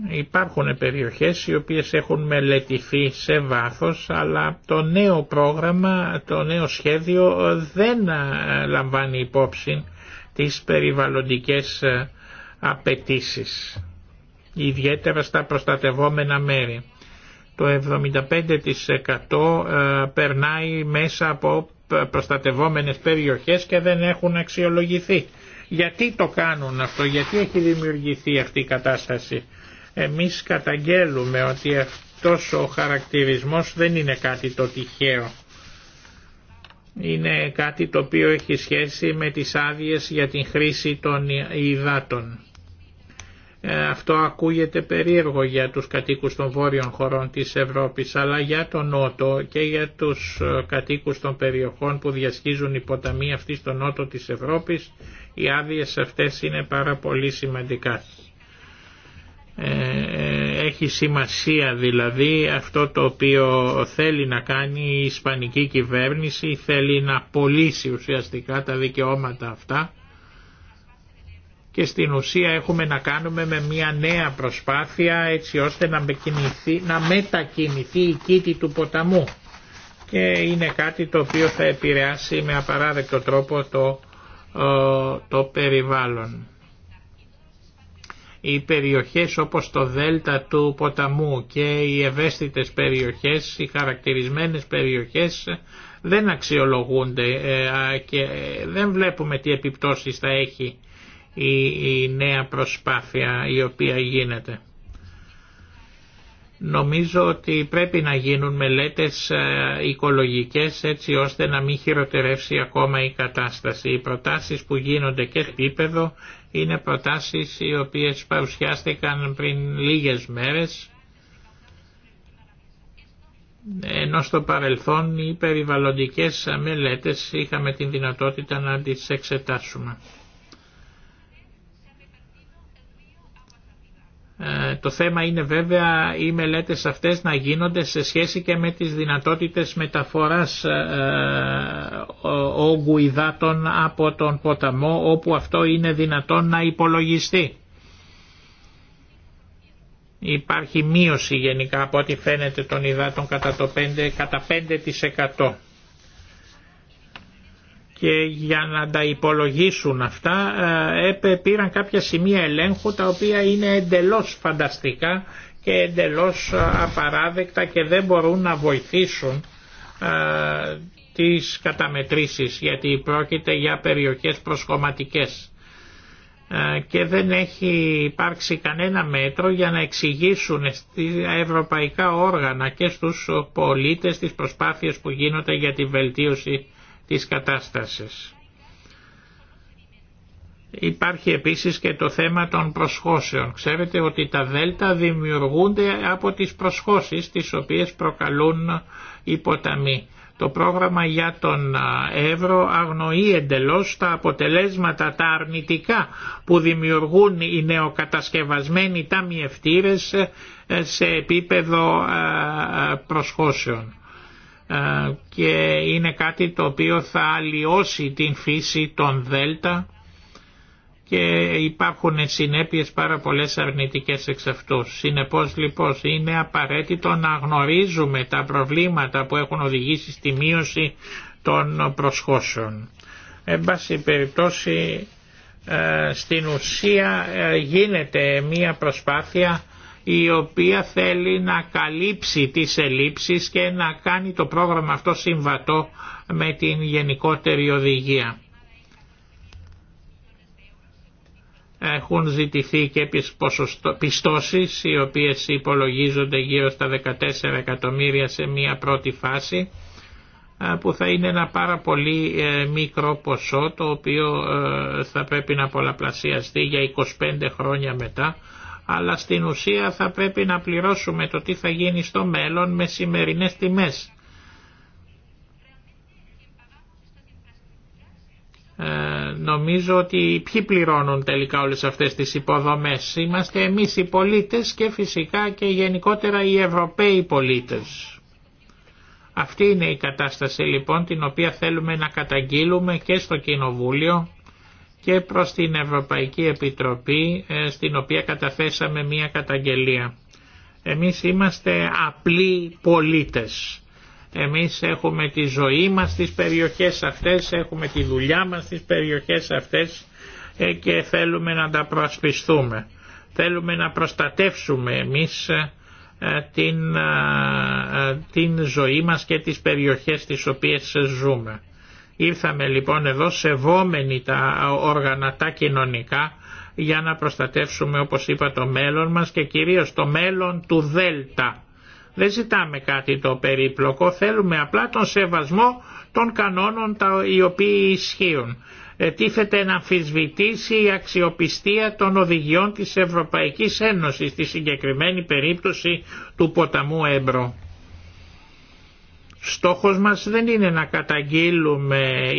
Υπάρχουν περιοχές οι οποίες έχουν μελετηθεί σε βάθος αλλά το νέο πρόγραμμα, το νέο σχέδιο δεν ε, λαμβάνει υπόψη τις περιβαλλοντικές ε, απαιτήσεις, ιδιαίτερα στα προστατευόμενα μέρη το 75% ε, περνάει μέσα από προστατευόμενες περιοχές και δεν έχουν αξιολογηθεί. Γιατί το κάνουν αυτό, γιατί έχει δημιουργηθεί αυτή η κατάσταση. Εμείς καταγγέλουμε ότι αυτός ο χαρακτηρισμός δεν είναι κάτι το τυχαίο. Είναι κάτι το οποίο έχει σχέση με τις άδειες για την χρήση των υδάτων. Ε, αυτό ακούγεται περίεργο για τους κατοίκους των βόρειων χωρών της Ευρώπης αλλά για τον Νότο και για τους ε, κατοίκους των περιοχών που διασχίζουν οι ποταμοί αυτοί στον Νότο της Ευρώπης οι άδειε αυτές είναι πάρα πολύ σημαντικά. Ε, έχει σημασία δηλαδή αυτό το οποίο θέλει να κάνει η Ισπανική κυβέρνηση, θέλει να πωλήσει ουσιαστικά τα δικαιώματα αυτά και στην ουσία έχουμε να κάνουμε με μια νέα προσπάθεια έτσι ώστε να, να μετακινηθεί η κήτη του ποταμού και είναι κάτι το οποίο θα επηρεάσει με απαράδεκτο τρόπο το, ε, το περιβάλλον. Οι περιοχές όπως το δέλτα του ποταμού και οι ευαίσθητες περιοχές, οι χαρακτηρισμένες περιοχές δεν αξιολογούνται ε, και ε, δεν βλέπουμε τι επιπτώσεις θα έχει η, η νέα προσπάθεια η οποία γίνεται. Νομίζω ότι πρέπει να γίνουν μελέτες ε, οικολογικές έτσι ώστε να μην χειροτερεύσει ακόμα η κατάσταση. Οι προτάσεις που γίνονται και επίπεδο είναι προτάσεις οι οποίες παρουσιάστηκαν πριν λίγες μέρες ενώ στο παρελθόν οι περιβαλλοντικές μελέτες είχαμε την δυνατότητα να τις εξετάσουμε. Ε, το θέμα είναι βέβαια οι μελέτες αυτές να γίνονται σε σχέση και με τις δυνατότητες μεταφοράς όγκου ε, ε, υδάτων από τον ποταμό όπου αυτό είναι δυνατόν να υπολογιστεί. Υπάρχει μείωση γενικά από ό,τι φαίνεται των υδάτων κατά το 5%. Κατά 5% και για να τα υπολογίσουν αυτά ε, πήραν κάποια σημεία ελέγχου τα οποία είναι εντελώς φανταστικά και εντελώς ε, απαράδεκτα και δεν μπορούν να βοηθήσουν ε, τις καταμετρήσεις γιατί πρόκειται για περιοχές προσκομματικές και δεν έχει υπάρξει κανένα μέτρο για να εξηγήσουν στα ευρωπαϊκά όργανα και στους πολίτες τις προσπάθειες που γίνονται για τη βελτίωση της κατάστασης. Υπάρχει επίσης και το θέμα των προσχώσεων. Ξέρετε ότι τα δέλτα δημιουργούνται από τις προσχώσεις τις οποίες προκαλούν οι ποταμοί. Το πρόγραμμα για τον Εύρο αγνοεί εντελώς τα αποτελέσματα, τα αρνητικά που δημιουργούν οι νεοκατασκευασμένοι ταμιευτήρες σε επίπεδο ε, ε, προσχώσεων. Ε, και είναι κάτι το οποίο θα αλλοιώσει την φύση των Δέλτα και υπάρχουν συνέπειες πάρα πολλές αρνητικές εξ αυτού. Συνεπώς λοιπόν είναι απαραίτητο να γνωρίζουμε τα προβλήματα που έχουν οδηγήσει στη μείωση των προσχώσεων. Εν πάση περιπτώσει ε, στην ουσία ε, γίνεται μία προσπάθεια η οποία θέλει να καλύψει τις ελλείψεις και να κάνει το πρόγραμμα αυτό συμβατό με την γενικότερη οδηγία. Έχουν ζητηθεί και πιστώσεις οι οποίες υπολογίζονται γύρω στα 14 εκατομμύρια σε μία πρώτη φάση ε, που θα είναι ένα πάρα πολύ ε, μικρό ποσό το οποίο ε, θα πρέπει να πολλαπλασιαστεί για 25 χρόνια μετά αλλά στην ουσία θα πρέπει να πληρώσουμε το τι θα γίνει στο μέλλον με σημερινές τιμές. Ε, νομίζω ότι ποιοι πληρώνουν τελικά όλες αυτές τις υποδομές. Είμαστε εμείς οι πολίτες και φυσικά και γενικότερα οι Ευρωπαίοι πολίτες. Αυτή είναι η κατάσταση λοιπόν την οποία θέλουμε να καταγγείλουμε και στο Κοινοβούλιο και προς την Ευρωπαϊκή Επιτροπή ε, στην οποία καταθέσαμε μία καταγγελία. Εμείς είμαστε απλοί πολίτες. Εμείς έχουμε τη ζωή μας στις περιοχές αυτές, έχουμε τη δουλειά μας στις περιοχές αυτές ε, και θέλουμε να τα προασπιστούμε. Θέλουμε να προστατεύσουμε εμείς ε, την, την ζωή μας και τις περιοχές τις οποίες ζούμε. Ήρθαμε λοιπόν εδώ σεβόμενοι τα όργανα τα κοινωνικά για να προστατεύσουμε όπως είπα το μέλλον μας και κυρίως το μέλλον του Δέλτα. Δεν ζητάμε κάτι το περίπλοκο, θέλουμε απλά τον σεβασμό των κανόνων τα, οι οποίοι ισχύουν. Ε, τίθεται να αμφισβητήσει η αξιοπιστία των οδηγιών της Ευρωπαϊκής Ένωσης στη συγκεκριμένη περίπτωση του ποταμού Έμπρο. Στόχος μας δεν είναι να καταγγείλουμε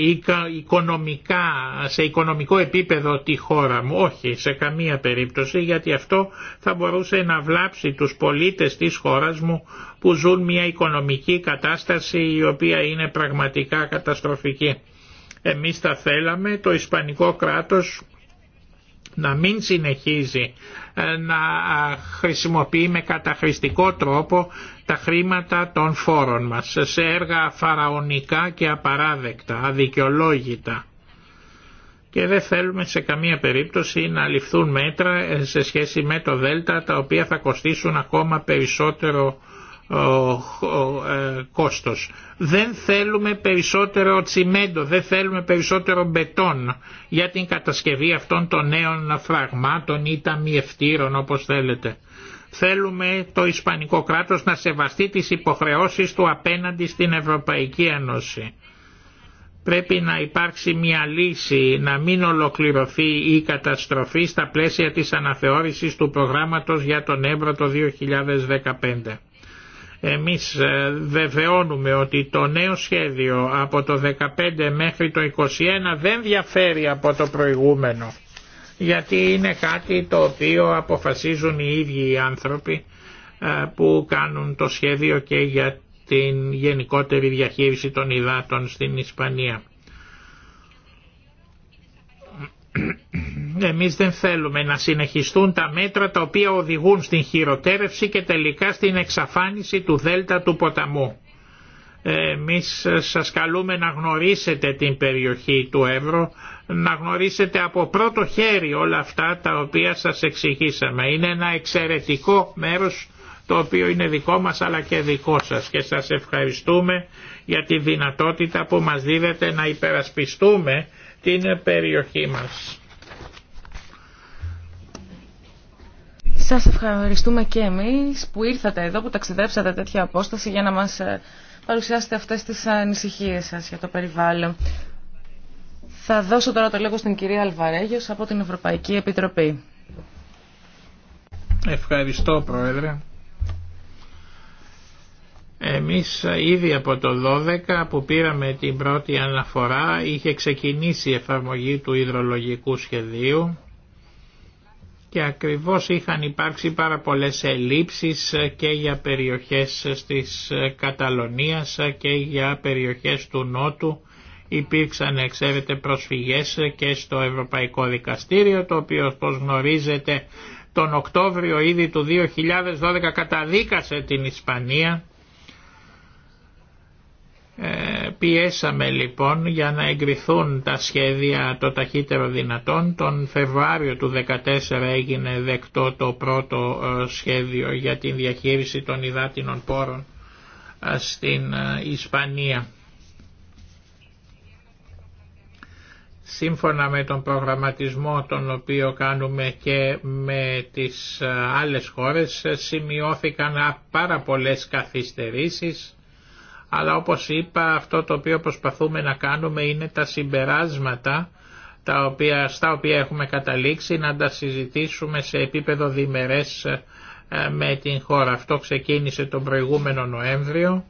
οικονομικά, σε οικονομικό επίπεδο τη χώρα μου, όχι σε καμία περίπτωση γιατί αυτό θα μπορούσε να βλάψει τους πολίτες της χώρας μου που ζουν μια οικονομική κατάσταση η οποία είναι πραγματικά καταστροφική. Εμείς θα θέλαμε το Ισπανικό κράτος να μην συνεχίζει ε, να χρησιμοποιεί με καταχρηστικό τρόπο τα χρήματα των φόρων μας σε έργα φαραωνικά και απαράδεκτα, αδικαιολόγητα. Και δεν θέλουμε σε καμία περίπτωση να ληφθούν μέτρα ε, σε σχέση με το ΔΕΛΤΑ τα οποία θα κοστίσουν ακόμα περισσότερο ε, κόστος. Δεν θέλουμε περισσότερο τσιμέντο, δεν θέλουμε περισσότερο μπετόν για την κατασκευή αυτών των νέων φραγμάτων ή ταμιευτήρων όπως θέλετε. Θέλουμε το Ισπανικό κράτος να σεβαστεί τις υποχρεώσεις του απέναντι στην Ευρωπαϊκή Ένωση. Πρέπει να υπάρξει μια λύση να μην ολοκληρωθεί η καταστροφή στα πλαίσια της αναθεώρησης του προγράμματος για τον Εύρωτο το 2015. Εμείς ε, βεβαιώνουμε ότι το νέο σχέδιο από το 15 μέχρι το 21 δεν διαφέρει από το προηγούμενο γιατί είναι κάτι το οποίο αποφασίζουν οι ίδιοι οι άνθρωποι ε, που κάνουν το σχέδιο και για την γενικότερη διαχείριση των υδάτων στην Ισπανία. Εμείς δεν θέλουμε να συνεχιστούν τα μέτρα τα οποία οδηγούν στην χειροτέρευση και τελικά στην εξαφάνιση του δέλτα του ποταμού. Εμείς σας καλούμε να γνωρίσετε την περιοχή του Εύρω, να γνωρίσετε από πρώτο χέρι όλα αυτά τα οποία σας εξηγήσαμε. Είναι ένα εξαιρετικό μέρος το οποίο είναι δικό μας αλλά και δικό σας και σας ευχαριστούμε για τη δυνατότητα που μας δίδεται να υπερασπιστούμε την περιοχή μας. Σας ευχαριστούμε και εμείς που ήρθατε εδώ, που ταξιδέψατε τέτοια απόσταση για να μας ε, παρουσιάσετε αυτές τις ανησυχίες σας για το περιβάλλον. Θα δώσω τώρα το λόγο στην κυρία Αλβαρέγιος από την Ευρωπαϊκή Επιτροπή. Ευχαριστώ Πρόεδρε. Εμείς ε, ήδη από το 12 που πήραμε την πρώτη αναφορά είχε ξεκινήσει η εφαρμογή του υδρολογικού σχεδίου και ακριβώς είχαν υπάρξει πάρα πολλές ελλείψεις και για περιοχές της Καταλωνίας και για περιοχές του Νότου. Υπήρξαν, ξέρετε, προσφυγές και στο Ευρωπαϊκό Δικαστήριο, το οποίο, όπως γνωρίζετε, τον Οκτώβριο ήδη του 2012 καταδίκασε την Ισπανία ε, πιέσαμε λοιπόν για να εγκριθούν τα σχέδια το ταχύτερο δυνατόν. Τον Φεβρουάριο του 2014 έγινε δεκτό το πρώτο ε, σχέδιο για την διαχείριση των υδάτινων πόρων ε, στην Ισπανία. Σύμφωνα με τον προγραμματισμό τον οποίο κάνουμε και με τις άλλες χώρες σημειώθηκαν πάρα πολλές καθυστερήσεις αλλά όπως είπα αυτό το οποίο προσπαθούμε να κάνουμε είναι τα συμπεράσματα τα οποία, στα οποία έχουμε καταλήξει να τα συζητήσουμε σε επίπεδο διμερές ε, με την χώρα. Αυτό ξεκίνησε τον προηγούμενο Νοέμβριο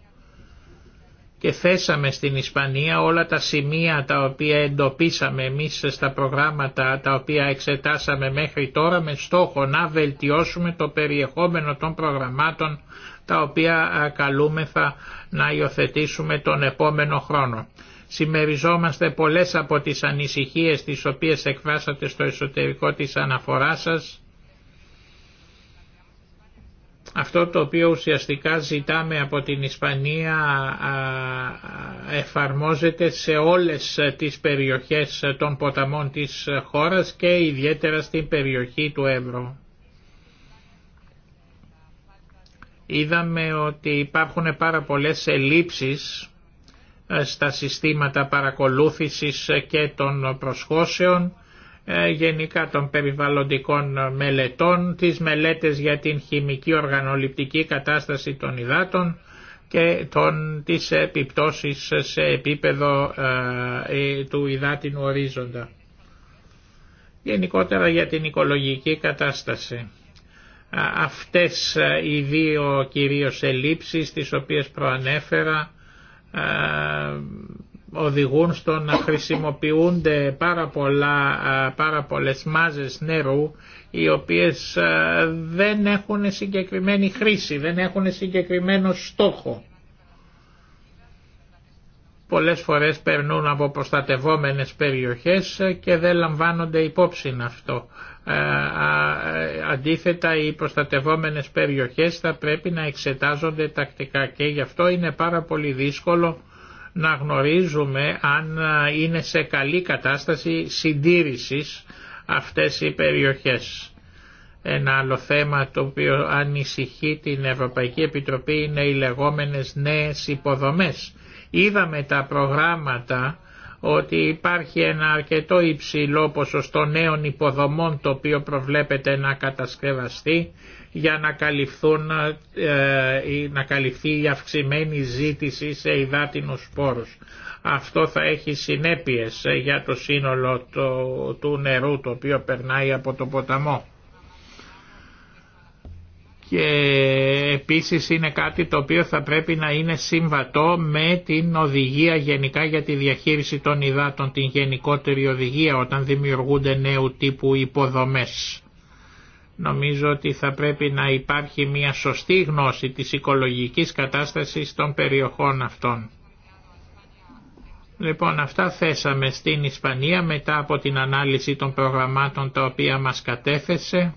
και θέσαμε στην Ισπανία όλα τα σημεία τα οποία εντοπίσαμε εμείς στα προγράμματα τα οποία εξετάσαμε μέχρι τώρα με στόχο να βελτιώσουμε το περιεχόμενο των προγραμμάτων τα οποία καλούμεθα να υιοθετήσουμε τον επόμενο χρόνο. Συμμεριζόμαστε πολλές από τις ανησυχίες τις οποίες εκφράσατε στο εσωτερικό της αναφοράς σας. Αυτό το οποίο ουσιαστικά ζητάμε από την Ισπανία εφαρμόζεται σε όλες τις περιοχές των ποταμών της χώρας και ιδιαίτερα στην περιοχή του Εύρω. είδαμε ότι υπάρχουν πάρα πολλές ελλείψεις ε, στα συστήματα παρακολούθησης ε, και των προσχώσεων, ε, γενικά των περιβαλλοντικών μελετών, τις μελέτες για την χημική οργανοληπτική κατάσταση των υδάτων και των, τις επιπτώσεις σε επίπεδο του υδάτινου ορίζοντα. Γενικότερα για την οικολογική κατάσταση. Αυτές οι δύο κυρίως ελλείψεις τις οποίες προανέφερα οδηγούν στο να χρησιμοποιούνται πάρα, πολλά, πάρα πολλές μάζες νερού οι οποίες δεν έχουν συγκεκριμένη χρήση, δεν έχουν συγκεκριμένο στόχο. Πολλές φορές περνούν από προστατευόμενες περιοχές και δεν λαμβάνονται υπόψη αυτό. Ε, ε, αντίθετα οι προστατευόμενες περιοχές θα πρέπει να εξετάζονται τακτικά και γι' αυτό είναι πάρα πολύ δύσκολο να γνωρίζουμε αν είναι σε καλή κατάσταση συντήρησης αυτές οι περιοχές. Ένα άλλο θέμα το οποίο ανησυχεί την Ευρωπαϊκή Επιτροπή είναι οι λεγόμενες νέες υποδομές. Είδαμε τα προγράμματα ότι υπάρχει ένα αρκετό υψηλό ποσοστό νέων υποδομών το οποίο προβλέπεται να κατασκευαστεί για να, καλυφθούν, ε, ε, να καλυφθεί η αυξημένη ζήτηση σε υδάτινους σπόρους. Αυτό θα έχει συνέπειες ε, για το σύνολο του νερού το οποίο περνάει από το ποταμό και επίσης είναι κάτι το οποίο θα πρέπει να είναι συμβατό με την οδηγία γενικά για τη διαχείριση των υδάτων, την γενικότερη οδηγία όταν δημιουργούνται νέου τύπου υποδομές. Νομίζω ότι θα πρέπει να υπάρχει μια σωστή γνώση της οικολογικής κατάστασης των περιοχών αυτών. Λοιπόν αυτά θέσαμε στην Ισπανία μετά από την ανάλυση των προγραμμάτων τα οποία μας κατέθεσε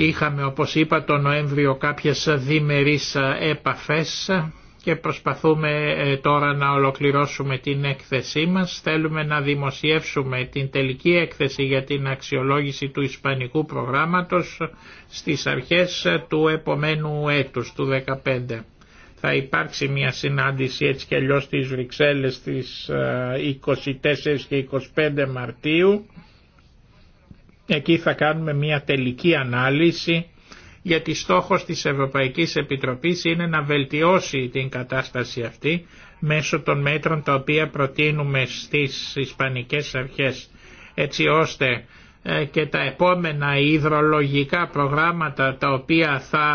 Είχαμε όπως είπα το Νοέμβριο κάποιες διμερείς έπαφες ε, και προσπαθούμε ε, τώρα να ολοκληρώσουμε την έκθεσή μας. Θέλουμε να δημοσιεύσουμε την τελική έκθεση για την αξιολόγηση του Ισπανικού προγράμματος στις αρχές ε, του επομένου έτους, του 2015. Θα υπάρξει μια συνάντηση έτσι και αλλιώς στις Βρυξέλλες στις 24 και 25 Μαρτίου Εκεί θα κάνουμε μια τελική ανάλυση γιατί στόχος της Ευρωπαϊκής Επιτροπής είναι να βελτιώσει την κατάσταση αυτή μέσω των μέτρων τα οποία προτείνουμε στις Ισπανικές Αρχές έτσι ώστε ε, και τα επόμενα υδρολογικά προγράμματα τα οποία θα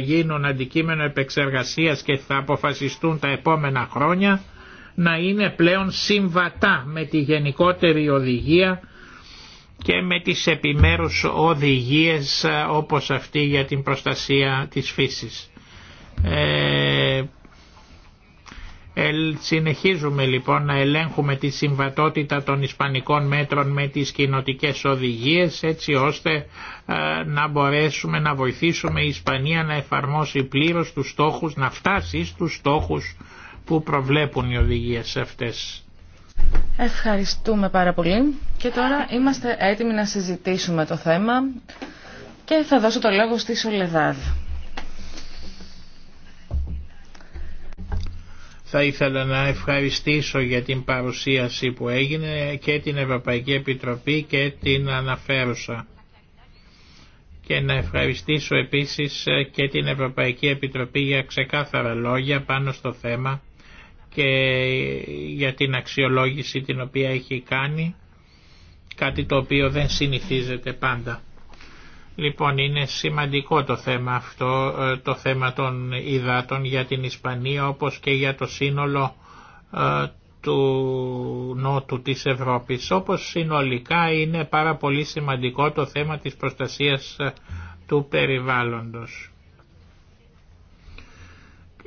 γίνουν αντικείμενο επεξεργασίας και θα αποφασιστούν τα επόμενα χρόνια να είναι πλέον συμβατά με τη γενικότερη οδηγία και με τις επιμέρους οδηγίες ε, όπως αυτή για την προστασία της φύσης. Ε, συνεχίζουμε λοιπόν να ελέγχουμε τη συμβατότητα των ισπανικών μέτρων με τις κοινοτικέ οδηγίες έτσι ώστε ε, να μπορέσουμε να βοηθήσουμε η Ισπανία να εφαρμόσει πλήρως τους στόχους, να φτάσει στους στόχους που προβλέπουν οι οδηγίες αυτές. Ευχαριστούμε πάρα πολύ. Και τώρα είμαστε έτοιμοι να συζητήσουμε το θέμα και θα δώσω το λόγο στη Σολεδάδ. Θα ήθελα να ευχαριστήσω για την παρουσίαση που έγινε και την Ευρωπαϊκή Επιτροπή και την αναφέρουσα. Και να ευχαριστήσω επίσης και την Ευρωπαϊκή Επιτροπή για ξεκάθαρα λόγια πάνω στο θέμα και για την αξιολόγηση την οποία έχει κάνει, κάτι το οποίο δεν συνηθίζεται πάντα. Λοιπόν, είναι σημαντικό το θέμα αυτό, ε, το θέμα των υδάτων για την Ισπανία όπως και για το σύνολο ε, του νότου της Ευρώπης. Όπως συνολικά είναι πάρα πολύ σημαντικό το θέμα της προστασίας ε, του περιβάλλοντος.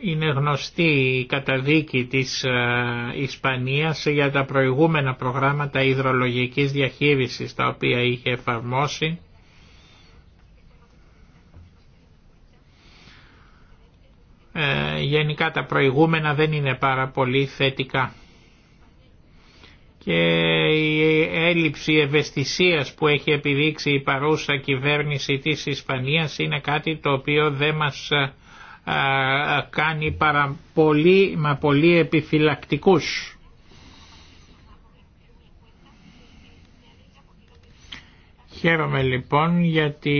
Είναι γνωστή η καταδίκη της ε, Ισπανίας για τα προηγούμενα προγράμματα υδρολογικής διαχείρισης τα οποία είχε εφαρμόσει. Ε, γενικά τα προηγούμενα δεν είναι πάρα πολύ θετικά. Και η έλλειψη ευαισθησίας που έχει επιδείξει η παρούσα κυβέρνηση της Ισπανίας είναι κάτι το οποίο δεν μας ε, κάνει παρα πολύ, μα πολύ επιφυλακτικούς. Χαίρομαι λοιπόν γιατί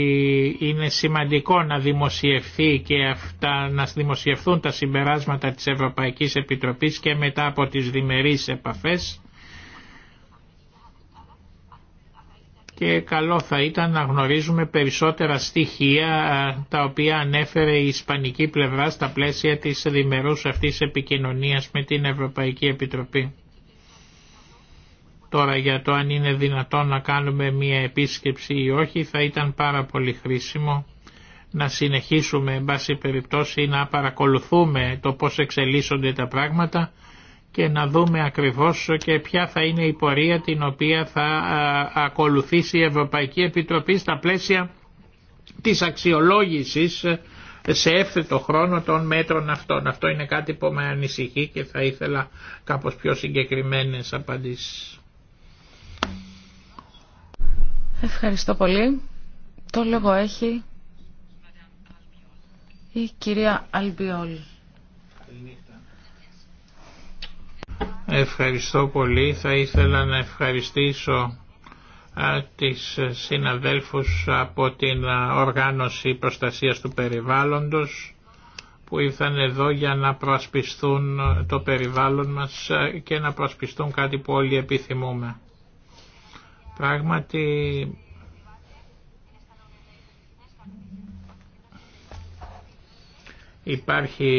είναι σημαντικό να δημοσιευθεί και αυτά, να δημοσιευθούν τα συμπεράσματα της Ευρωπαϊκής Επιτροπής και μετά από τις διμερείς επαφές και καλό θα ήταν να γνωρίζουμε περισσότερα στοιχεία τα οποία ανέφερε η Ισπανική πλευρά στα πλαίσια της διμερούς αυτής επικοινωνίας με την Ευρωπαϊκή Επιτροπή. Τώρα για το αν είναι δυνατόν να κάνουμε μία επίσκεψη ή όχι θα ήταν πάρα πολύ χρήσιμο να συνεχίσουμε εν πάση περιπτώσει να παρακολουθούμε το πώς εξελίσσονται τα πράγματα και να δούμε ακριβώς και ποια θα είναι η πορεία την οποία θα ακολουθήσει η Ευρωπαϊκή Επιτροπή στα πλαίσια της αξιολόγησης σε έφθετο χρόνο των μέτρων αυτών. Αυτό είναι κάτι που με ανησυχεί και θα ήθελα κάπως πιο συγκεκριμένες απαντήσεις. Ευχαριστώ πολύ. Το λόγο έχει η κυρία Αλμπιόλ. Ευχαριστώ πολύ. Θα ήθελα να ευχαριστήσω τις συναδέλφους από την Οργάνωση Προστασίας του Περιβάλλοντος που ήρθαν εδώ για να προασπιστούν το περιβάλλον μας και να προασπιστούν κάτι που όλοι επιθυμούμε. Πράγματι Υπάρχει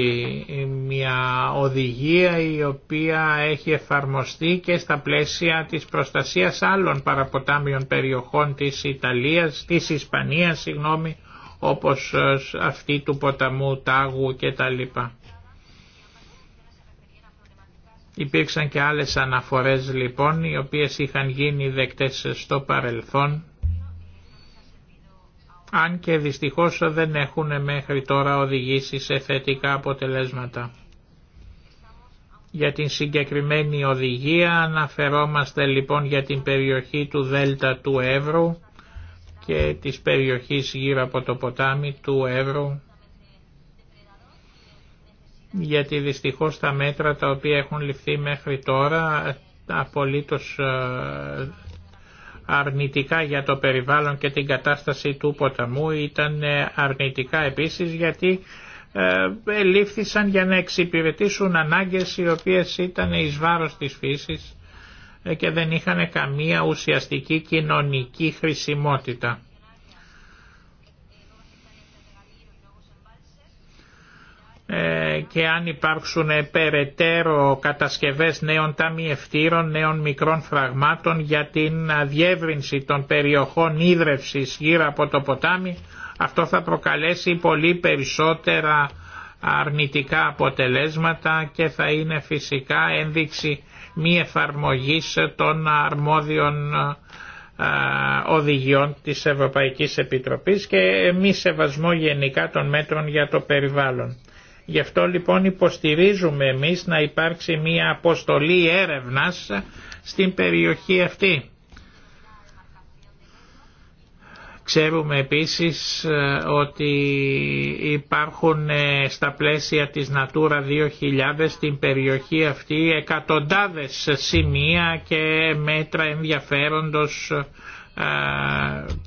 μια οδηγία η οποία έχει εφαρμοστεί και στα πλαίσια της προστασίας άλλων παραποτάμιων περιοχών της Ιταλίας, της Ισπανίας, συγγνώμη, όπως αυτή του ποταμού Τάγου κτλ. Υπήρξαν και άλλες αναφορές λοιπόν οι οποίες είχαν γίνει δεκτές στο παρελθόν αν και δυστυχώς δεν έχουν μέχρι τώρα οδηγήσει σε θετικά αποτελέσματα. Για την συγκεκριμένη οδηγία αναφερόμαστε λοιπόν για την περιοχή του Δέλτα του Εύρου και της περιοχής γύρω από το ποτάμι του Εύρου γιατί δυστυχώς τα μέτρα τα οποία έχουν ληφθεί μέχρι τώρα απολύτως ε, αρνητικά για το περιβάλλον και την κατάσταση του ποταμού, ήταν ε, αρνητικά επίσης γιατί ε, ελήφθησαν για να εξυπηρετήσουν ανάγκες οι οποίες ήταν εις βάρος της φύσης ε, και δεν είχαν καμία ουσιαστική κοινωνική χρησιμότητα. Ε, και αν υπάρξουν ε, περαιτέρω κατασκευές νέων ταμιευτήρων, νέων μικρών φραγμάτων για την ε, διεύρυνση των περιοχών ίδρευσης γύρω από το ποτάμι, αυτό θα προκαλέσει πολύ περισσότερα αρνητικά αποτελέσματα και θα είναι φυσικά ένδειξη μη εφαρμογής των αρμόδιων οδηγιών της Ευρωπαϊκής Επιτροπής και μη σεβασμό γενικά των μέτρων για το περιβάλλον. Γι' αυτό λοιπόν υποστηρίζουμε εμείς να υπάρξει μια αποστολή έρευνας στην περιοχή αυτή. Ξέρουμε επίσης ε, ότι υπάρχουν ε, στα πλαίσια της Natura 2000 στην περιοχή αυτή εκατοντάδες σημεία και μέτρα ενδιαφέροντος ε,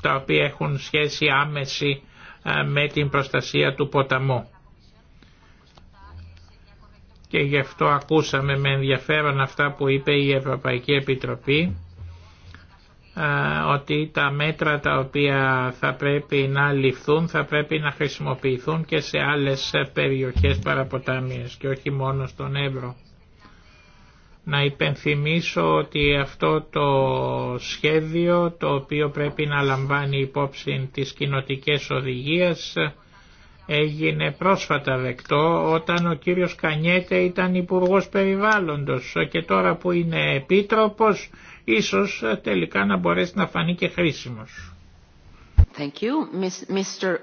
τα οποία έχουν σχέση άμεση με την προστασία του ποταμού και γι' αυτό ακούσαμε με ενδιαφέρον αυτά που είπε η Ευρωπαϊκή Επιτροπή ότι τα μέτρα τα οποία θα πρέπει να ληφθούν θα πρέπει να χρησιμοποιηθούν και σε άλλες περιοχές παραποτάμιες και όχι μόνο στον Εύρο. Να υπενθυμίσω ότι αυτό το σχέδιο το οποίο πρέπει να λαμβάνει υπόψη τις κοινοτικές οδηγίες έγινε πρόσφατα δεκτό όταν ο κύριος Κανιέτε ήταν Υπουργός Περιβάλλοντος και τώρα που είναι επίτροπος ίσως τελικά να μπορέσει να φανεί και χρήσιμος. Thank you. Mr.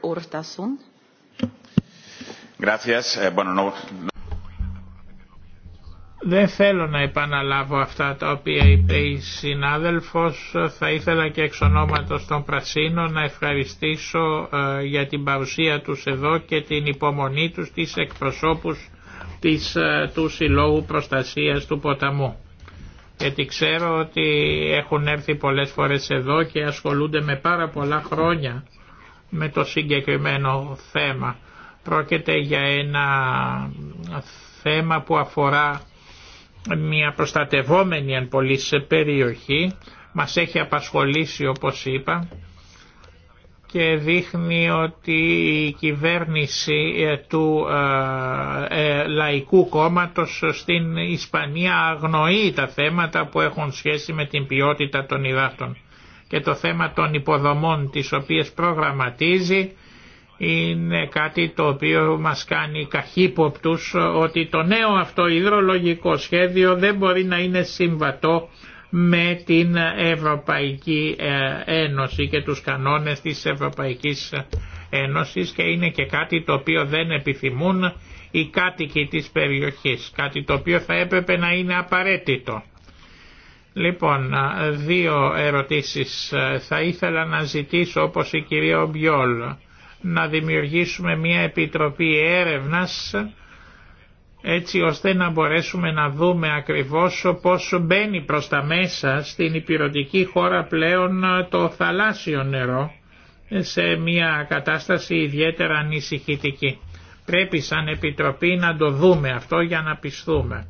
Δεν θέλω να επαναλάβω αυτά τα οποία είπε η συνάδελφος. Θα ήθελα και εξ ονόματος των Πρασίνων να ευχαριστήσω ε, για την παρουσία τους εδώ και την υπομονή τους της εκπροσώπους της, ε, του Συλλόγου Προστασίας του Ποταμού. Γιατί ξέρω ότι έχουν έρθει πολλές φορές εδώ και ασχολούνται με πάρα πολλά χρόνια με το συγκεκριμένο θέμα. Πρόκειται για ένα θέμα που αφορά μια προστατευόμενη αν πολύ σε περιοχή μας έχει απασχολήσει όπως είπα και δείχνει ότι η κυβέρνηση ε, του ε, ε, Λαϊκού Κόμματος στην Ισπανία αγνοεί τα θέματα που έχουν σχέση με την ποιότητα των υδάτων και το θέμα των υποδομών τις οποίες προγραμματίζει είναι κάτι το οποίο μας κάνει καχύποπτους ότι το νέο αυτό υδρολογικό σχέδιο δεν μπορεί να είναι συμβατό με την Ευρωπαϊκή ε, Ένωση και τους κανόνες της Ευρωπαϊκής Ένωσης και είναι και κάτι το οποίο δεν επιθυμούν οι κάτοικοι της περιοχής, κάτι το οποίο θα έπρεπε να είναι απαραίτητο. Λοιπόν, δύο ερωτήσεις. Ε, θα ήθελα να ζητήσω όπως η κυρία Ομπιόλ να δημιουργήσουμε μια επιτροπή έρευνας έτσι ώστε να μπορέσουμε να δούμε ακριβώς πόσο μπαίνει προς τα μέσα στην υπηρετική χώρα πλέον το θαλάσσιο νερό σε μια κατάσταση ιδιαίτερα ανησυχητική. Πρέπει σαν Επιτροπή να το δούμε αυτό για να πιστούμε.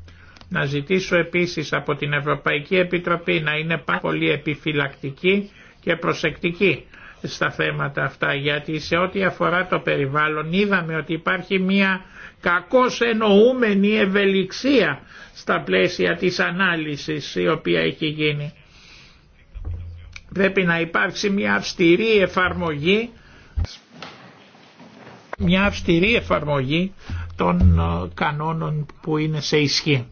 Να ζητήσω επίσης από την Ευρωπαϊκή Επιτροπή να είναι πάρα πολύ επιφυλακτική και προσεκτική στα θέματα αυτά γιατί σε ό,τι αφορά το περιβάλλον είδαμε ότι υπάρχει μια κακώς εννοούμενη ευελιξία στα πλαίσια της ανάλυσης η οποία έχει γίνει. Πρέπει να υπάρξει μια αυστηρή εφαρμογή μια αυστηρή εφαρμογή των ε, κανόνων που είναι σε ισχύ.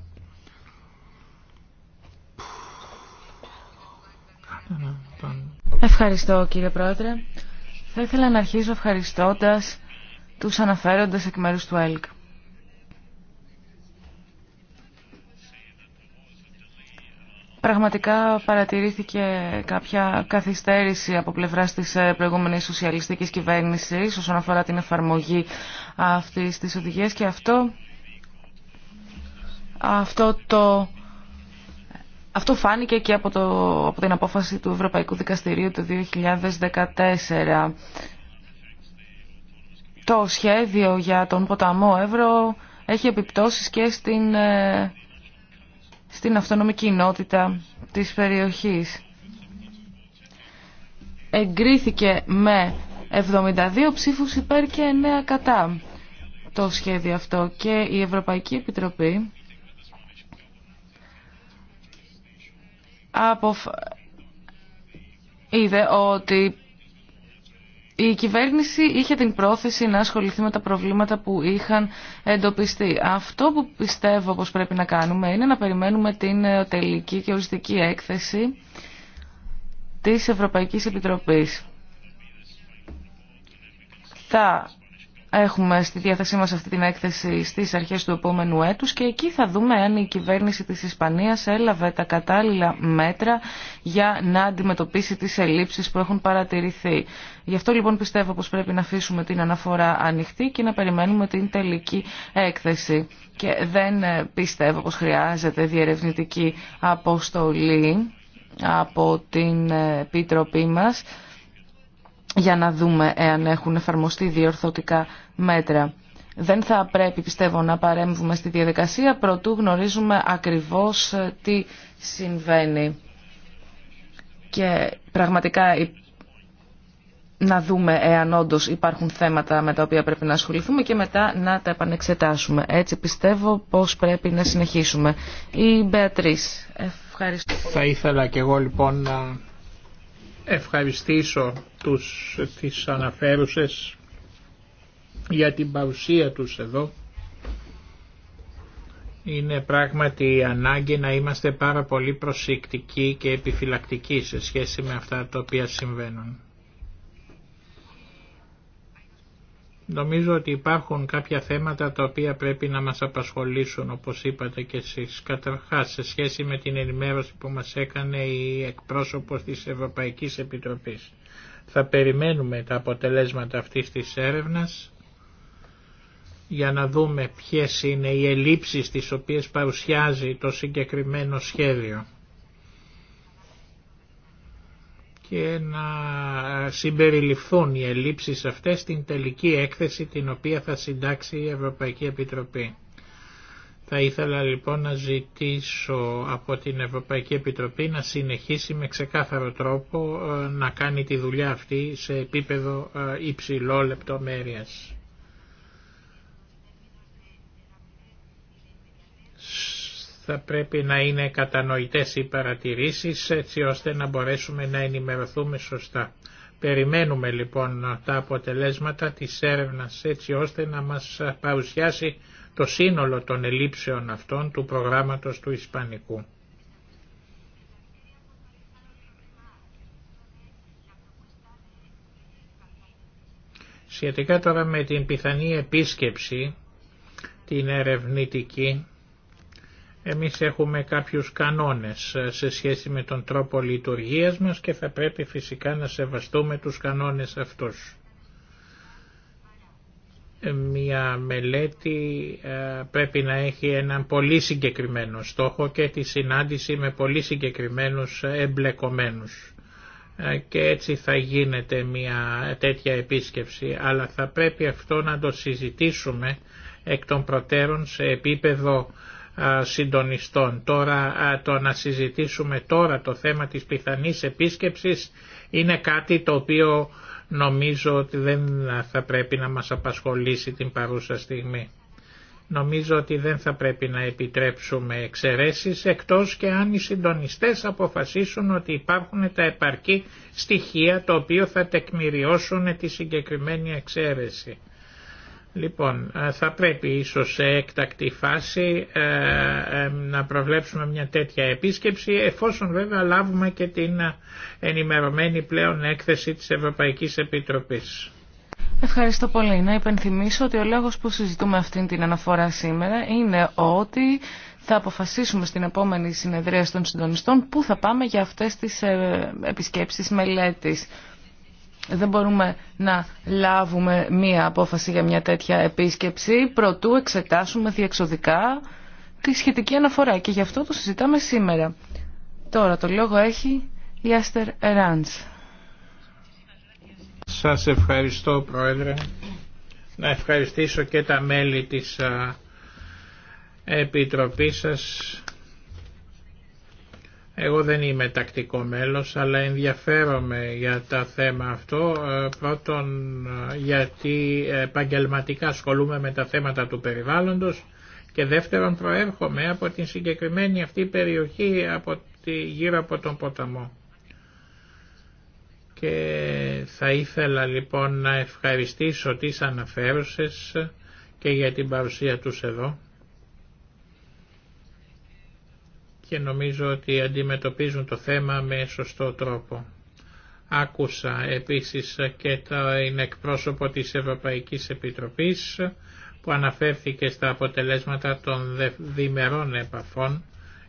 Ευχαριστώ κύριε Πρόεδρε. Θα ήθελα να αρχίσω ευχαριστώντας τους αναφέροντες εκ μέρους του ΕΛΚ. Πραγματικά παρατηρήθηκε κάποια καθυστέρηση από πλευράς της ε, προηγούμενης σοσιαλιστικής κυβέρνησης όσον αφορά την εφαρμογή αυτής της οδηγίας και αυτό, αυτό το αυτό φάνηκε και από, το, από την απόφαση του Ευρωπαϊκού Δικαστηρίου του 2014. Το σχέδιο για τον ποταμό Εύρω έχει επιπτώσεις και στην, ε, στην αυτονομική ενότητα της περιοχής. Εγκρίθηκε με 72 ψήφους υπέρ και 9 κατά το σχέδιο αυτό και η Ευρωπαϊκή Επιτροπή είδε ότι η κυβέρνηση είχε την πρόθεση να ασχοληθεί με τα προβλήματα που είχαν εντοπιστεί. Αυτό που πιστεύω πως πρέπει να κάνουμε είναι να περιμένουμε την ε, τελική και οριστική έκθεση της Ευρωπαϊκής Επιτροπής. Θα Έχουμε στη διάθεσή μας αυτή την έκθεση στις αρχές του επόμενου έτους και εκεί θα δούμε αν η κυβέρνηση της Ισπανίας έλαβε τα κατάλληλα μέτρα για να αντιμετωπίσει τις ελλείψεις που έχουν παρατηρηθεί. Γι' αυτό λοιπόν πιστεύω πως πρέπει να αφήσουμε την αναφορά ανοιχτή και να περιμένουμε την τελική έκθεση. Και δεν πιστεύω πως χρειάζεται διερευνητική αποστολή από την Επίτροπή μας για να δούμε εάν έχουν εφαρμοστεί διορθωτικά μέτρα. Δεν θα πρέπει, πιστεύω, να παρέμβουμε στη διαδικασία, προτού γνωρίζουμε ακριβώς ε, τι συμβαίνει. Και πραγματικά να δούμε εάν όντω υπάρχουν θέματα με τα οποία πρέπει να ασχοληθούμε και μετά να τα επανεξετάσουμε. Έτσι πιστεύω πως πρέπει να συνεχίσουμε. Η Μπεατρίς, ευχαριστώ. Θα ήθελα εγώ λοιπόν να ευχαριστήσω τους, τις αναφέρουσες για την παρουσία τους εδώ. Είναι πράγματι η ανάγκη να είμαστε πάρα πολύ προσεκτικοί και επιφυλακτικοί σε σχέση με αυτά τα οποία συμβαίνουν. Νομίζω ότι υπάρχουν κάποια θέματα τα οποία πρέπει να μας απασχολήσουν όπως είπατε και εσείς. Καταρχάς σε σχέση με την ενημέρωση που μας έκανε η εκπρόσωπος της Ευρωπαϊκής Επιτροπής. Θα περιμένουμε τα αποτελέσματα αυτής της έρευνας για να δούμε ποιες είναι οι ελλείψεις τις οποίες παρουσιάζει το συγκεκριμένο σχέδιο. και να συμπεριληφθούν οι ελλείψεις αυτές στην τελική έκθεση την οποία θα συντάξει η Ευρωπαϊκή Επιτροπή. Θα ήθελα λοιπόν να ζητήσω από την Ευρωπαϊκή Επιτροπή να συνεχίσει με ξεκάθαρο τρόπο ε, να κάνει τη δουλειά αυτή σε επίπεδο ε, υψηλό λεπτομέρειας. θα πρέπει να είναι κατανοητές οι παρατηρήσεις έτσι ώστε να μπορέσουμε να ενημερωθούμε σωστά. Περιμένουμε λοιπόν τα αποτελέσματα της έρευνας έτσι ώστε να μας παρουσιάσει το σύνολο των ελήψεων αυτών του προγράμματος του Ισπανικού. Σχετικά τώρα με την πιθανή επίσκεψη, την ερευνητική, εμείς έχουμε κάποιους κανόνες ε, σε σχέση με τον τρόπο λειτουργίας μας και θα πρέπει φυσικά να σεβαστούμε τους κανόνες αυτούς. Ε, μια μελέτη ε, πρέπει να έχει έναν πολύ συγκεκριμένο στόχο και τη συνάντηση με πολύ συγκεκριμένους εμπλεκομένους και έτσι θα γίνεται μια τέτοια επίσκεψη, αλλά θα πρέπει αυτό να το συζητήσουμε εκ των προτέρων σε επίπεδο συντονιστών. Τώρα το να συζητήσουμε τώρα το θέμα της πιθανής επίσκεψης είναι κάτι το οποίο νομίζω ότι δεν θα πρέπει να μας απασχολήσει την παρούσα στιγμή. Νομίζω ότι δεν θα πρέπει να επιτρέψουμε εξαιρέσεις εκτός και αν οι συντονιστές αποφασίσουν ότι υπάρχουν τα επαρκή στοιχεία το οποίο θα τεκμηριώσουν τη συγκεκριμένη εξαίρεση. Λοιπόν, ε, θα πρέπει ίσως σε έκτακτη φάση ε, ε, να προβλέψουμε μια τέτοια επίσκεψη, εφόσον βέβαια λάβουμε και την ενημερωμένη πλέον έκθεση της Ευρωπαϊκής Επιτροπής. Ευχαριστώ πολύ. Να υπενθυμίσω ότι ο λόγος που συζητούμε αυτή την αναφορά σήμερα είναι ότι θα αποφασίσουμε στην επόμενη συνεδρία των συντονιστών πού θα πάμε για αυτές τις επισκέψεις μελέτης δεν μπορούμε να λάβουμε μία απόφαση για μια τέτοια επίσκεψη προτού εξετάσουμε διεξοδικά τη σχετική αναφορά και γι' αυτό το συζητάμε σήμερα. Τώρα το λόγο έχει η Άστερ Εράντς. Σας ευχαριστώ Πρόεδρε. Να ευχαριστήσω και τα μέλη της Επιτροπής σας εγώ δεν είμαι τακτικό μέλος, αλλά ενδιαφέρομαι για τα θέμα αυτό. Ε, πρώτον, ε, γιατί επαγγελματικά ασχολούμαι με τα θέματα του περιβάλλοντος και δεύτερον, προέρχομαι από την συγκεκριμένη αυτή περιοχή από τη, γύρω από τον ποταμό. Και θα ήθελα λοιπόν να ευχαριστήσω τις αναφέρουσες και για την παρουσία τους εδώ και νομίζω ότι αντιμετωπίζουν το θέμα με σωστό τρόπο. Άκουσα επίσης και είναι εκπρόσωπο της Ευρωπαϊκής Επιτροπής που αναφέρθηκε στα αποτελέσματα των διμερών επαφών.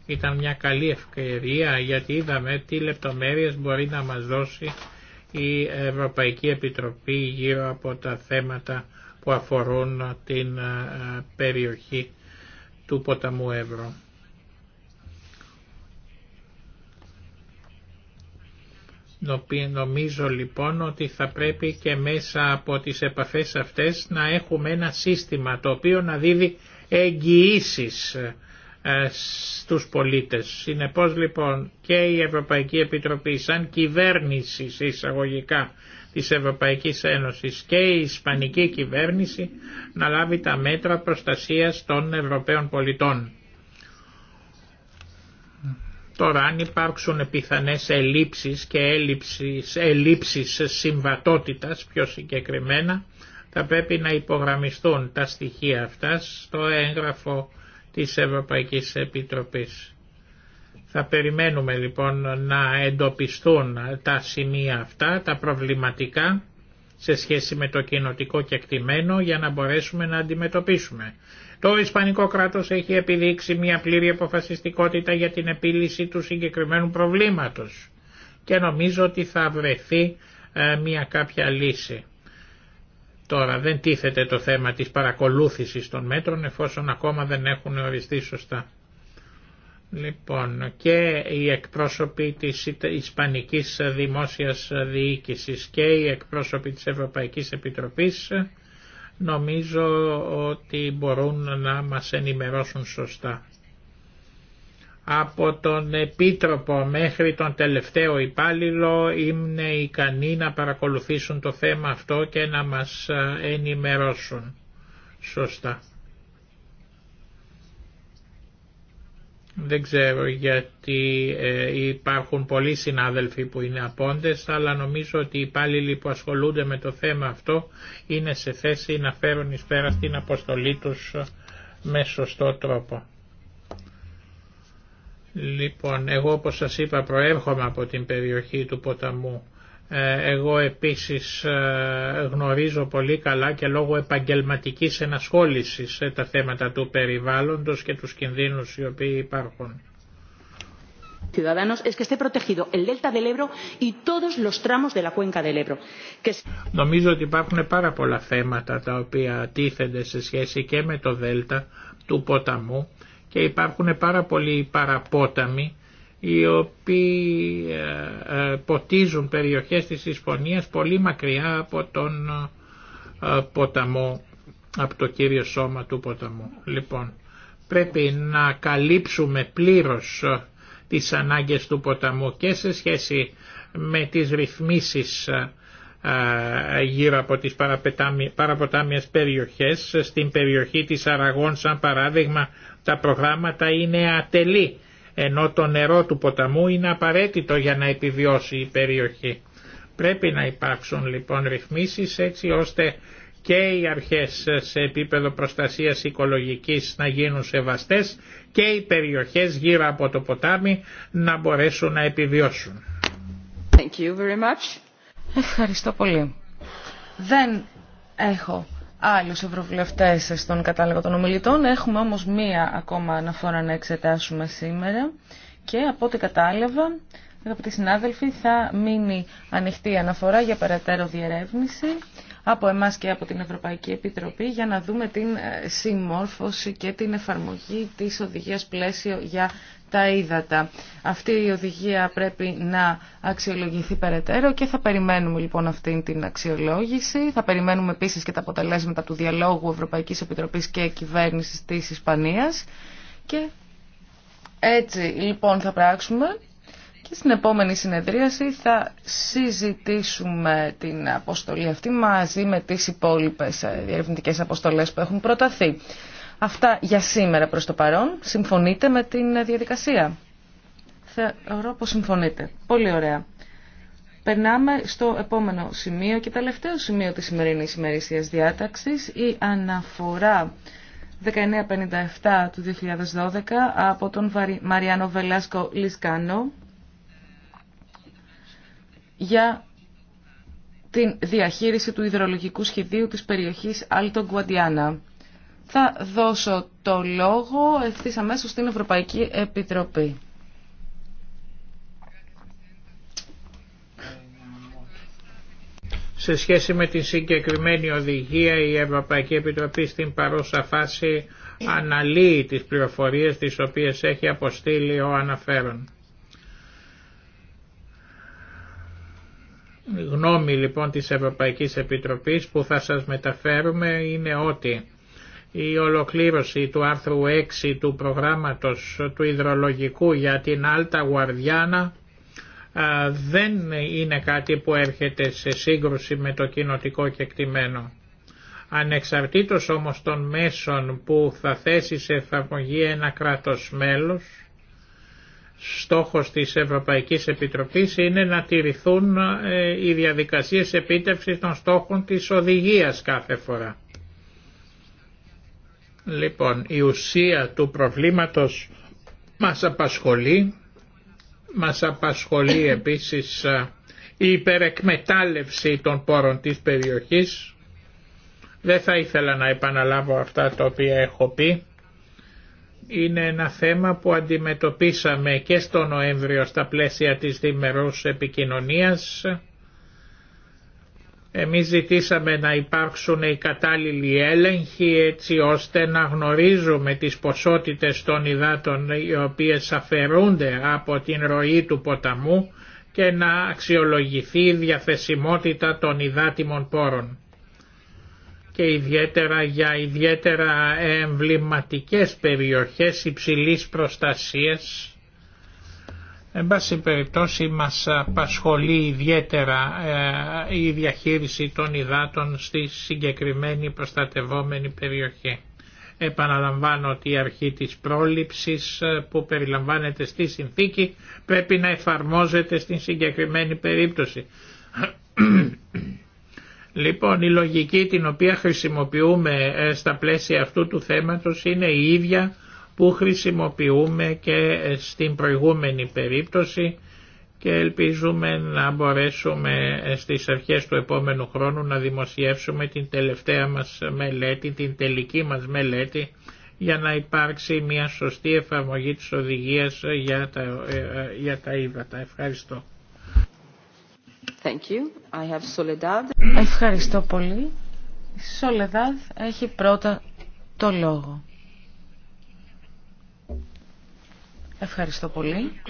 Ήταν μια καλή ευκαιρία γιατί είδαμε τι λεπτομέρειες μπορεί να μας δώσει η Ευρωπαϊκή Επιτροπή γύρω από τα θέματα που αφορούν την ε, περιοχή του ποταμού Εύρω. Νομίζω λοιπόν ότι θα πρέπει και μέσα από τις επαφές αυτές να έχουμε ένα σύστημα το οποίο να δίδει εγγυήσει ε, στους πολίτες. Συνεπώς λοιπόν και η Ευρωπαϊκή Επιτροπή σαν κυβέρνηση εισαγωγικά της Ευρωπαϊκής Ένωσης και η Ισπανική κυβέρνηση να λάβει τα μέτρα προστασίας των Ευρωπαίων πολιτών. Τώρα αν υπάρξουν πιθανές ελλείψεις και έλλειψεις, ελλείψεις συμβατότητας πιο συγκεκριμένα θα πρέπει να υπογραμμιστούν τα στοιχεία αυτά στο έγγραφο της Ευρωπαϊκής Επιτροπής. Θα περιμένουμε λοιπόν να εντοπιστούν τα σημεία αυτά, τα προβληματικά σε σχέση με το κοινοτικό κεκτημένο για να μπορέσουμε να αντιμετωπίσουμε το Ισπανικό κράτος έχει επιδείξει μια πλήρη αποφασιστικότητα για την επίλυση του συγκεκριμένου προβλήματος και νομίζω ότι θα βρεθεί ε, μια κάποια λύση. Τώρα δεν τίθεται το θέμα της παρακολούθησης των μέτρων εφόσον ακόμα δεν έχουν οριστεί σωστά. Λοιπόν, και οι εκπρόσωποι της Ισπανικής Δημόσιας Διοίκησης και οι εκπρόσωποι της Ευρωπαϊκής Επιτροπής νομίζω ότι μπορούν να μας ενημερώσουν σωστά. Από τον Επίτροπο μέχρι τον τελευταίο υπάλληλο είναι ικανοί να παρακολουθήσουν το θέμα αυτό και να μας ενημερώσουν σωστά. Δεν ξέρω γιατί ε, υπάρχουν πολλοί συνάδελφοι που είναι απόντες, αλλά νομίζω ότι οι υπάλληλοι που ασχολούνται με το θέμα αυτό είναι σε θέση να φέρουν εις πέρα στην αποστολή τους ε, με σωστό τρόπο. Λοιπόν, εγώ όπως σας είπα προέρχομαι από την περιοχή του ποταμού ε, εγώ επίσης ε, γνωρίζω πολύ καλά και λόγω επαγγελματικής ενασχόλησης σε τα θέματα του περιβάλλοντος και τους κινδύνους οι οποίοι υπάρχουν. Νομίζω ότι υπάρχουν πάρα πολλά θέματα τα οποία τίθενται σε σχέση και με το Δέλτα του ποταμού και υπάρχουν πάρα πολλοί παραπόταμοι οι οποίοι ε, ε, ποτίζουν περιοχές της Ισπανίας πολύ μακριά από τον ε, ποταμό, από το κύριο σώμα του ποταμού. Λοιπόν, πρέπει να καλύψουμε πλήρως τις ανάγκες του ποταμού και σε σχέση με τις ρυθμίσεις γύρω από τις παραποτάμιες περιοχές. Στην περιοχή της Αραγών, σαν παράδειγμα, τα προγράμματα είναι ατελή ενώ το νερό του ποταμού είναι απαραίτητο για να επιβιώσει η περιοχή. Πρέπει να υπάρξουν λοιπόν ρυθμίσεις έτσι ώστε και οι αρχές σε επίπεδο προστασίας οικολογικής να γίνουν σεβαστές και οι περιοχές γύρω από το ποτάμι να μπορέσουν να επιβιώσουν. Thank Ευχαριστώ πολύ. Δεν έχω άλλους ευρωβουλευτές στον κατάλογο των ομιλητών. Έχουμε όμως μία ακόμα αναφορά να εξετάσουμε σήμερα και από ό,τι κατάλαβα, αγαπητοί συνάδελφοι, θα μείνει ανοιχτή η αναφορά για περαιτέρω διερεύνηση από εμάς και από την Ευρωπαϊκή Επιτροπή για να δούμε την ε, συμμόρφωση και την εφαρμογή της οδηγίας πλαίσιο για τα ύδατα. Αυτή η οδηγία πρέπει να αξιολογηθεί περαιτέρω και θα περιμένουμε λοιπόν αυτή την αξιολόγηση. Θα περιμένουμε επίσης και τα αποτελέσματα του διαλόγου Ευρωπαϊκής Επιτροπής και Κυβέρνησης της Ισπανίας. Και έτσι λοιπόν θα πράξουμε και στην επόμενη συνεδρίαση θα συζητήσουμε την αποστολή αυτή μαζί με τις υπόλοιπες ε, διερευνητικές αποστολές που έχουν προταθεί. Αυτά για σήμερα προς το παρόν. Συμφωνείτε με την διαδικασία. Θεωρώ πως συμφωνείτε. Πολύ ωραία. Περνάμε στο επόμενο σημείο και τελευταίο σημείο της σημερινής ημερήσιας διάταξης, η αναφορά 1957 του 2012 από τον Μαριάνο Βελάσκο Λισκάνο για την διαχείριση του υδρολογικού σχεδίου της περιοχής Άλτο Γκουαντιάνα. Θα δώσω το λόγο ευθύ αμέσω στην Ευρωπαϊκή Επιτροπή. Σε σχέση με την συγκεκριμένη οδηγία η Ευρωπαϊκή Επιτροπή στην παρούσα φάση αναλύει τις πληροφορίες τις οποίες έχει αποστείλει ο αναφέρον. Η γνώμη λοιπόν της Ευρωπαϊκής Επιτροπής που θα σας μεταφέρουμε είναι ότι η ολοκλήρωση του άρθρου 6 του προγράμματος του υδρολογικού για την Άλτα Γουαρδιάνα δεν είναι κάτι που έρχεται σε σύγκρουση με το κοινοτικό κεκτημένο. Ανεξαρτήτως όμως των μέσων που θα θέσει σε εφαρμογή ένα κράτος μέλος, στόχος της Ευρωπαϊκής Επιτροπής είναι να τηρηθούν ε, οι διαδικασίες επίτευξης των στόχων της οδηγίας κάθε φορά. Λοιπόν, η ουσία του προβλήματος μας απασχολεί, μας απασχολεί επίσης ε, η υπερεκμετάλλευση των πόρων της περιοχής. Δεν θα ήθελα να επαναλάβω αυτά τα οποία έχω πει. Είναι ένα θέμα που αντιμετωπίσαμε και στο Νοέμβριο στα πλαίσια της διμερούς επικοινωνίας εμείς ζητήσαμε να υπάρξουν οι κατάλληλοι έλεγχοι έτσι ώστε να γνωρίζουμε τις ποσότητες των υδάτων οι οποίες αφαιρούνται από την ροή του ποταμού και να αξιολογηθεί η διαθεσιμότητα των υδάτιμων πόρων και ιδιαίτερα για ιδιαίτερα εμβληματικές περιοχές υψηλής προστασίας Εν πάση περιπτώσει μας απασχολεί ιδιαίτερα ε, η διαχείριση των υδάτων στη συγκεκριμένη προστατευόμενη περιοχή. Επαναλαμβάνω ότι η αρχή της πρόληψης ε, που περιλαμβάνεται στη συνθήκη πρέπει να εφαρμόζεται στην συγκεκριμένη περίπτωση. Λοιπόν, η λογική την οποία χρησιμοποιούμε ε, στα πλαίσια αυτού του θέματος είναι η ίδια που χρησιμοποιούμε και στην προηγούμενη περίπτωση και ελπίζουμε να μπορέσουμε στις αρχές του επόμενου χρόνου να δημοσιεύσουμε την τελευταία μας μελέτη, την τελική μας μελέτη για να υπάρξει μια σωστή εφαρμογή της οδηγίας για τα, ε, ε, για τα ύβατα. Ευχαριστώ. Thank you. I have Soledad. Ευχαριστώ πολύ. Η Σολεδάδ έχει πρώτα το λόγο. Ευχαριστώ πολύ.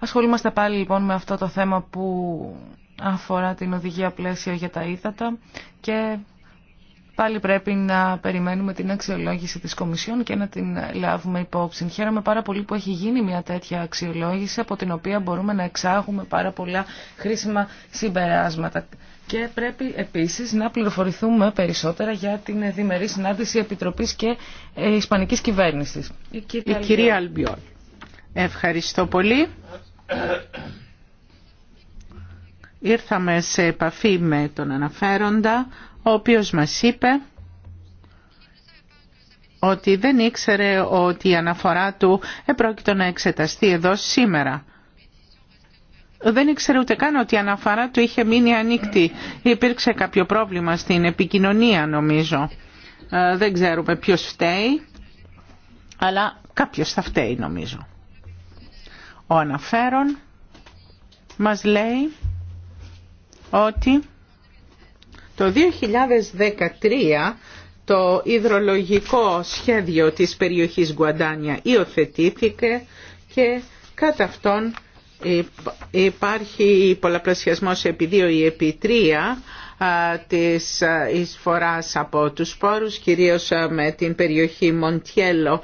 Ασχολούμαστε πάλι λοιπόν με αυτό το θέμα που αφορά την οδηγία πλαίσια για τα ήθατα και πάλι πρέπει να περιμένουμε την αξιολόγηση της Κομισιόν και να την λάβουμε υπόψη. Χαίρομαι πάρα πολύ που έχει γίνει μια τέτοια αξιολόγηση από την οποία μπορούμε να εξάγουμε πάρα πολλά χρήσιμα συμπεράσματα. Και πρέπει επίσης να πληροφορηθούμε περισσότερα για την διμερή συνάντηση Επιτροπής και ε, Ισπανικής Κυβέρνησης. Η κυρία, κυρία Αλμπιόλ. Ευχαριστώ πολύ. Ήρθαμε σε επαφή με τον αναφέροντα, ο οποίος μας είπε ότι δεν ήξερε ότι η αναφορά του επρόκειτο να εξεταστεί εδώ σήμερα δεν ήξερε ούτε καν ότι η αναφορά του είχε μείνει ανοιχτή. Υπήρξε κάποιο πρόβλημα στην επικοινωνία νομίζω. Ε, δεν ξέρουμε ποιος φταίει, αλλά κάποιος θα φταίει νομίζω. Ο αναφέρον μας λέει ότι το 2013 το υδρολογικό σχέδιο της περιοχής Γκουαντάνια υιοθετήθηκε και κατά αυτόν Υπάρχει πολλαπλασιασμός επί 2 ή επί 3 της εισφοράς από τους σπόρους, κυρίως με την περιοχή Μοντιέλο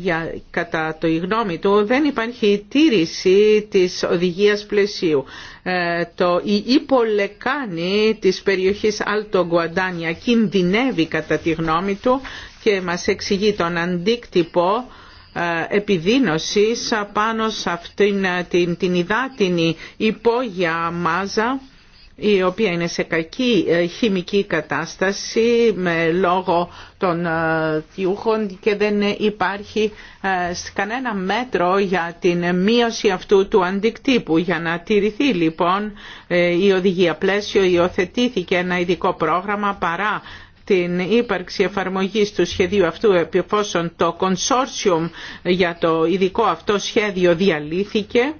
για, κατά το γνώμη του δεν υπάρχει τήρηση της οδηγίας πλαισίου. Ε, το, η υπολεκάνη της περιοχής Αλτο Γκουαντάνια κινδυνεύει κατά τη γνώμη του και μας εξηγεί τον αντίκτυπο ε, επιδίνωσης πάνω σε αυτήν ε, την, την υδάτινη υπόγεια μάζα η οποία είναι σε κακή ε, χημική κατάσταση με λόγω των θιούχων και δεν υπάρχει κανένα μέτρο για την μείωση αυτού του αντικτύπου. Για να τηρηθεί λοιπόν η οδηγία πλαίσιο υιοθετήθηκε ένα ειδικό πρόγραμμα παρά την ύπαρξη εφαρμογής του σχεδίου αυτού εφόσον το κονσόρσιουμ για το ειδικό αυτό σχέδιο διαλύθηκε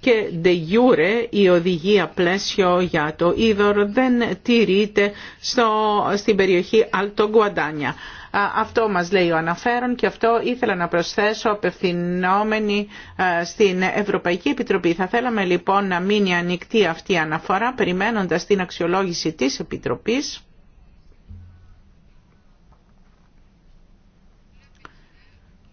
και de jure η οδηγία πλαίσιο για το είδωρο δεν τηρείται στο, στην περιοχή Αλτογκουαντάνια. Αυτό μας λέει ο αναφέρον και αυτό ήθελα να προσθέσω απευθυνόμενοι στην Ευρωπαϊκή Επιτροπή. Θα θέλαμε λοιπόν να μείνει ανοιχτή αυτή η αναφορά περιμένοντας την αξιολόγηση της Επιτροπής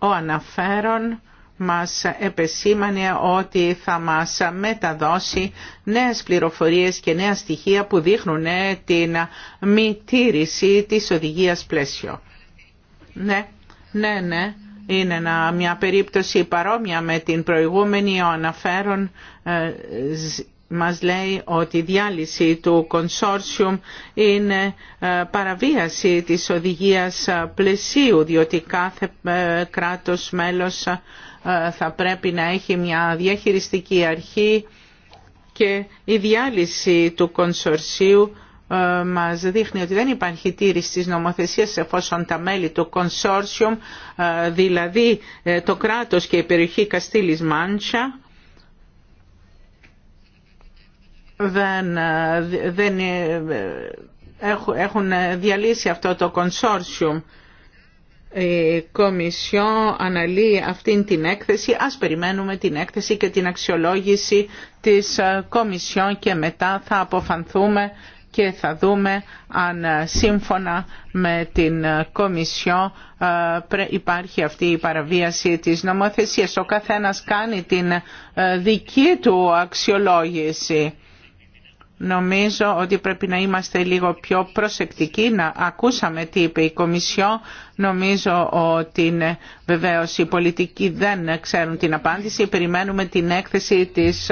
Ο αναφέρον μας επεσήμανε ότι θα μας μεταδώσει νέες πληροφορίες και νέα στοιχεία που δείχνουν ε, την μη τήρηση της οδηγίας πλαίσιο. Ναι, ναι, ναι. Είναι μια περίπτωση παρόμοια με την προηγούμενη ο αναφέρον ε, μας λέει ότι η διάλυση του κονσόρσιουμ είναι ε, παραβίαση της οδηγίας ε, πλαισίου, διότι κάθε ε, κράτος μέλος θα πρέπει να έχει μια διαχειριστική αρχή και η διάλυση του κονσορσίου μας δείχνει ότι δεν υπάρχει τήρηση της νομοθεσίας εφόσον τα μέλη του κονσόρσιουμ, δηλαδή το κράτος και η περιοχή Καστήλης Μάντσα, δεν, έχουν διαλύσει αυτό το consortium. Η Κομισιό αναλύει αυτήν την έκθεση. Ας περιμένουμε την έκθεση και την αξιολόγηση της Κομισιό και μετά θα αποφανθούμε και θα δούμε αν σύμφωνα με την Κομισιό ε, υπάρχει αυτή η παραβίαση της νομοθεσίας. Ο καθένας κάνει την ε, δική του αξιολόγηση Νομίζω ότι πρέπει να είμαστε λίγο πιο προσεκτικοί, να ακούσαμε τι είπε η Κομισιό. Νομίζω ότι βεβαίω οι πολιτικοί δεν ξέρουν την απάντηση. Περιμένουμε την έκθεση της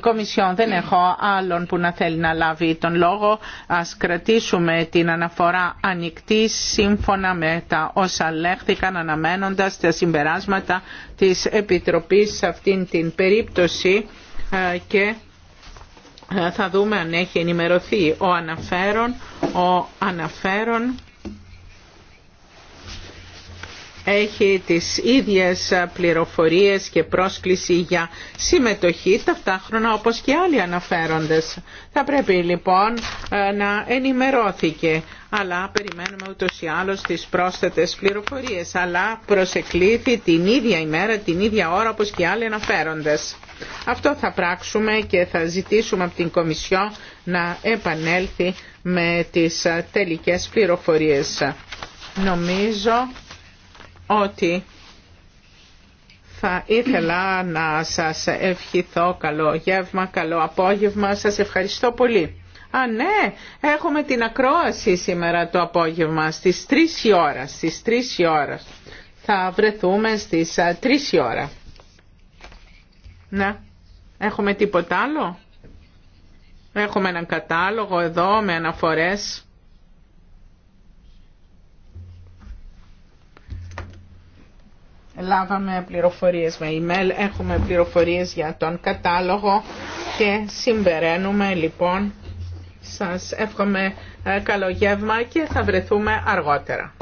Κομισιόν. Δεν έχω άλλον που να θέλει να λάβει τον λόγο. Ας κρατήσουμε την αναφορά ανοιχτή σύμφωνα με τα όσα λέχθηκαν αναμένοντας τα συμπεράσματα της Επιτροπής σε αυτήν την περίπτωση ε, ε, θα δούμε αν έχει ενημερωθεί ο αναφέρον, ο αναφέρον έχει τις ίδιες πληροφορίες και πρόσκληση για συμμετοχή ταυτάχρονα όπως και άλλοι αναφέροντες. Θα πρέπει λοιπόν ε, να ενημερώθηκε αλλά περιμένουμε ούτως ή άλλως τις πρόσθετες πληροφορίες, αλλά προσεκλήθη την ίδια ημέρα, την ίδια ώρα όπως και άλλοι αναφέροντες. Αυτό θα πράξουμε και θα ζητήσουμε από την Κομισιό να επανέλθει με τις τελικές πληροφορίες. Νομίζω ότι θα ήθελα να σας ευχηθώ καλό γεύμα, καλό απόγευμα. Σας ευχαριστώ πολύ. Α, ναι, έχουμε την ακρόαση σήμερα το απόγευμα στις 3 η ώρα. Στις 3 η ώρα. Θα βρεθούμε στις 3 ε, η ώρα. Ναι. Έχουμε τίποτα άλλο. Έχουμε έναν κατάλογο εδώ με αναφορές. Λάβαμε πληροφορίες με email, έχουμε πληροφορίες για τον κατάλογο και συμπεραίνουμε λοιπόν σας εύχομαι ε, καλό γεύμα και θα βρεθούμε αργότερα.